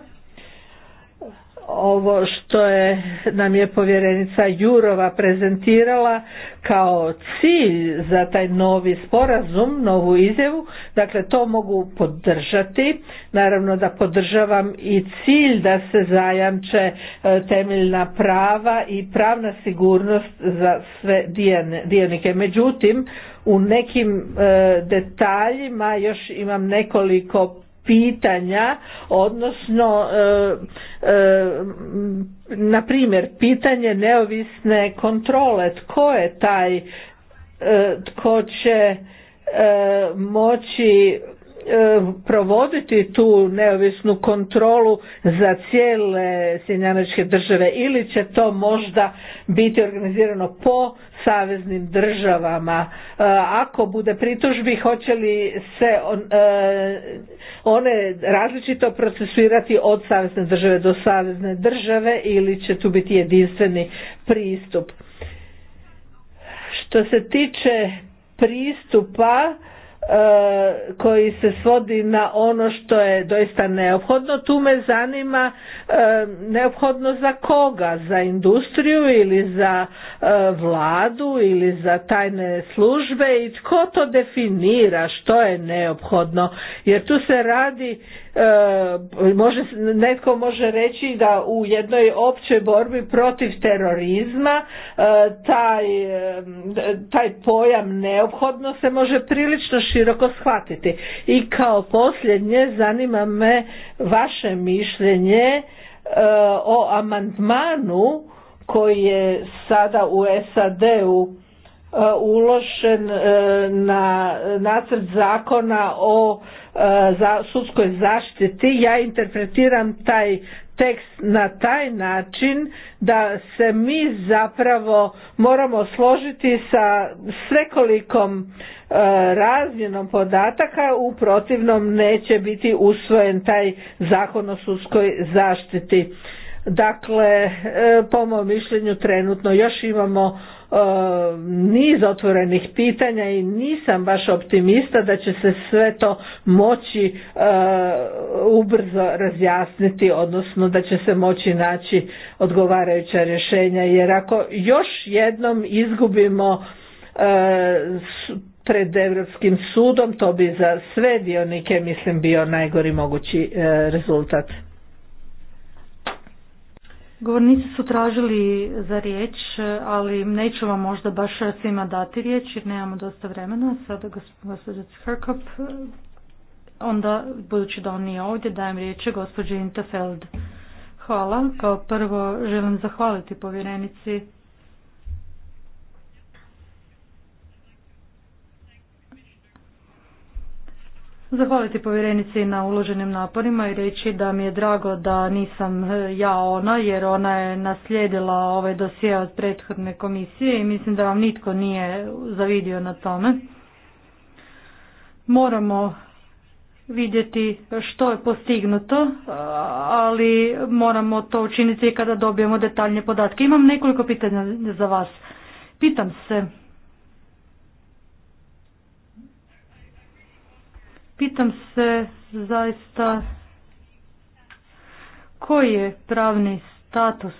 ovo što je nam je povjerenica Jurova prezentirala kao cilj za taj novi sporazum, novu izjavu, dakle to mogu podržati. Naravno da podržavam i cilj da se zajamče e, temeljna prava i pravna sigurnost za sve dionike. Međutim, u nekim e, detaljima još imam nekoliko pitanja odnosno e, e, na primjer pitanje neovisne kontrole tko je taj e, tko će moći E, provoditi tu neovisnu kontrolu za cijele Sjedinjeničke države ili će to možda biti organizirano po saveznim državama e, ako bude pritužbi hoće li se e, one različito procesuirati od savezne države do savezne države ili će tu biti jedinstveni pristup što se tiče pristupa E, koji se svodi na ono što je doista neophodno. Tu me zanima e, neophodno za koga? Za industriju ili za e, vladu ili za tajne službe i tko to definira što je neophodno? Jer tu se radi E, može, netko može reći da u jednoj općoj borbi protiv terorizma e, taj, e, taj pojam neophodno se može prilično široko shvatiti. I kao posljednje zanima me vaše mišljenje o amandmanu koji je sada u SAD-u E, ulošen e, na nacrt zakona o e, sudskoj zaštiti. Ja interpretiram taj tekst na taj način da se mi zapravo moramo složiti sa svekolikom razmjenom podataka u protivnom neće biti usvojen taj zakon o sudskoj zaštiti. Dakle, po mom mišljenju trenutno još imamo E, niz otvorenih pitanja i nisam baš optimista da će se sve to moći e, ubrzo razjasniti odnosno da će se moći naći odgovarajuća rješenja jer ako još jednom izgubimo e, pred Europskim sudom to bi za sve dionike mislim bio najgori mogući rezultat. Govornici su tražili za riječ, ali neću vam možda baš svima dati riječ jer nemamo dosta vremena. Sada gospođa Herkop, onda budući da on nije ovdje, dajem riječ gospođi Interfeld. Hvala. Kao prvo želim zahvaliti povjerenici zahvaliti povjerenici na uloženim naporima i reći da mi je drago da nisam e, ja ona jer ona je naslijedila ovaj dosije od prethodne komisije i mislim da vam nitko nije zavidio na tome. Moramo vidjeti što je postignuto, e, ali moramo to učiniti kada dobijemo detaljne podatke. Imam nekoliko pitanja za vas. Pitam se, Pitam se zaista koji je pravni status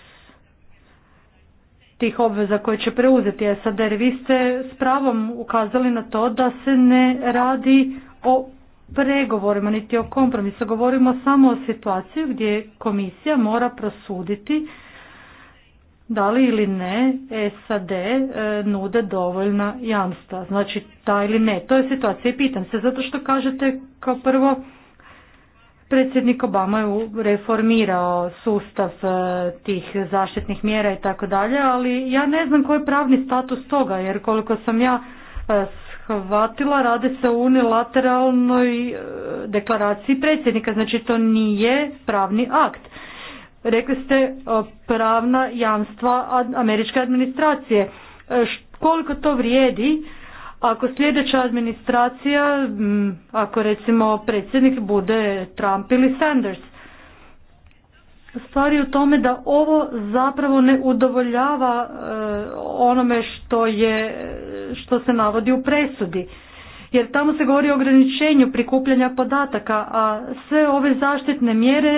tih obveza koje će preuzeti SAD jer vi ste s pravom ukazali na to da se ne radi o pregovorima niti o kompromisu. Govorimo samo o situaciji gdje komisija mora prosuditi da li ili ne SAD e, nude dovoljna jamstva, znači da ili ne. To je situacija i pitam se, zato što kažete kao prvo predsjednik Obama je reformirao sustav e, tih zaštitnih mjera i tako dalje, ali ja ne znam koji je pravni status toga, jer koliko sam ja e, shvatila, radi se o unilateralnoj deklaraciji predsjednika, znači to nije pravni akt. Rekli ste e, pravna jamstva američke administracije. E, koliko to vrijedi ako sljedeća administracija, ako recimo predsjednik bude Trump ili Sanders? Stvari u tome da ovo zapravo ne udovoljava e, onome što, je, što se navodi u presudi jer tamo se govori o ograničenju prikupljanja podataka, a sve ove zaštitne mjere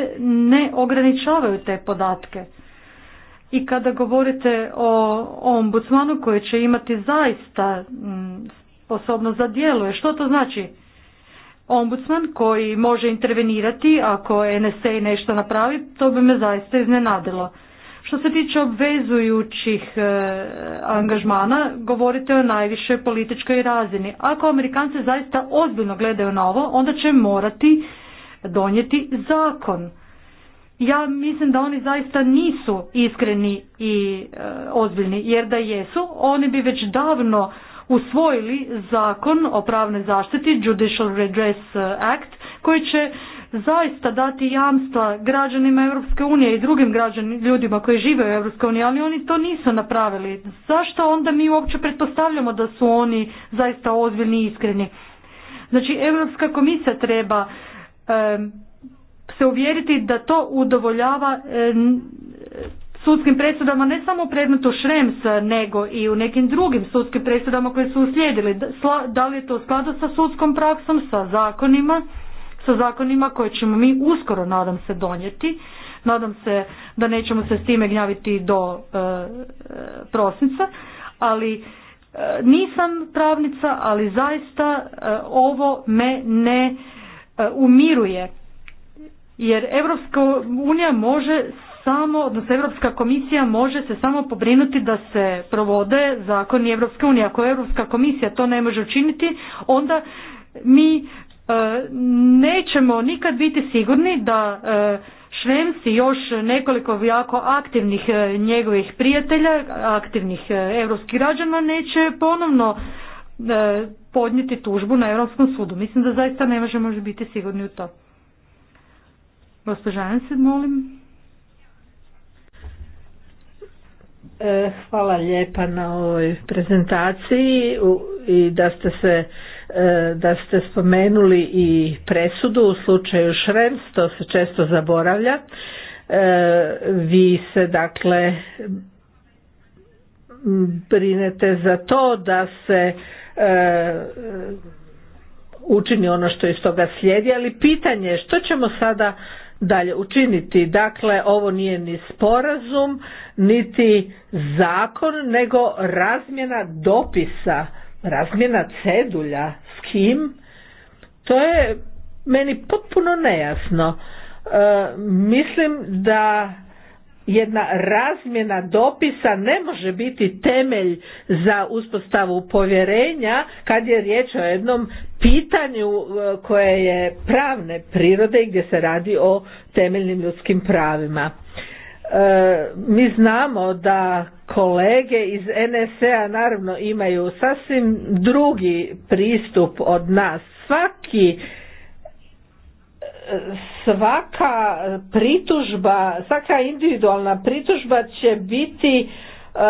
ne ograničavaju te podatke. I kada govorite o ombudsmanu koji će imati zaista mm, sposobnost za djeluje, što to znači? Ombudsman koji može intervenirati ako NSA nešto napravi, to bi me zaista iznenadilo. Što se tiče obvezujućih e, angažmana, govorite o najvišoj političkoj razini. Ako Amerikanci zaista ozbiljno gledaju na ovo, onda će morati donijeti zakon. Ja mislim da oni zaista nisu iskreni i e, ozbiljni, jer da jesu, oni bi već davno usvojili zakon o pravnoj zaštiti, Judicial Redress Act, koji će zaista dati jamstva građanima Europske unije i drugim građanima, ljudima koji žive u Europskoj ali oni to nisu napravili. Zašto onda mi uopće pretpostavljamo da su oni zaista ozbiljni i iskreni? Znači, Europska komisija treba se uvjeriti da to udovoljava sudskim presudama ne samo u predmetu Šrems, nego i u nekim drugim sudskim presudama koje su uslijedili. Da li je to u skladu sa sudskom praksom, sa zakonima? sa zakonima koje ćemo mi uskoro nadam se donijeti. Nadam se da nećemo se s time gnjaviti do e, e, prosinca, ali e, nisam pravnica, ali zaista ovo me ne umiruje. Jer Europska unija može samo, odnosno Europska komisija može se samo pobrinuti da se provode zakoni Europske unije. Ako Europska komisija to ne može učiniti, onda mi nećemo nikad biti sigurni da e, Švems i još nekoliko jako aktivnih e, njegovih prijatelja, aktivnih europskih građana neće ponovno e, podnijeti tužbu na Europskom sudu. Mislim da zaista ne možemo biti sigurni u to. Gospođa molim. Hvala lijepa na ovoj prezentaciji i da ste se E, da ste spomenuli i presudu u slučaju Šrems, to se često zaboravlja. E, vi se dakle brinete za to da se e, učini ono što iz toga slijedi, ali pitanje je što ćemo sada dalje učiniti. Dakle, ovo nije ni sporazum, niti zakon, nego razmjena dopisa razmjena cedulja s kim, to je meni potpuno nejasno. E, mislim da jedna razmjena dopisa ne može biti temelj za uspostavu povjerenja kad je riječ o jednom pitanju e, koje je pravne prirode i gdje se radi o temeljnim ljudskim pravima. E, mi znamo da kolege iz NSA naravno imaju sasvim drugi pristup od nas. Svaki e, svaka pritužba, svaka individualna pritužba će biti e,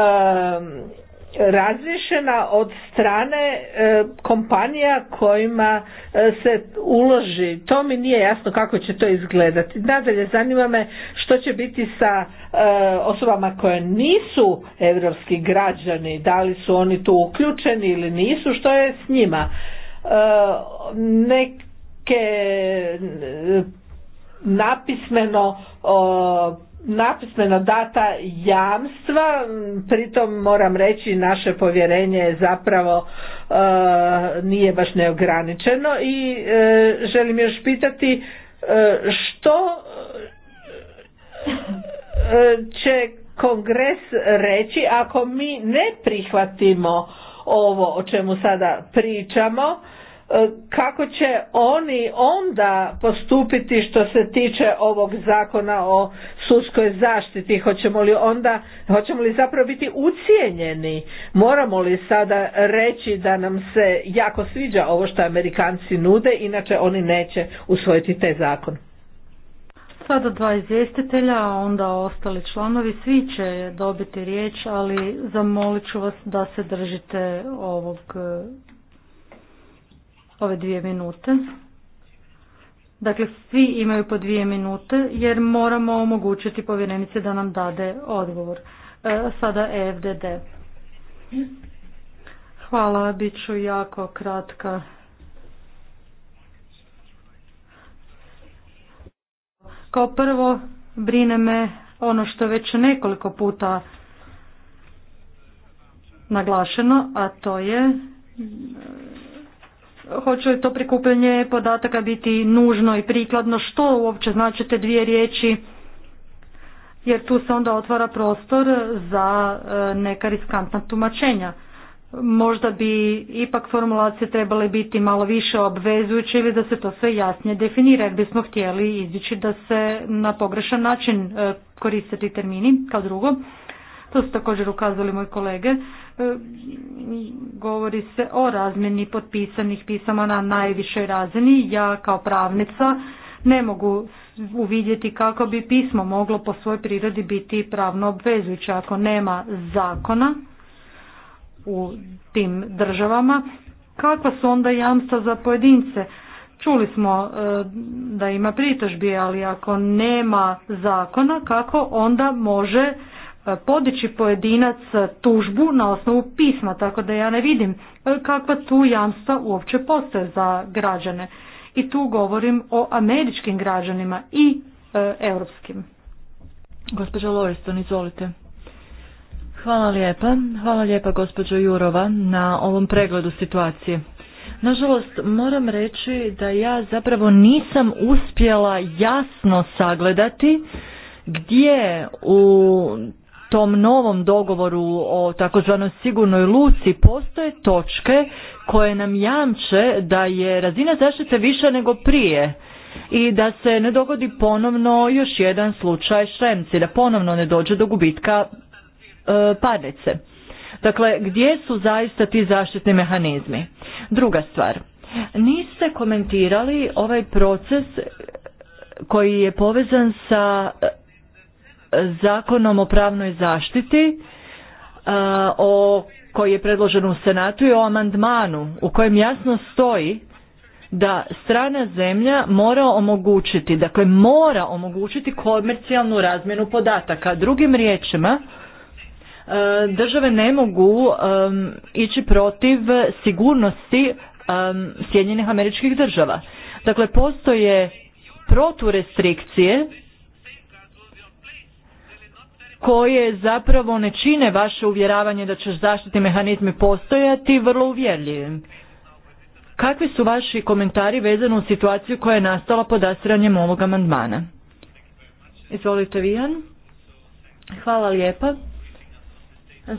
razriješena od strane e, kompanija kojima e, se uloži. To mi nije jasno kako će to izgledati. Nadalje, zanima me što će biti sa e, osobama koje nisu europski građani, da li su oni tu uključeni ili nisu, što je s njima. Neke napismeno napismeno data jamstva, pritom moram reći naše povjerenje je zapravo e, nije baš neograničeno i e, želim još pitati e, što će kongres reći ako mi ne prihvatimo ovo o čemu sada pričamo E, kako će oni onda postupiti što se tiče ovog zakona o sudskoj zaštiti hoćemo li onda hoćemo li zapravo biti ucijenjeni moramo li sada reći da nam se jako sviđa ovo što Amerikanci nude inače oni neće usvojiti taj zakon Sada dva izvjestitelja, a onda ostali članovi, svi će dobiti riječ, ali zamolit ću vas da se držite ovog ove dvije minute. Dakle, svi imaju po dvije minute jer moramo omogućiti povjerenice da nam dade odgovor. E, sada EFDD. Hvala, bit ću jako kratka. Kao prvo, brine me ono što je već nekoliko puta naglašeno, a to je Hoće li to prikupljanje podataka biti nužno i prikladno? Što uopće znači te dvije riječi? Jer tu se onda otvara prostor za e, neka riskantna tumačenja. Možda bi ipak formulacije trebale biti malo više obvezujuće ili da se to sve jasnije definira jer bismo htjeli izvići da se na pogrešan način e, koriste ti termini kao drugo. To su također ukazali moji kolege. E, govori se o razmjeni potpisanih pisama na najvišoj razini. Ja kao pravnica ne mogu uvidjeti kako bi pismo moglo po svojoj prirodi biti pravno obvezujuće ako nema zakona u tim državama. Kakva su onda jamstva za pojedince? Čuli smo e, da ima pritužbi, ali ako nema zakona, kako onda može podići pojedinac e, tužbu na osnovu pisma, tako da ja ne vidim e, kakva tu jamstva uopće postoje za građane. I tu govorim o američkim građanima i e, europskim. Gospođo Loriston, izvolite. Hvala lijepa. Hvala lijepa gospođo Jurova na ovom pregledu situacije. Nažalost, moram reći da ja zapravo nisam uspjela jasno sagledati gdje u tom novom dogovoru o takozvanoj sigurnoj luci postoje točke koje nam jamče da je razina zaštite viša nego prije i da se ne dogodi ponovno još jedan slučaj šremci, da ponovno ne dođe do gubitka e, padnice. Dakle, gdje su zaista ti zaštitni mehanizmi? Druga stvar, niste komentirali ovaj proces koji je povezan sa zakonom o pravnoj zaštiti e, o koji je predložen u Senatu i o amandmanu u kojem jasno stoji da strana zemlja mora omogućiti, dakle mora omogućiti komercijalnu razmjenu podataka. Drugim riječima, e, države ne mogu e, ići protiv sigurnosti Sjedinjenih američkih država. Dakle, postoje proturestrikcije koje zapravo ne čine vaše uvjeravanje da će zaštitni mehanizmi postojati vrlo uvjerljivim. Kakvi su vaši komentari vezano u situaciju koja je nastala pod asiranjem ovog amandmana? Izvolite Vijan. Hvala lijepa.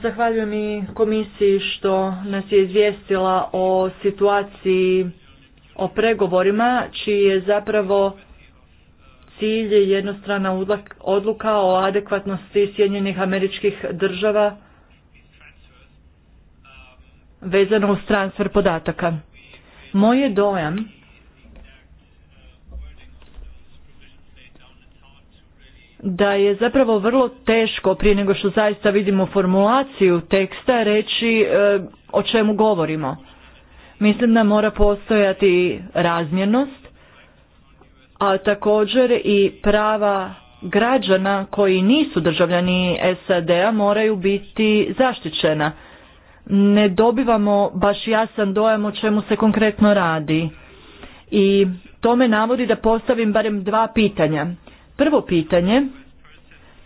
Zahvaljujem i komisiji što nas je izvijestila o situaciji o pregovorima čiji je zapravo cilj je jednostrana odluka o adekvatnosti Sjedinjenih američkih država vezano uz transfer podataka. Moj je dojam da je zapravo vrlo teško prije nego što zaista vidimo formulaciju teksta reći e, o čemu govorimo. Mislim da mora postojati razmjernost a također i prava građana koji nisu državljani SAD-a moraju biti zaštićena. Ne dobivamo baš jasan dojam o čemu se konkretno radi. I to me navodi da postavim barem dva pitanja. Prvo pitanje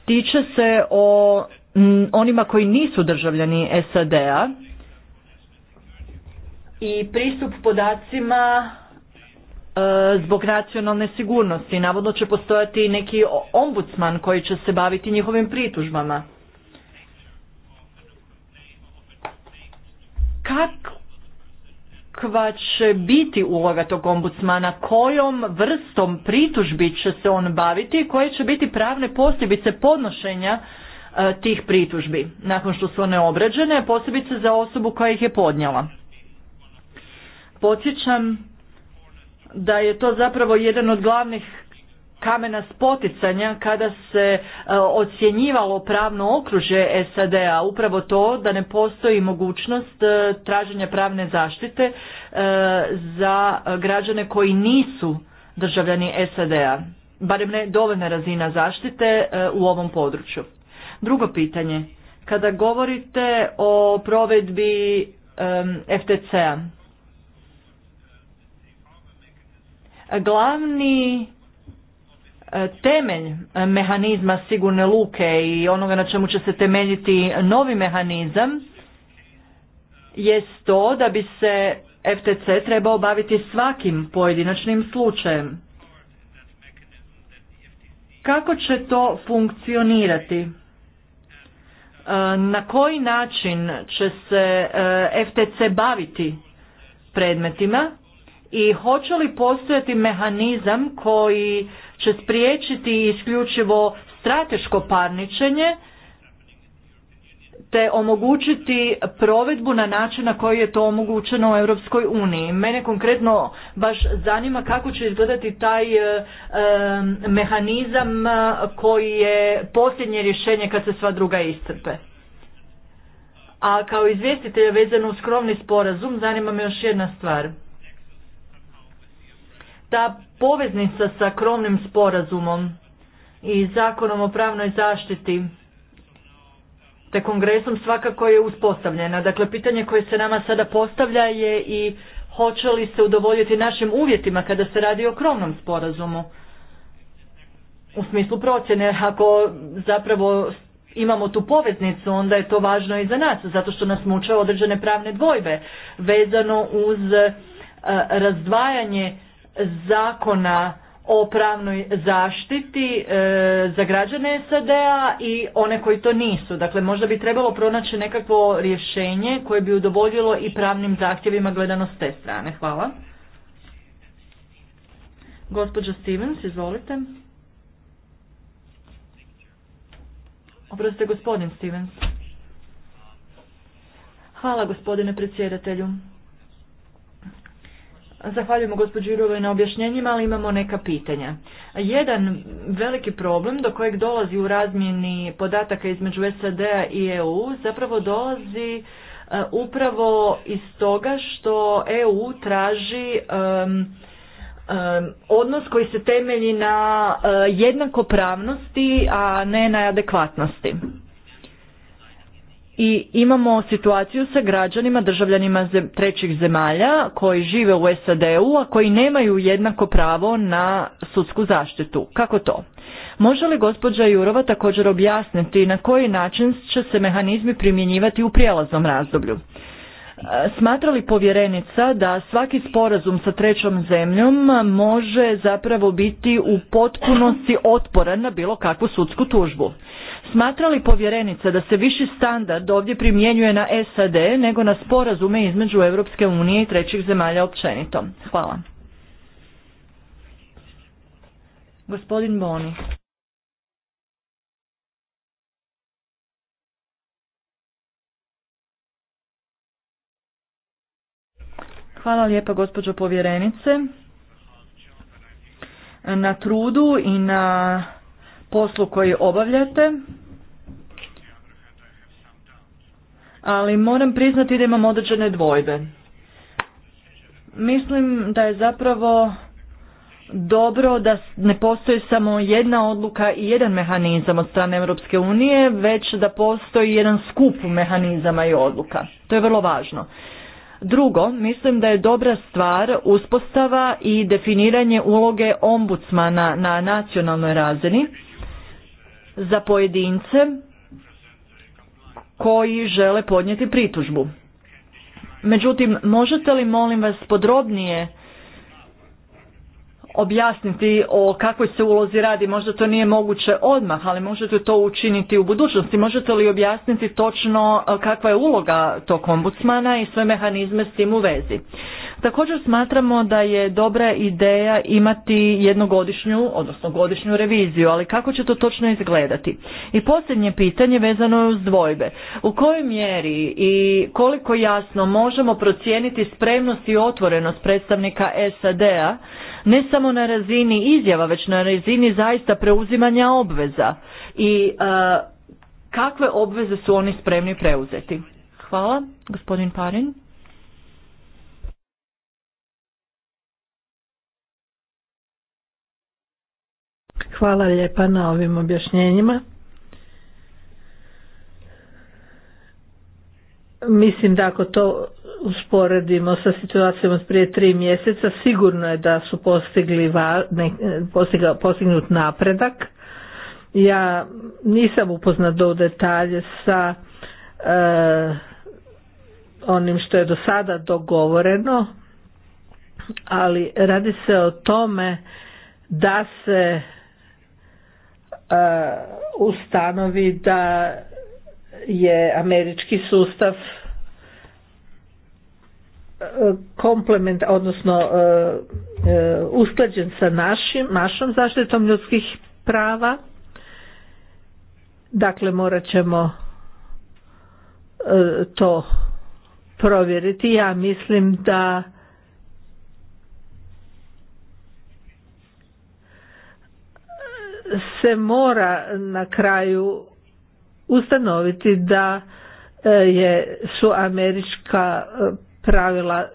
tiče se o onima koji nisu državljani SAD-a i pristup podacima E, zbog nacionalne sigurnosti. Navodno će postojati neki ombudsman koji će se baviti njihovim pritužbama. Kakva će biti uloga tog ombudsmana? Kojom vrstom pritužbi će se on baviti i koje će biti pravne posljedice podnošenja e, tih pritužbi nakon što su one obrađene, posebice za osobu koja ih je podnjela. Podsjećam da je to zapravo jedan od glavnih kamena spoticanja kada se e, ocjenjivalo pravno okruže SAD-a, upravo to da ne postoji mogućnost e, traženja pravne zaštite e, za građane koji nisu državljani SAD-a, barem ne dovoljna razina zaštite u ovom području. Drugo pitanje, kada govorite o provedbi FTC-a, Glavni e, temelj e, mehanizma sigurne luke i onoga na čemu će se temeljiti novi mehanizam je to da bi se FTC trebao baviti svakim pojedinačnim slučajem. Kako će to funkcionirati? E, na koji način će se FTC baviti predmetima? i hoće li postojati mehanizam koji će spriječiti isključivo strateško parničenje te omogućiti provedbu na način na koji je to omogućeno u Europskoj uniji. Mene konkretno baš zanima kako će izgledati taj e, e, mehanizam e, koji je posljednje rješenje kad se sva druga iscrpe. A kao izvjestitelja vezano u skromni sporazum zanima me još jedna stvar ta poveznica sa krovnim sporazumom i zakonom o pravnoj zaštiti te kongresom svakako je uspostavljena. Dakle, pitanje koje se nama sada postavlja je i hoće li se udovoljiti našim uvjetima kada se radi o krovnom sporazumu u smislu procjene. Ako zapravo imamo tu poveznicu, onda je to važno i za nas, zato što nas muče određene pravne dvojbe vezano uz e, razdvajanje zakona o pravnoj zaštiti e, za građane SAD-a i one koji to nisu. Dakle, možda bi trebalo pronaći nekakvo rješenje koje bi udovoljilo i pravnim zahtjevima gledano s te strane. Hvala. Gospođa Stevens, izvolite. Oprostite, gospodin Stevens. Hvala, gospodine predsjedatelju. Zahvaljujemo gospođu Jurovoj na objašnjenjima, ali imamo neka pitanja. Jedan veliki problem do kojeg dolazi u razmjeni podataka između SAD-a i EU zapravo dolazi e, upravo iz toga što EU traži odnos koji se temelji na e, jednakopravnosti, a ne na adekvatnosti i imamo situaciju sa građanima, državljanima trećih zemalja koji žive u SAD-u, a koji nemaju jednako pravo na sudsku zaštitu. Kako to? Može li gospođa Jurova također objasniti na koji način će se mehanizmi primjenjivati u prijelaznom razdoblju? E, smatra li povjerenica da svaki sporazum sa trećom zemljom može zapravo biti u potpunosti otporan na bilo kakvu sudsku tužbu? Smatra li povjerenica da se viši standard ovdje primjenjuje na SAD nego na sporazume između Europske unije i trećih zemalja općenito? Hvala. Gospodin Boni. Hvala lijepa gospođo povjerenice na trudu i na poslu koji obavljate, ali moram priznati da imam određene dvojbe. Mislim da je zapravo dobro da ne postoji samo jedna odluka i jedan mehanizam od strane Europske unije, već da postoji jedan skup mehanizama i odluka. To je vrlo važno. Drugo, mislim da je dobra stvar uspostava i definiranje uloge ombudsmana na nacionalnoj razini za pojedince koji žele podnijeti pritužbu. Međutim, možete li molim vas podrobnije objasniti o kakvoj se ulozi radi. Možda to nije moguće odmah, ali možete to učiniti u budućnosti. Možete li objasniti točno e, kakva je uloga tog ombudsmana i sve mehanizme s tim u vezi? Također smatramo da je dobra ideja imati jednogodišnju, odnosno godišnju reviziju, ali kako će to točno izgledati? I posljednje pitanje vezano je uz dvojbe. U kojoj mjeri i koliko jasno možemo procijeniti spremnost i otvorenost predstavnika SAD-a ne samo na razini izjava, već na razini zaista preuzimanja obveza i e, kakve obveze su oni spremni preuzeti. Hvala, gospodin Parin. Hvala lijepa na ovim objašnjenjima. Mislim da ako to usporedimo sa situacijom od prije tri mjeseca, sigurno je da su postigli postignut napredak. Ja nisam upoznat do detalje sa e, onim što je do sada dogovoreno, ali radi se o tome da se e, ustanovi da je američki sustav e, komplement, odnosno e, e, usklađen sa našim, našom zaštitom ljudskih prava. Dakle, morat ćemo to provjeriti. Ja mislim da se mora na kraju ustanoviti da e, je, su američka e, pravila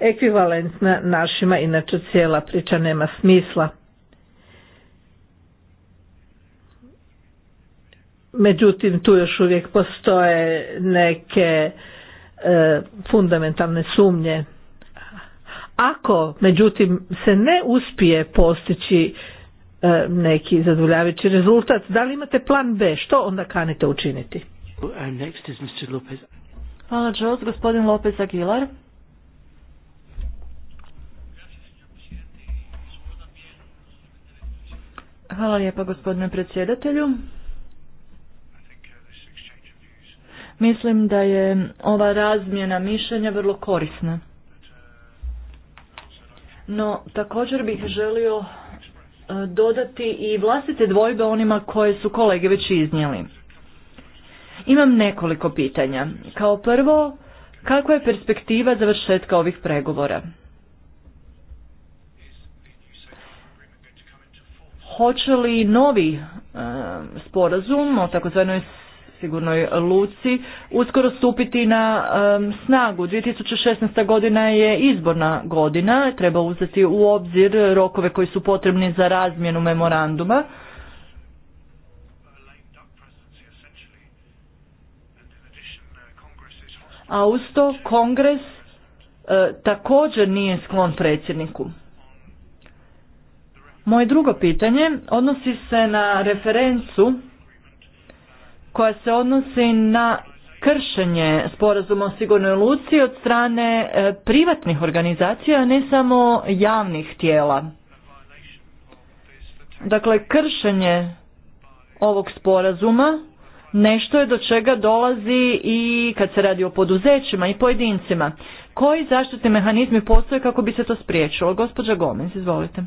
ekvivalentna našima, inače cijela priča nema smisla. Međutim, tu još uvijek postoje neke e, fundamentalne sumnje. Ako, međutim, se ne uspije postići E, neki zadovoljavajući rezultat. Da li imate plan B? Što onda kanite učiniti? Uh, next is Mr. Lopez. Hvala Jos, gospodin Lopez Aguilar. Hvala lijepa gospodine predsjedatelju. Mislim da je ova razmjena mišljenja vrlo korisna. No, također bih želio dodati i vlastite dvojbe onima koje su kolege već iznijeli. Imam nekoliko pitanja. Kao prvo, kakva je perspektiva završetka ovih pregovora? Hoće li novi e, sporazum o takozvanoj sigurnoj luci uskoro stupiti na um, snagu. 2016. godina je izborna godina, treba uzeti u obzir rokove koji su potrebni za razmjenu memoranduma. A uz to kongres e, također nije sklon predsjedniku. Moje drugo pitanje odnosi se na referencu koja se odnosi na kršenje sporazuma o sigurnoj luci od strane e, privatnih organizacija, a ne samo javnih tijela. Dakle, kršenje ovog sporazuma nešto je do čega dolazi i kad se radi o poduzećima i pojedincima. Koji zaštitni mehanizmi postoje kako bi se to spriječilo? Gospođa Gomez, izvolite.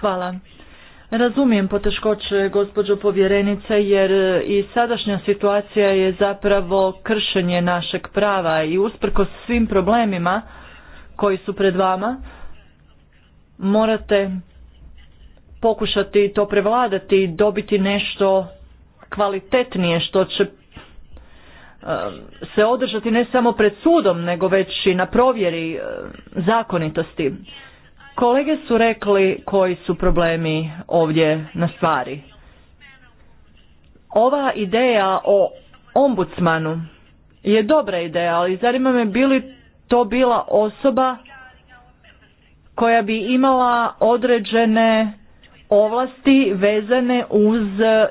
Hvala. Razumijem poteškoće gospođo povjerenice jer e, i sadašnja situacija je zapravo kršenje našeg prava i usprkos svim problemima koji su pred vama morate pokušati to prevladati i dobiti nešto kvalitetnije što će e, se održati ne samo pred sudom nego već i na provjeri e, zakonitosti. Kolege su rekli koji su problemi ovdje na stvari. Ova ideja o ombudsmanu je dobra ideja, ali zanima me bili to bila osoba koja bi imala određene ovlasti vezane uz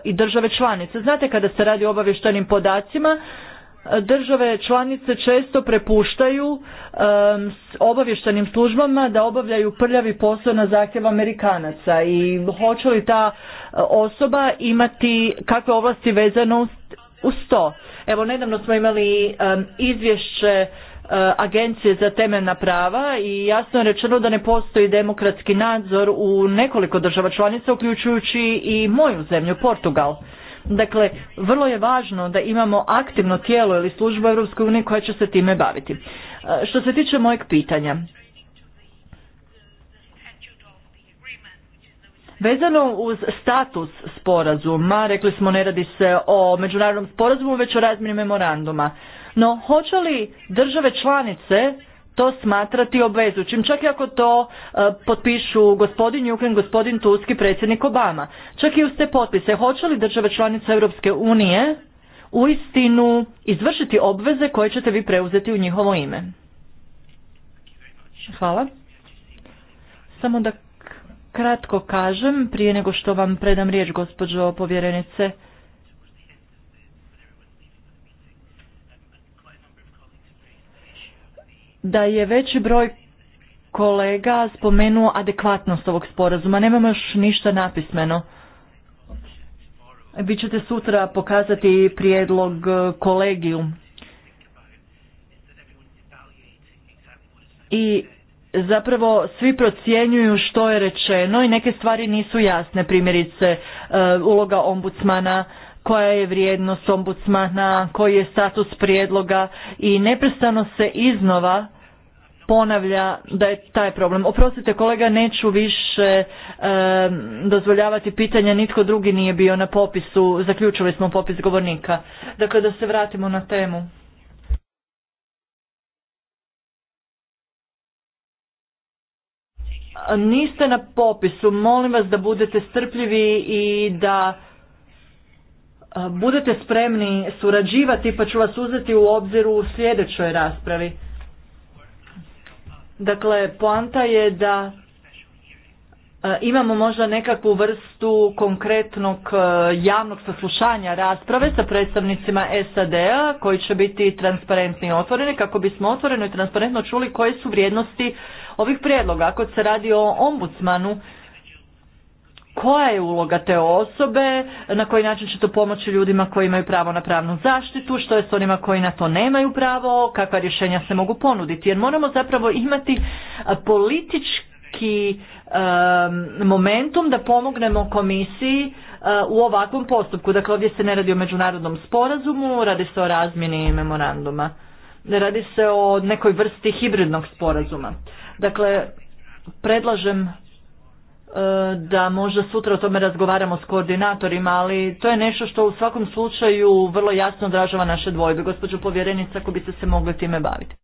i države članice. Znate kada se radi o obavještenim podacima, države članice često prepuštaju um, obavještenim službama da obavljaju prljavi posao na zahtjev Amerikanaca i hoće li ta e, osoba imati kakve ovlasti vezano uz to. Evo nedavno smo imali izvješće e, agencije za temeljna prava i jasno je rečeno da ne postoji demokratski nadzor u nekoliko država članica uključujući i moju zemlju Portugal. Dakle, vrlo je važno da imamo aktivno tijelo ili službu EU koja će se time baviti. E, što se tiče mojeg pitanja, Vezano uz status sporazuma, rekli smo ne radi se o međunarodnom sporazumu, već o razmjeni memoranduma. No, hoće li države članice to smatrati obvezućim, čak i ako to e, potpišu gospodin Jukin, gospodin Tuski, predsjednik Obama. Čak i uz te potpise, hoće li države članice Europske unije uistinu izvršiti obveze koje ćete vi preuzeti u njihovo ime? Hvala. Samo da kratko kažem, prije nego što vam predam riječ, gospođo povjerenice, da je veći broj kolega spomenuo adekvatnost ovog sporazuma. Nemamo još ništa napismeno. Vi ćete sutra pokazati prijedlog e, kolegiju. I zapravo svi procjenjuju što je rečeno i neke stvari nisu jasne, primjerice e, uloga ombudsmana, koja je vrijednost ombudsmana, koji je status prijedloga i neprestano se iznova ponavlja da je taj problem. Oprostite kolega, neću više dozvoljavati pitanja, nitko drugi nije bio na popisu, zaključili smo popis govornika. Dakle, da se vratimo na temu. Niste na popisu, molim vas da budete strpljivi i da budete spremni surađivati pa ću vas uzeti u obzir u sljedećoj raspravi. Dakle, poanta je da imamo možda nekakvu vrstu konkretnog javnog saslušanja rasprave sa predstavnicima SAD-a koji će biti transparentni i otvoreni kako bismo otvoreno i transparentno čuli koje su vrijednosti ovih prijedloga. Ako se radi o ombudsmanu, koja je uloga te osobe, na koji način će to pomoći ljudima koji imaju pravo na pravnu zaštitu, što je s onima koji na to nemaju pravo, kakva rješenja se mogu ponuditi. Jer moramo zapravo imati politički momentum da pomognemo komisiji u ovakvom postupku. Dakle, ovdje se ne radi o međunarodnom sporazumu, radi se o razmjeni memoranduma. Radi se o nekoj vrsti hibridnog sporazuma. Dakle, predlažem da možda sutra o tome razgovaramo s koordinatorima, ali to je nešto što u svakom slučaju vrlo jasno odražava naše dvojbe. Gospođo povjerenica, ako biste se mogli time baviti.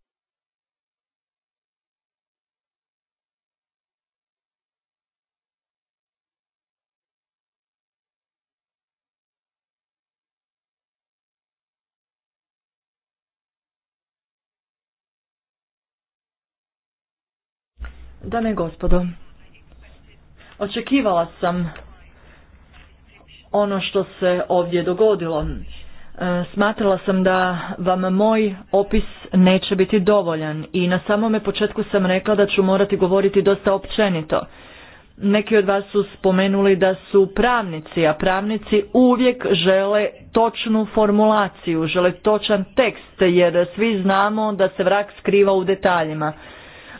Dame i gospodo, Očekivala sam ono što se ovdje dogodilo. E, smatrala sam da vam moj opis neće biti dovoljan i na samome početku sam rekla da ću morati govoriti dosta općenito. Neki od vas su spomenuli da su pravnici, a pravnici uvijek žele točnu formulaciju, žele točan tekst jer svi znamo da se vrak skriva u detaljima.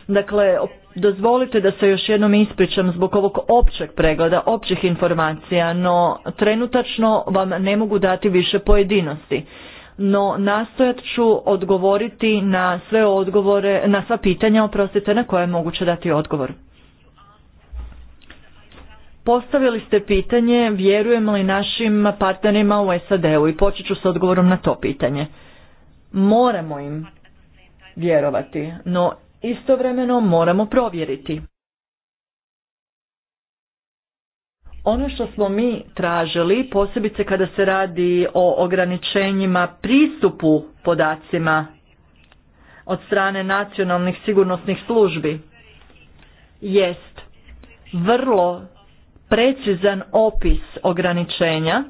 Dakle, Dozvolite da se još jednom ispričam zbog ovog općeg pregleda, općih informacija, no trenutačno vam ne mogu dati više pojedinosti. No nastojat ću odgovoriti na sve odgovore, na sva pitanja, oprostite, na koje je moguće dati odgovor. Postavili ste pitanje vjerujem li našim partnerima u SAD-u i počet ću s odgovorom na to pitanje. Moramo im vjerovati, no istovremeno moramo provjeriti. Ono što smo mi tražili, posebice kada se radi o ograničenjima pristupu podacima od strane nacionalnih sigurnosnih službi, jest vrlo precizan opis ograničenja,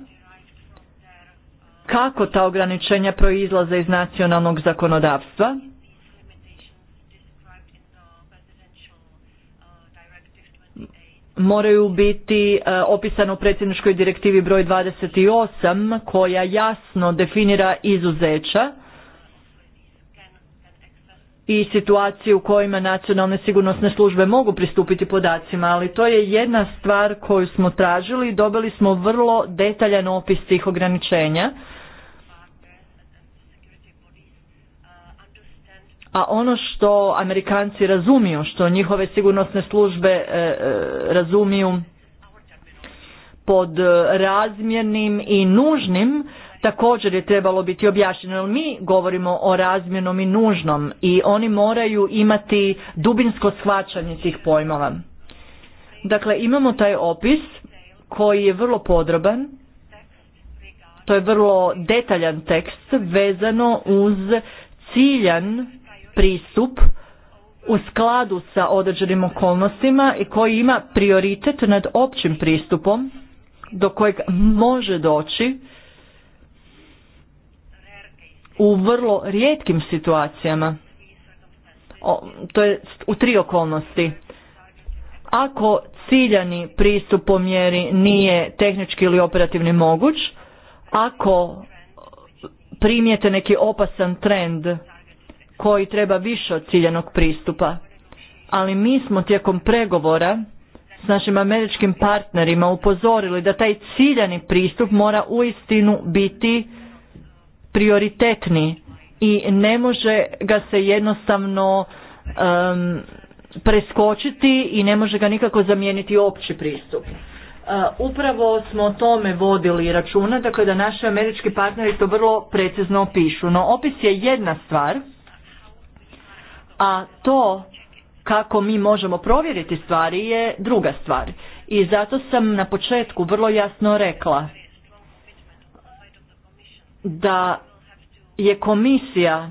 kako ta ograničenja proizlaze iz nacionalnog zakonodavstva, moraju biti e, opisane u predsjedničkoj direktivi broj 28 koja jasno definira izuzeća i situacije u kojima nacionalne sigurnosne službe mogu pristupiti podacima, ali to je jedna stvar koju smo tražili i dobili smo vrlo detaljan opis tih ograničenja a ono što Amerikanci razumiju, što njihove sigurnosne službe e, e, razumiju pod e, razmjernim i nužnim, također je trebalo biti objašnjeno. Jer mi govorimo o razmjernom i nužnom i oni moraju imati dubinsko shvaćanje tih pojmova. Dakle, imamo taj opis koji je vrlo podroban, to je vrlo detaljan tekst vezano uz ciljan pristup u skladu sa određenim okolnostima i koji ima prioritet nad općim pristupom do kojeg može doći u vrlo rijetkim situacijama. O, to je u tri okolnosti. Ako ciljani pristup po mjeri nije tehnički ili operativni moguć, ako primijete neki opasan trend koji treba više od ciljanog pristupa. Ali mi smo tijekom pregovora s našim američkim partnerima upozorili da taj ciljani pristup mora uistinu biti prioritetni i ne može ga se jednostavno um, preskočiti i ne može ga nikako zamijeniti opći pristup. E, upravo smo o tome vodili računa, dakle da naši američki partneri to vrlo precizno opišu. No opis je jedna stvar, a to kako mi možemo provjeriti stvari je druga stvar. I zato sam na početku vrlo jasno rekla da je komisija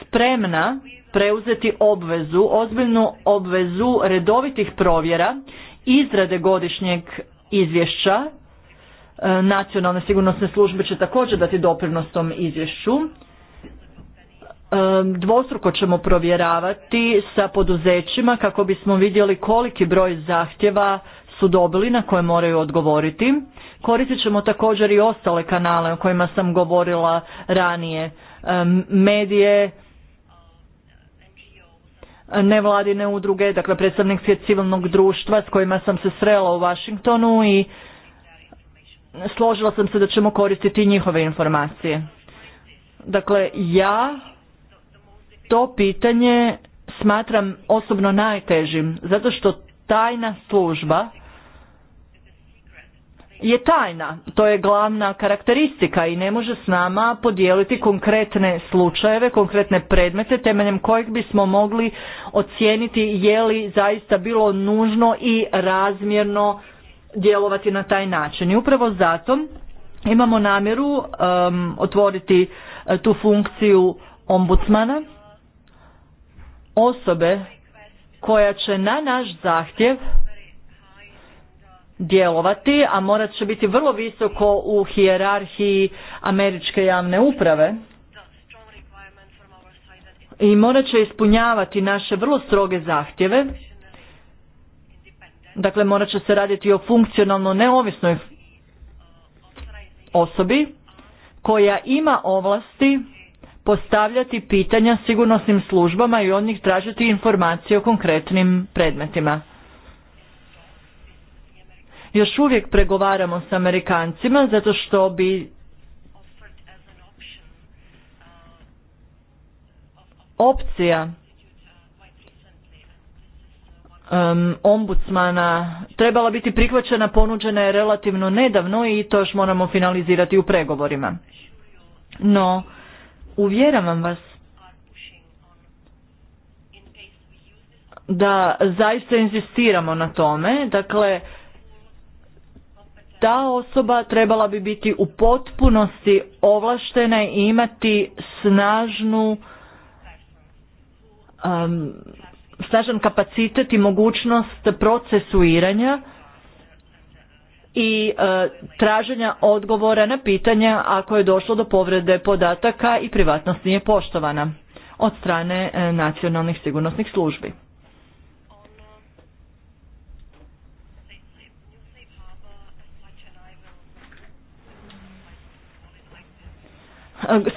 spremna preuzeti obvezu, ozbiljnu obvezu redovitih provjera, izrade godišnjeg izvješća, e, nacionalne sigurnosne službe će također dati doprinos tom izvješću, dvostruko ćemo provjeravati sa poduzećima kako bismo vidjeli koliki broj zahtjeva su dobili na koje moraju odgovoriti. Koristit ćemo također i ostale kanale o kojima sam govorila ranije, medije, nevladine udruge, dakle predstavnike civilnog društva s kojima sam se srela u Washingtonu i složila sam se da ćemo koristiti njihove informacije. Dakle, ja to pitanje smatram osobno najtežim, zato što tajna služba je tajna, to je glavna karakteristika i ne može s nama podijeliti konkretne slučajeve, konkretne predmete temeljem kojeg bismo mogli ocijeniti je li zaista bilo nužno i razmjerno djelovati na taj način. I upravo zato imamo namjeru um, otvoriti e, tu funkciju ombudsmana osobe koja će na naš zahtjev djelovati, a morat će biti vrlo visoko u hijerarhiji američke javne uprave i morat će ispunjavati naše vrlo stroge zahtjeve. Dakle, morat će se raditi o funkcionalno neovisnoj osobi koja ima ovlasti postavljati pitanja sigurnosnim službama i od njih tražiti informacije o konkretnim predmetima. Još uvijek pregovaramo s Amerikancima zato što bi opcija ombudsmana trebala biti prihvaćena, ponuđena je relativno nedavno i to još moramo finalizirati u pregovorima. No, uvjeravam vas da zaista insistiramo na tome, dakle ta osoba trebala bi biti u potpunosti ovlaštena i imati snažnu um, snažan kapacitet i mogućnost procesuiranja i e, traženja odgovora na pitanja ako je došlo do povrede podataka i privatnost nije poštovana od strane e, nacionalnih sigurnosnih službi.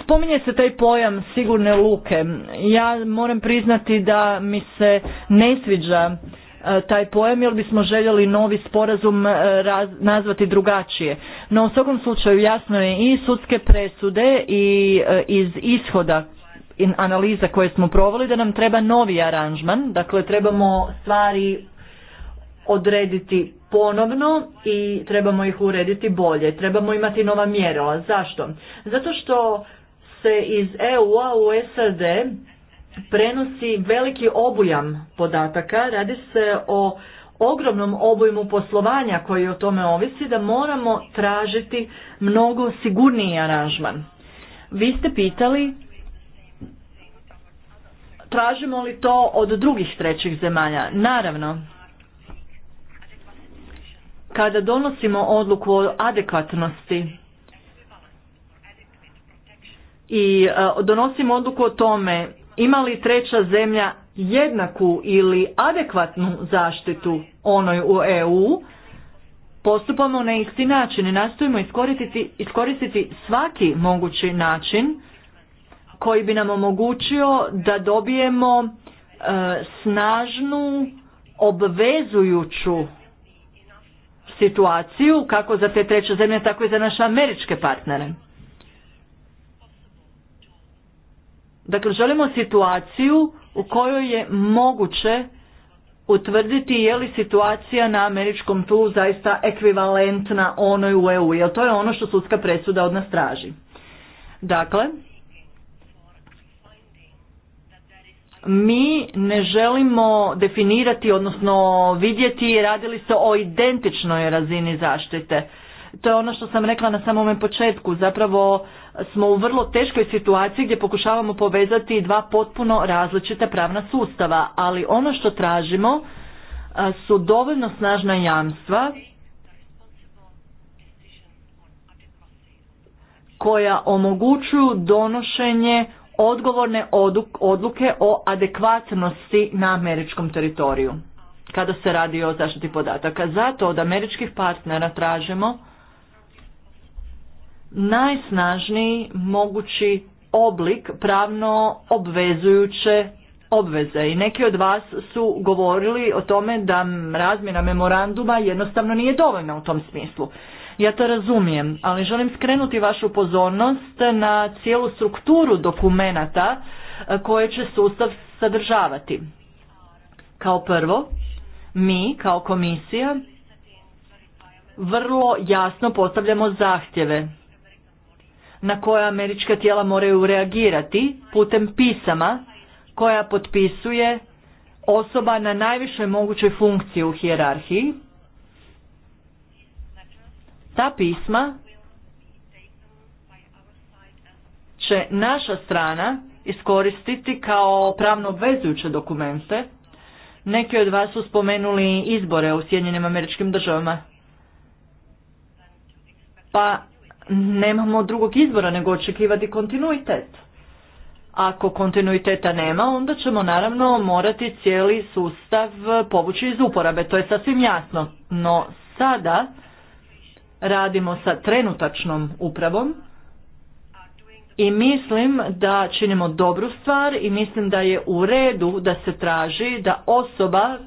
Spominje se taj pojam sigurne luke. Ja moram priznati da mi se ne sviđa E, taj pojam jer bismo željeli novi sporazum e, nazvati drugačije. No u svakom slučaju jasno je i sudske presude i e, iz ishoda analiza koje smo proveli da nam treba novi aranžman, dakle trebamo stvari odrediti ponovno i trebamo ih urediti bolje, trebamo imati nova mjerila. Zašto? Zato što se iz EU-a u SAD prenosi veliki obujam podataka, radi se o ogromnom obujmu poslovanja koji o tome ovisi da moramo tražiti mnogo sigurniji aranžman. Vi ste pitali tražimo li to od drugih trećih zemalja? Naravno. Kada donosimo odluku o adekvatnosti i e, donosimo odluku o tome ima li treća zemlja jednaku ili adekvatnu zaštitu onoj u EU, postupamo na isti način i nastojimo iskoristiti, iskoristiti svaki mogući način koji bi nam omogućio da dobijemo e, snažnu, obvezujuću situaciju kako za te treće zemlje, tako i za naše američke partnere. Dakle, želimo situaciju u kojoj je moguće utvrditi je li situacija na američkom tu zaista ekvivalentna onoj u EU, jer to je ono što sudska presuda od nas traži. Dakle, mi ne želimo definirati, odnosno vidjeti radili se o identičnoj razini zaštite. To je ono što sam rekla na samome početku. Zapravo smo u vrlo teškoj situaciji gdje pokušavamo povezati dva potpuno različita pravna sustava, ali ono što tražimo su dovoljno snažna jamstva koja omogućuju donošenje odgovorne odluke o adekvatnosti na američkom teritoriju kada se radi o zaštiti podataka. Zato od američkih partnera tražimo najsnažniji mogući oblik pravno obvezujuće obveze i neki od vas su govorili o tome da razmjena memoranduma jednostavno nije dovoljna u tom smislu. Ja to razumijem, ali želim skrenuti vašu pozornost na cijelu strukturu dokumenata e, koje će sustav sadržavati. Kao prvo, mi kao komisija vrlo jasno postavljamo zahtjeve na koja američka tijela moraju reagirati putem pisama koja potpisuje osoba na najvišoj mogućoj funkciji u hijerarhiji. Ta pisma će naša strana iskoristiti kao pravno obvezujuće dokumente. Neki od vas su spomenuli izbore u Sjedinjenim američkim državama. Pa nemamo drugog izbora nego očekivati kontinuitet. Ako kontinuiteta nema, onda ćemo naravno morati cijeli sustav povući iz uporabe, to je sasvim jasno. No sada radimo sa trenutačnom upravom i mislim da činimo dobru stvar i mislim da je u redu da se traži da osoba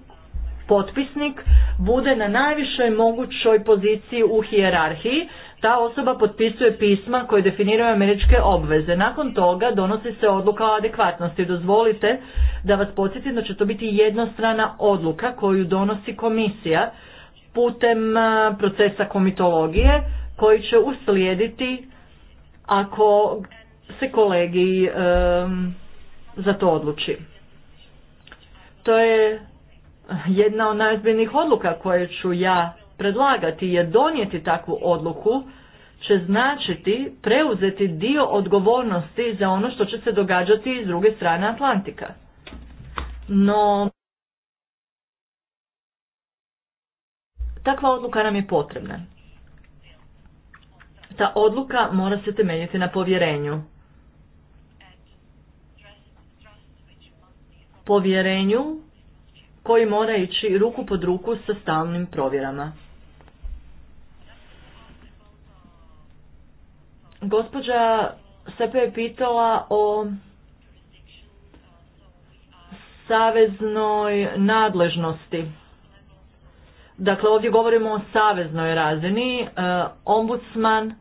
potpisnik bude na najvišoj mogućoj poziciji u hijerarhiji ta osoba potpisuje pisma koje definiraju američke obveze. Nakon toga donosi se odluka o adekvatnosti. Dozvolite da vas podsjetim da će to biti jednostrana odluka koju donosi komisija putem procesa komitologije koji će uslijediti ako se kolegi za to odluči. To je jedna od najzbiljnijih odluka koje ću ja predlagati je donijeti takvu odluku će značiti preuzeti dio odgovornosti za ono što će se događati s druge strane Atlantika. No, takva odluka nam je potrebna. Ta odluka mora se temeljiti na povjerenju. Povjerenju koji mora ići ruku pod ruku sa stalnim provjerama. Gospođa Sepe je pitala o saveznoj nadležnosti. Dakle, ovdje govorimo o saveznoj razini. E, ombudsman e,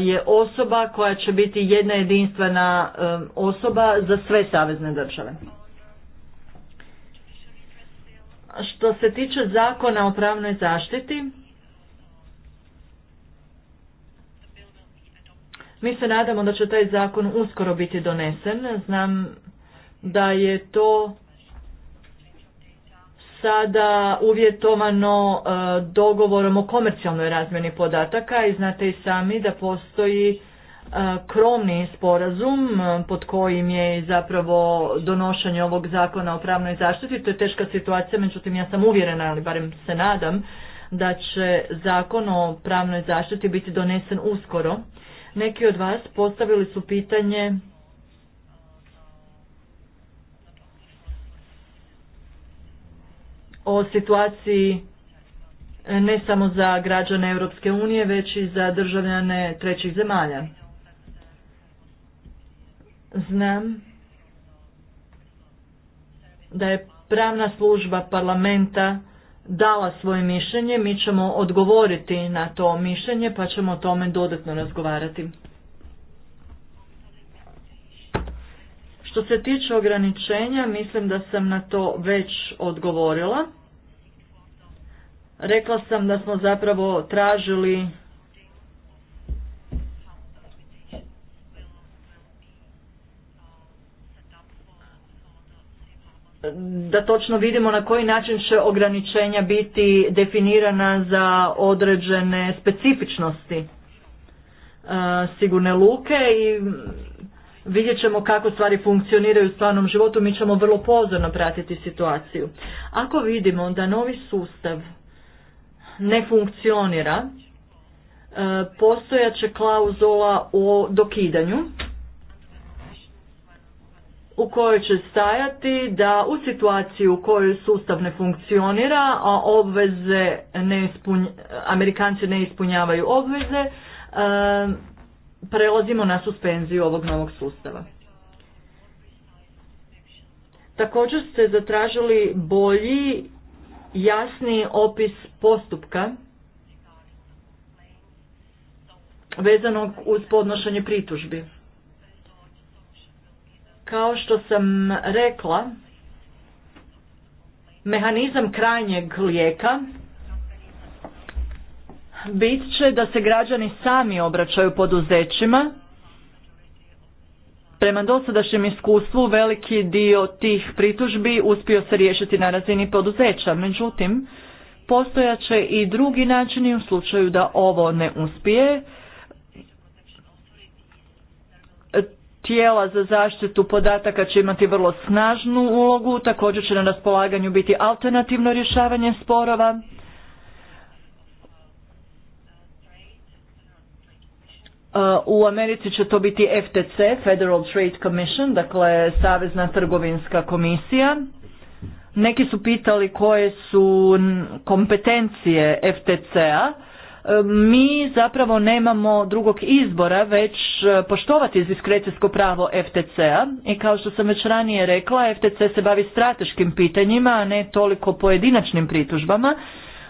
je osoba koja će biti jedna jedinstvena e, osoba za sve savezne države. Što se tiče zakona o pravnoj zaštiti, Mi se nadamo da će taj zakon uskoro biti donesen. Znam da je to sada uvjetovano e, dogovorom o komercijalnoj razmjeni podataka i znate i sami da postoji e, krovni sporazum e, pod kojim je zapravo donošenje ovog zakona o pravnoj zaštiti. To je teška situacija, međutim ja sam uvjerena, ali barem se nadam, da će zakon o pravnoj zaštiti biti donesen uskoro neki od vas postavili su pitanje o situaciji e, ne samo za građane Europske unije, već i za državljane trećih zemalja. Znam da je pravna služba parlamenta dala svoje mišljenje, mi ćemo odgovoriti na to mišljenje pa ćemo o tome dodatno razgovarati. Što se tiče ograničenja, mislim da sam na to već odgovorila. Rekla sam da smo zapravo tražili da točno vidimo na koji način će ograničenja biti definirana za određene specifičnosti e, sigurne luke i vidjet ćemo kako stvari funkcioniraju u stvarnom životu, mi ćemo vrlo pozorno pratiti situaciju. Ako vidimo da novi sustav ne funkcionira, e, postojat će klauzula o dokidanju u kojoj će stajati da u situaciji u kojoj sustav ne funkcionira, a obveze ne ispunj, Amerikanci ne ispunjavaju obveze, e, prelazimo na suspenziju ovog novog sustava. Također ste zatražili bolji, jasni opis postupka vezanog uz podnošenje pritužbi. Kao što sam rekla, mehanizam krajnjeg lijeka bit će da se građani sami obraćaju poduzećima. Prema dosadašnjem iskustvu veliki dio tih pritužbi uspio se riješiti na razini poduzeća, međutim, postojaće i drugi načini u slučaju da ovo ne uspije, tijela za zaštitu podataka će imati vrlo snažnu ulogu, također će na raspolaganju biti alternativno rješavanje sporova. Uh, u Americi će to biti FTC, Federal Trade Commission, dakle Savezna trgovinska komisija. Neki su pitali koje su kompetencije FTC-a mi zapravo nemamo drugog izbora već e, poštovati diskrecijsko pravo FTC-a i kao što sam već ranije rekla FTC se bavi strateškim pitanjima a ne toliko pojedinačnim pritužbama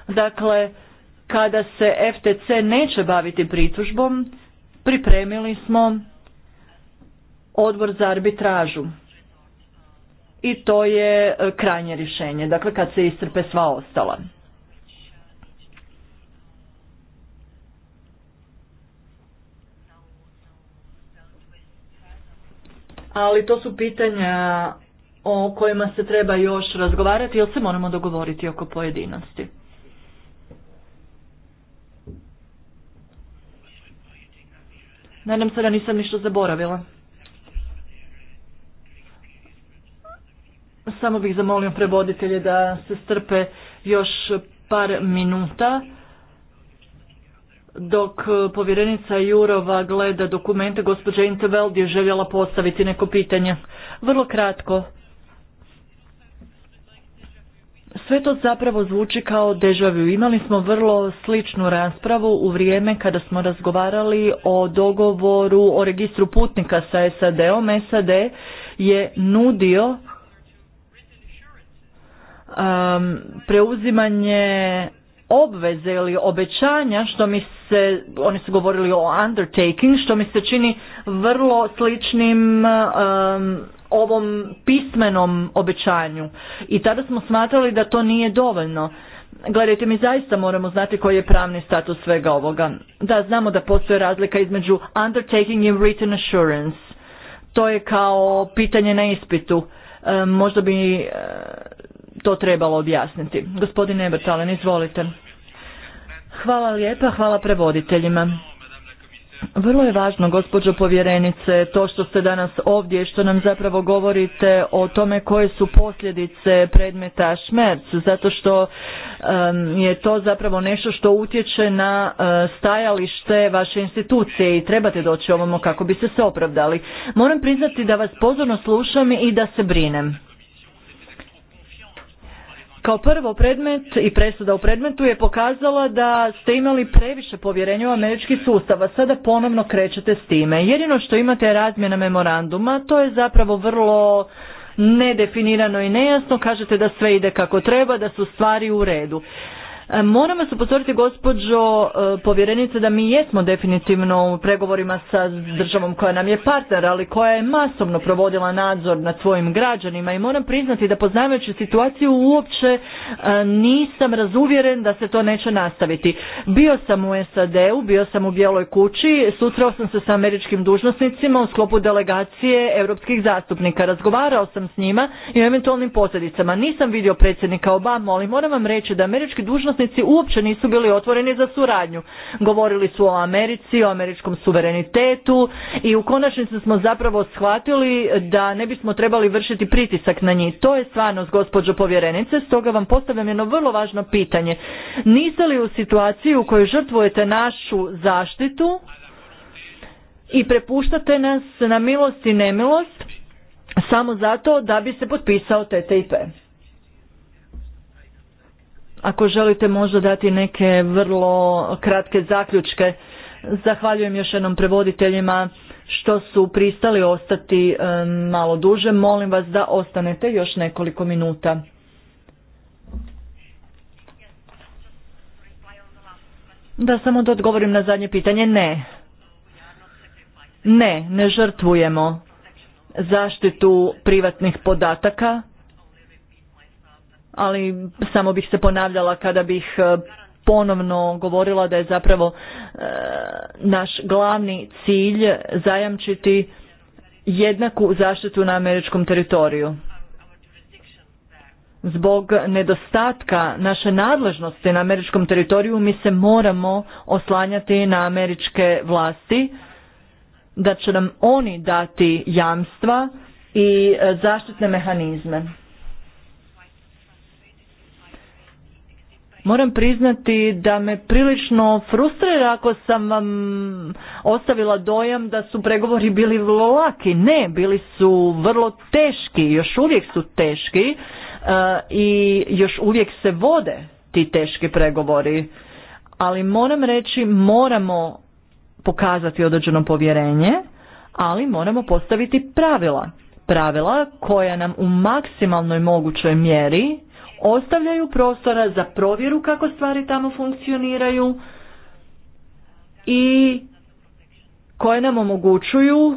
dakle kada se FTC neće baviti pritužbom pripremili smo odbor za arbitražu i to je e, krajnje rješenje dakle kad se istrpe sva ostala ali to su pitanja o kojima se treba još razgovarati jer se moramo dogovoriti oko pojedinosti. Nadam se da nisam ništa zaboravila. Samo bih zamolio prevoditelje da se strpe još par minuta. Dok e, povjerenica Jurova gleda dokumente, gospođa Interveld je željela postaviti neko pitanje. Vrlo kratko. Sve to zapravo zvuči kao dežavu. Imali smo vrlo sličnu raspravu u vrijeme kada smo razgovarali o dogovoru o registru putnika sa SAD-om. SAD je nudio um, preuzimanje obveze ili obećanja što mi se, oni su govorili o undertaking, što mi se čini vrlo sličnim um, ovom pismenom obećanju. I tada smo smatrali da to nije dovoljno. Gledajte, mi zaista moramo znati koji je pravni status svega ovoga. Da, znamo da postoje razlika između undertaking i written assurance. To je kao pitanje na ispitu. Um, možda bi to trebalo objasniti. Gospodine Ebertalen, izvolite. Hvala lijepa, hvala prevoditeljima. Vrlo je važno, gospođo povjerenice, to što ste danas ovdje i što nam zapravo govorite o tome koje su posljedice predmeta Šmerc, zato što je to zapravo nešto što utječe na e, stajalište vaše institucije i trebate doći ovamo kako biste se opravdali. Moram priznati da vas pozorno slušam i da se brinem. Kao prvo predmet i presuda u predmetu je pokazala da ste imali previše povjerenja u američki sustav, a sada ponovno krećete s time. Jedino što imate razmjena memoranduma, to je zapravo vrlo nedefinirano i nejasno, kažete da sve ide kako treba, da su stvari u redu. E, moram vas upozoriti gospođo e, povjerenice da mi jesmo definitivno u pregovorima sa državom koja nam je partner, ali koja je masovno provodila nadzor nad svojim građanima i moram priznati da poznavajući situaciju uopće e, nisam razuvjeren da se to neće nastaviti. Bio sam u SAD-u, bio sam u Bijeloj kući, sutrao sam se sa američkim dužnosnicima u sklopu delegacije europskih zastupnika. Razgovarao sam s njima i o eventualnim posljedicama. Nisam vidio predsjednika Obama, ali moram vam reći da američki dužnosnici dužnosnici uopće nisu bili otvoreni za suradnju. Govorili su o Americi, o američkom suverenitetu i u konačnici smo zapravo shvatili da ne bismo trebali vršiti pritisak na njih. To je stvarnost, gospođo povjerenice, stoga vam postavljam jedno vrlo važno pitanje. Niste li u situaciji u kojoj žrtvujete našu zaštitu i prepuštate nas na milost i nemilost samo zato da bi se potpisao TTIP? Ako želite možda dati neke vrlo kratke zaključke, zahvaljujem još jednom prevoditeljima što su pristali ostati malo duže. Molim vas da ostanete još nekoliko minuta. Da samo da odgovorim na zadnje pitanje. Ne. Ne, ne žrtvujemo zaštitu privatnih podataka ali samo bih se ponavljala kada bih e, ponovno govorila da je zapravo e, naš glavni cilj zajamčiti jednaku zaštitu na američkom teritoriju. Zbog nedostatka naše nadležnosti na američkom teritoriju mi se moramo oslanjati na američke vlasti da će nam oni dati jamstva i e, zaštitne mehanizme. Moram priznati da me prilično frustrira ako sam vam ostavila dojam da su pregovori bili vrlo laki. Ne, bili su vrlo teški, još uvijek su teški e, i još uvijek se vode ti teški pregovori. Ali moram reći, moramo pokazati određeno povjerenje, ali moramo postaviti pravila. Pravila koja nam u maksimalnoj mogućoj mjeri ostavljaju prostora za provjeru kako stvari tamo funkcioniraju i koje nam omogućuju e,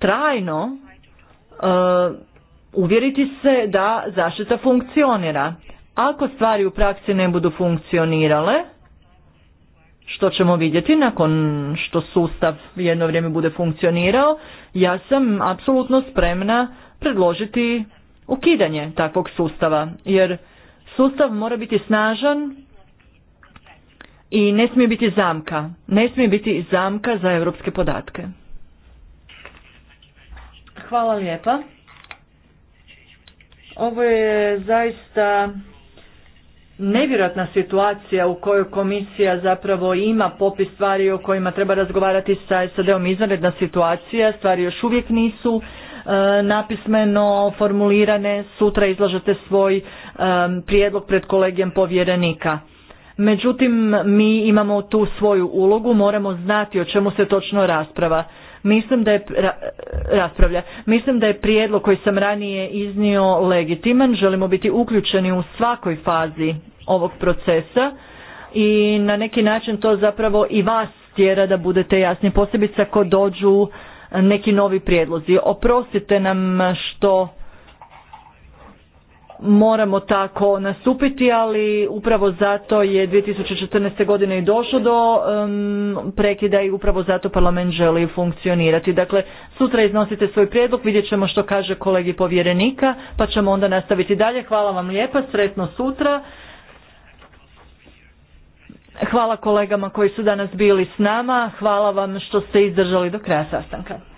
trajno e, uvjeriti se da zaštita funkcionira. Ako stvari u praksi ne budu funkcionirale, što ćemo vidjeti nakon što sustav jedno vrijeme bude funkcionirao, ja sam apsolutno spremna predložiti ukidanje takvog sustava jer sustav mora biti snažan i ne smije biti zamka. Ne smije biti zamka za europske podatke. Hvala lijepa. Ovo je zaista nevjerojatna situacija u kojoj komisija zapravo ima popis stvari o kojima treba razgovarati sa SAD-om izvanredna situacija, stvari još uvijek nisu E, napismeno formulirane, sutra izlažete svoj e, prijedlog pred kolegijem povjerenika. Međutim, mi imamo tu svoju ulogu, moramo znati o čemu se točno rasprava. Mislim da je ra, raspravlja. Mislim da je prijedlog koji sam ranije iznio legitiman, želimo biti uključeni u svakoj fazi ovog procesa i na neki način to zapravo i vas tjera da budete jasni, posebice ako dođu neki novi prijedlozi. Oprostite nam što moramo tako nastupiti, ali upravo zato je 2014. godine i došlo do prekida i upravo zato parlament želi funkcionirati. Dakle, sutra iznosite svoj prijedlog, vidjet ćemo što kaže kolegi povjerenika, pa ćemo onda nastaviti dalje. Hvala vam lijepa, sretno sutra. Hvala kolegama koji su danas bili s nama. Hvala vam što ste izdržali do kraja sastanka.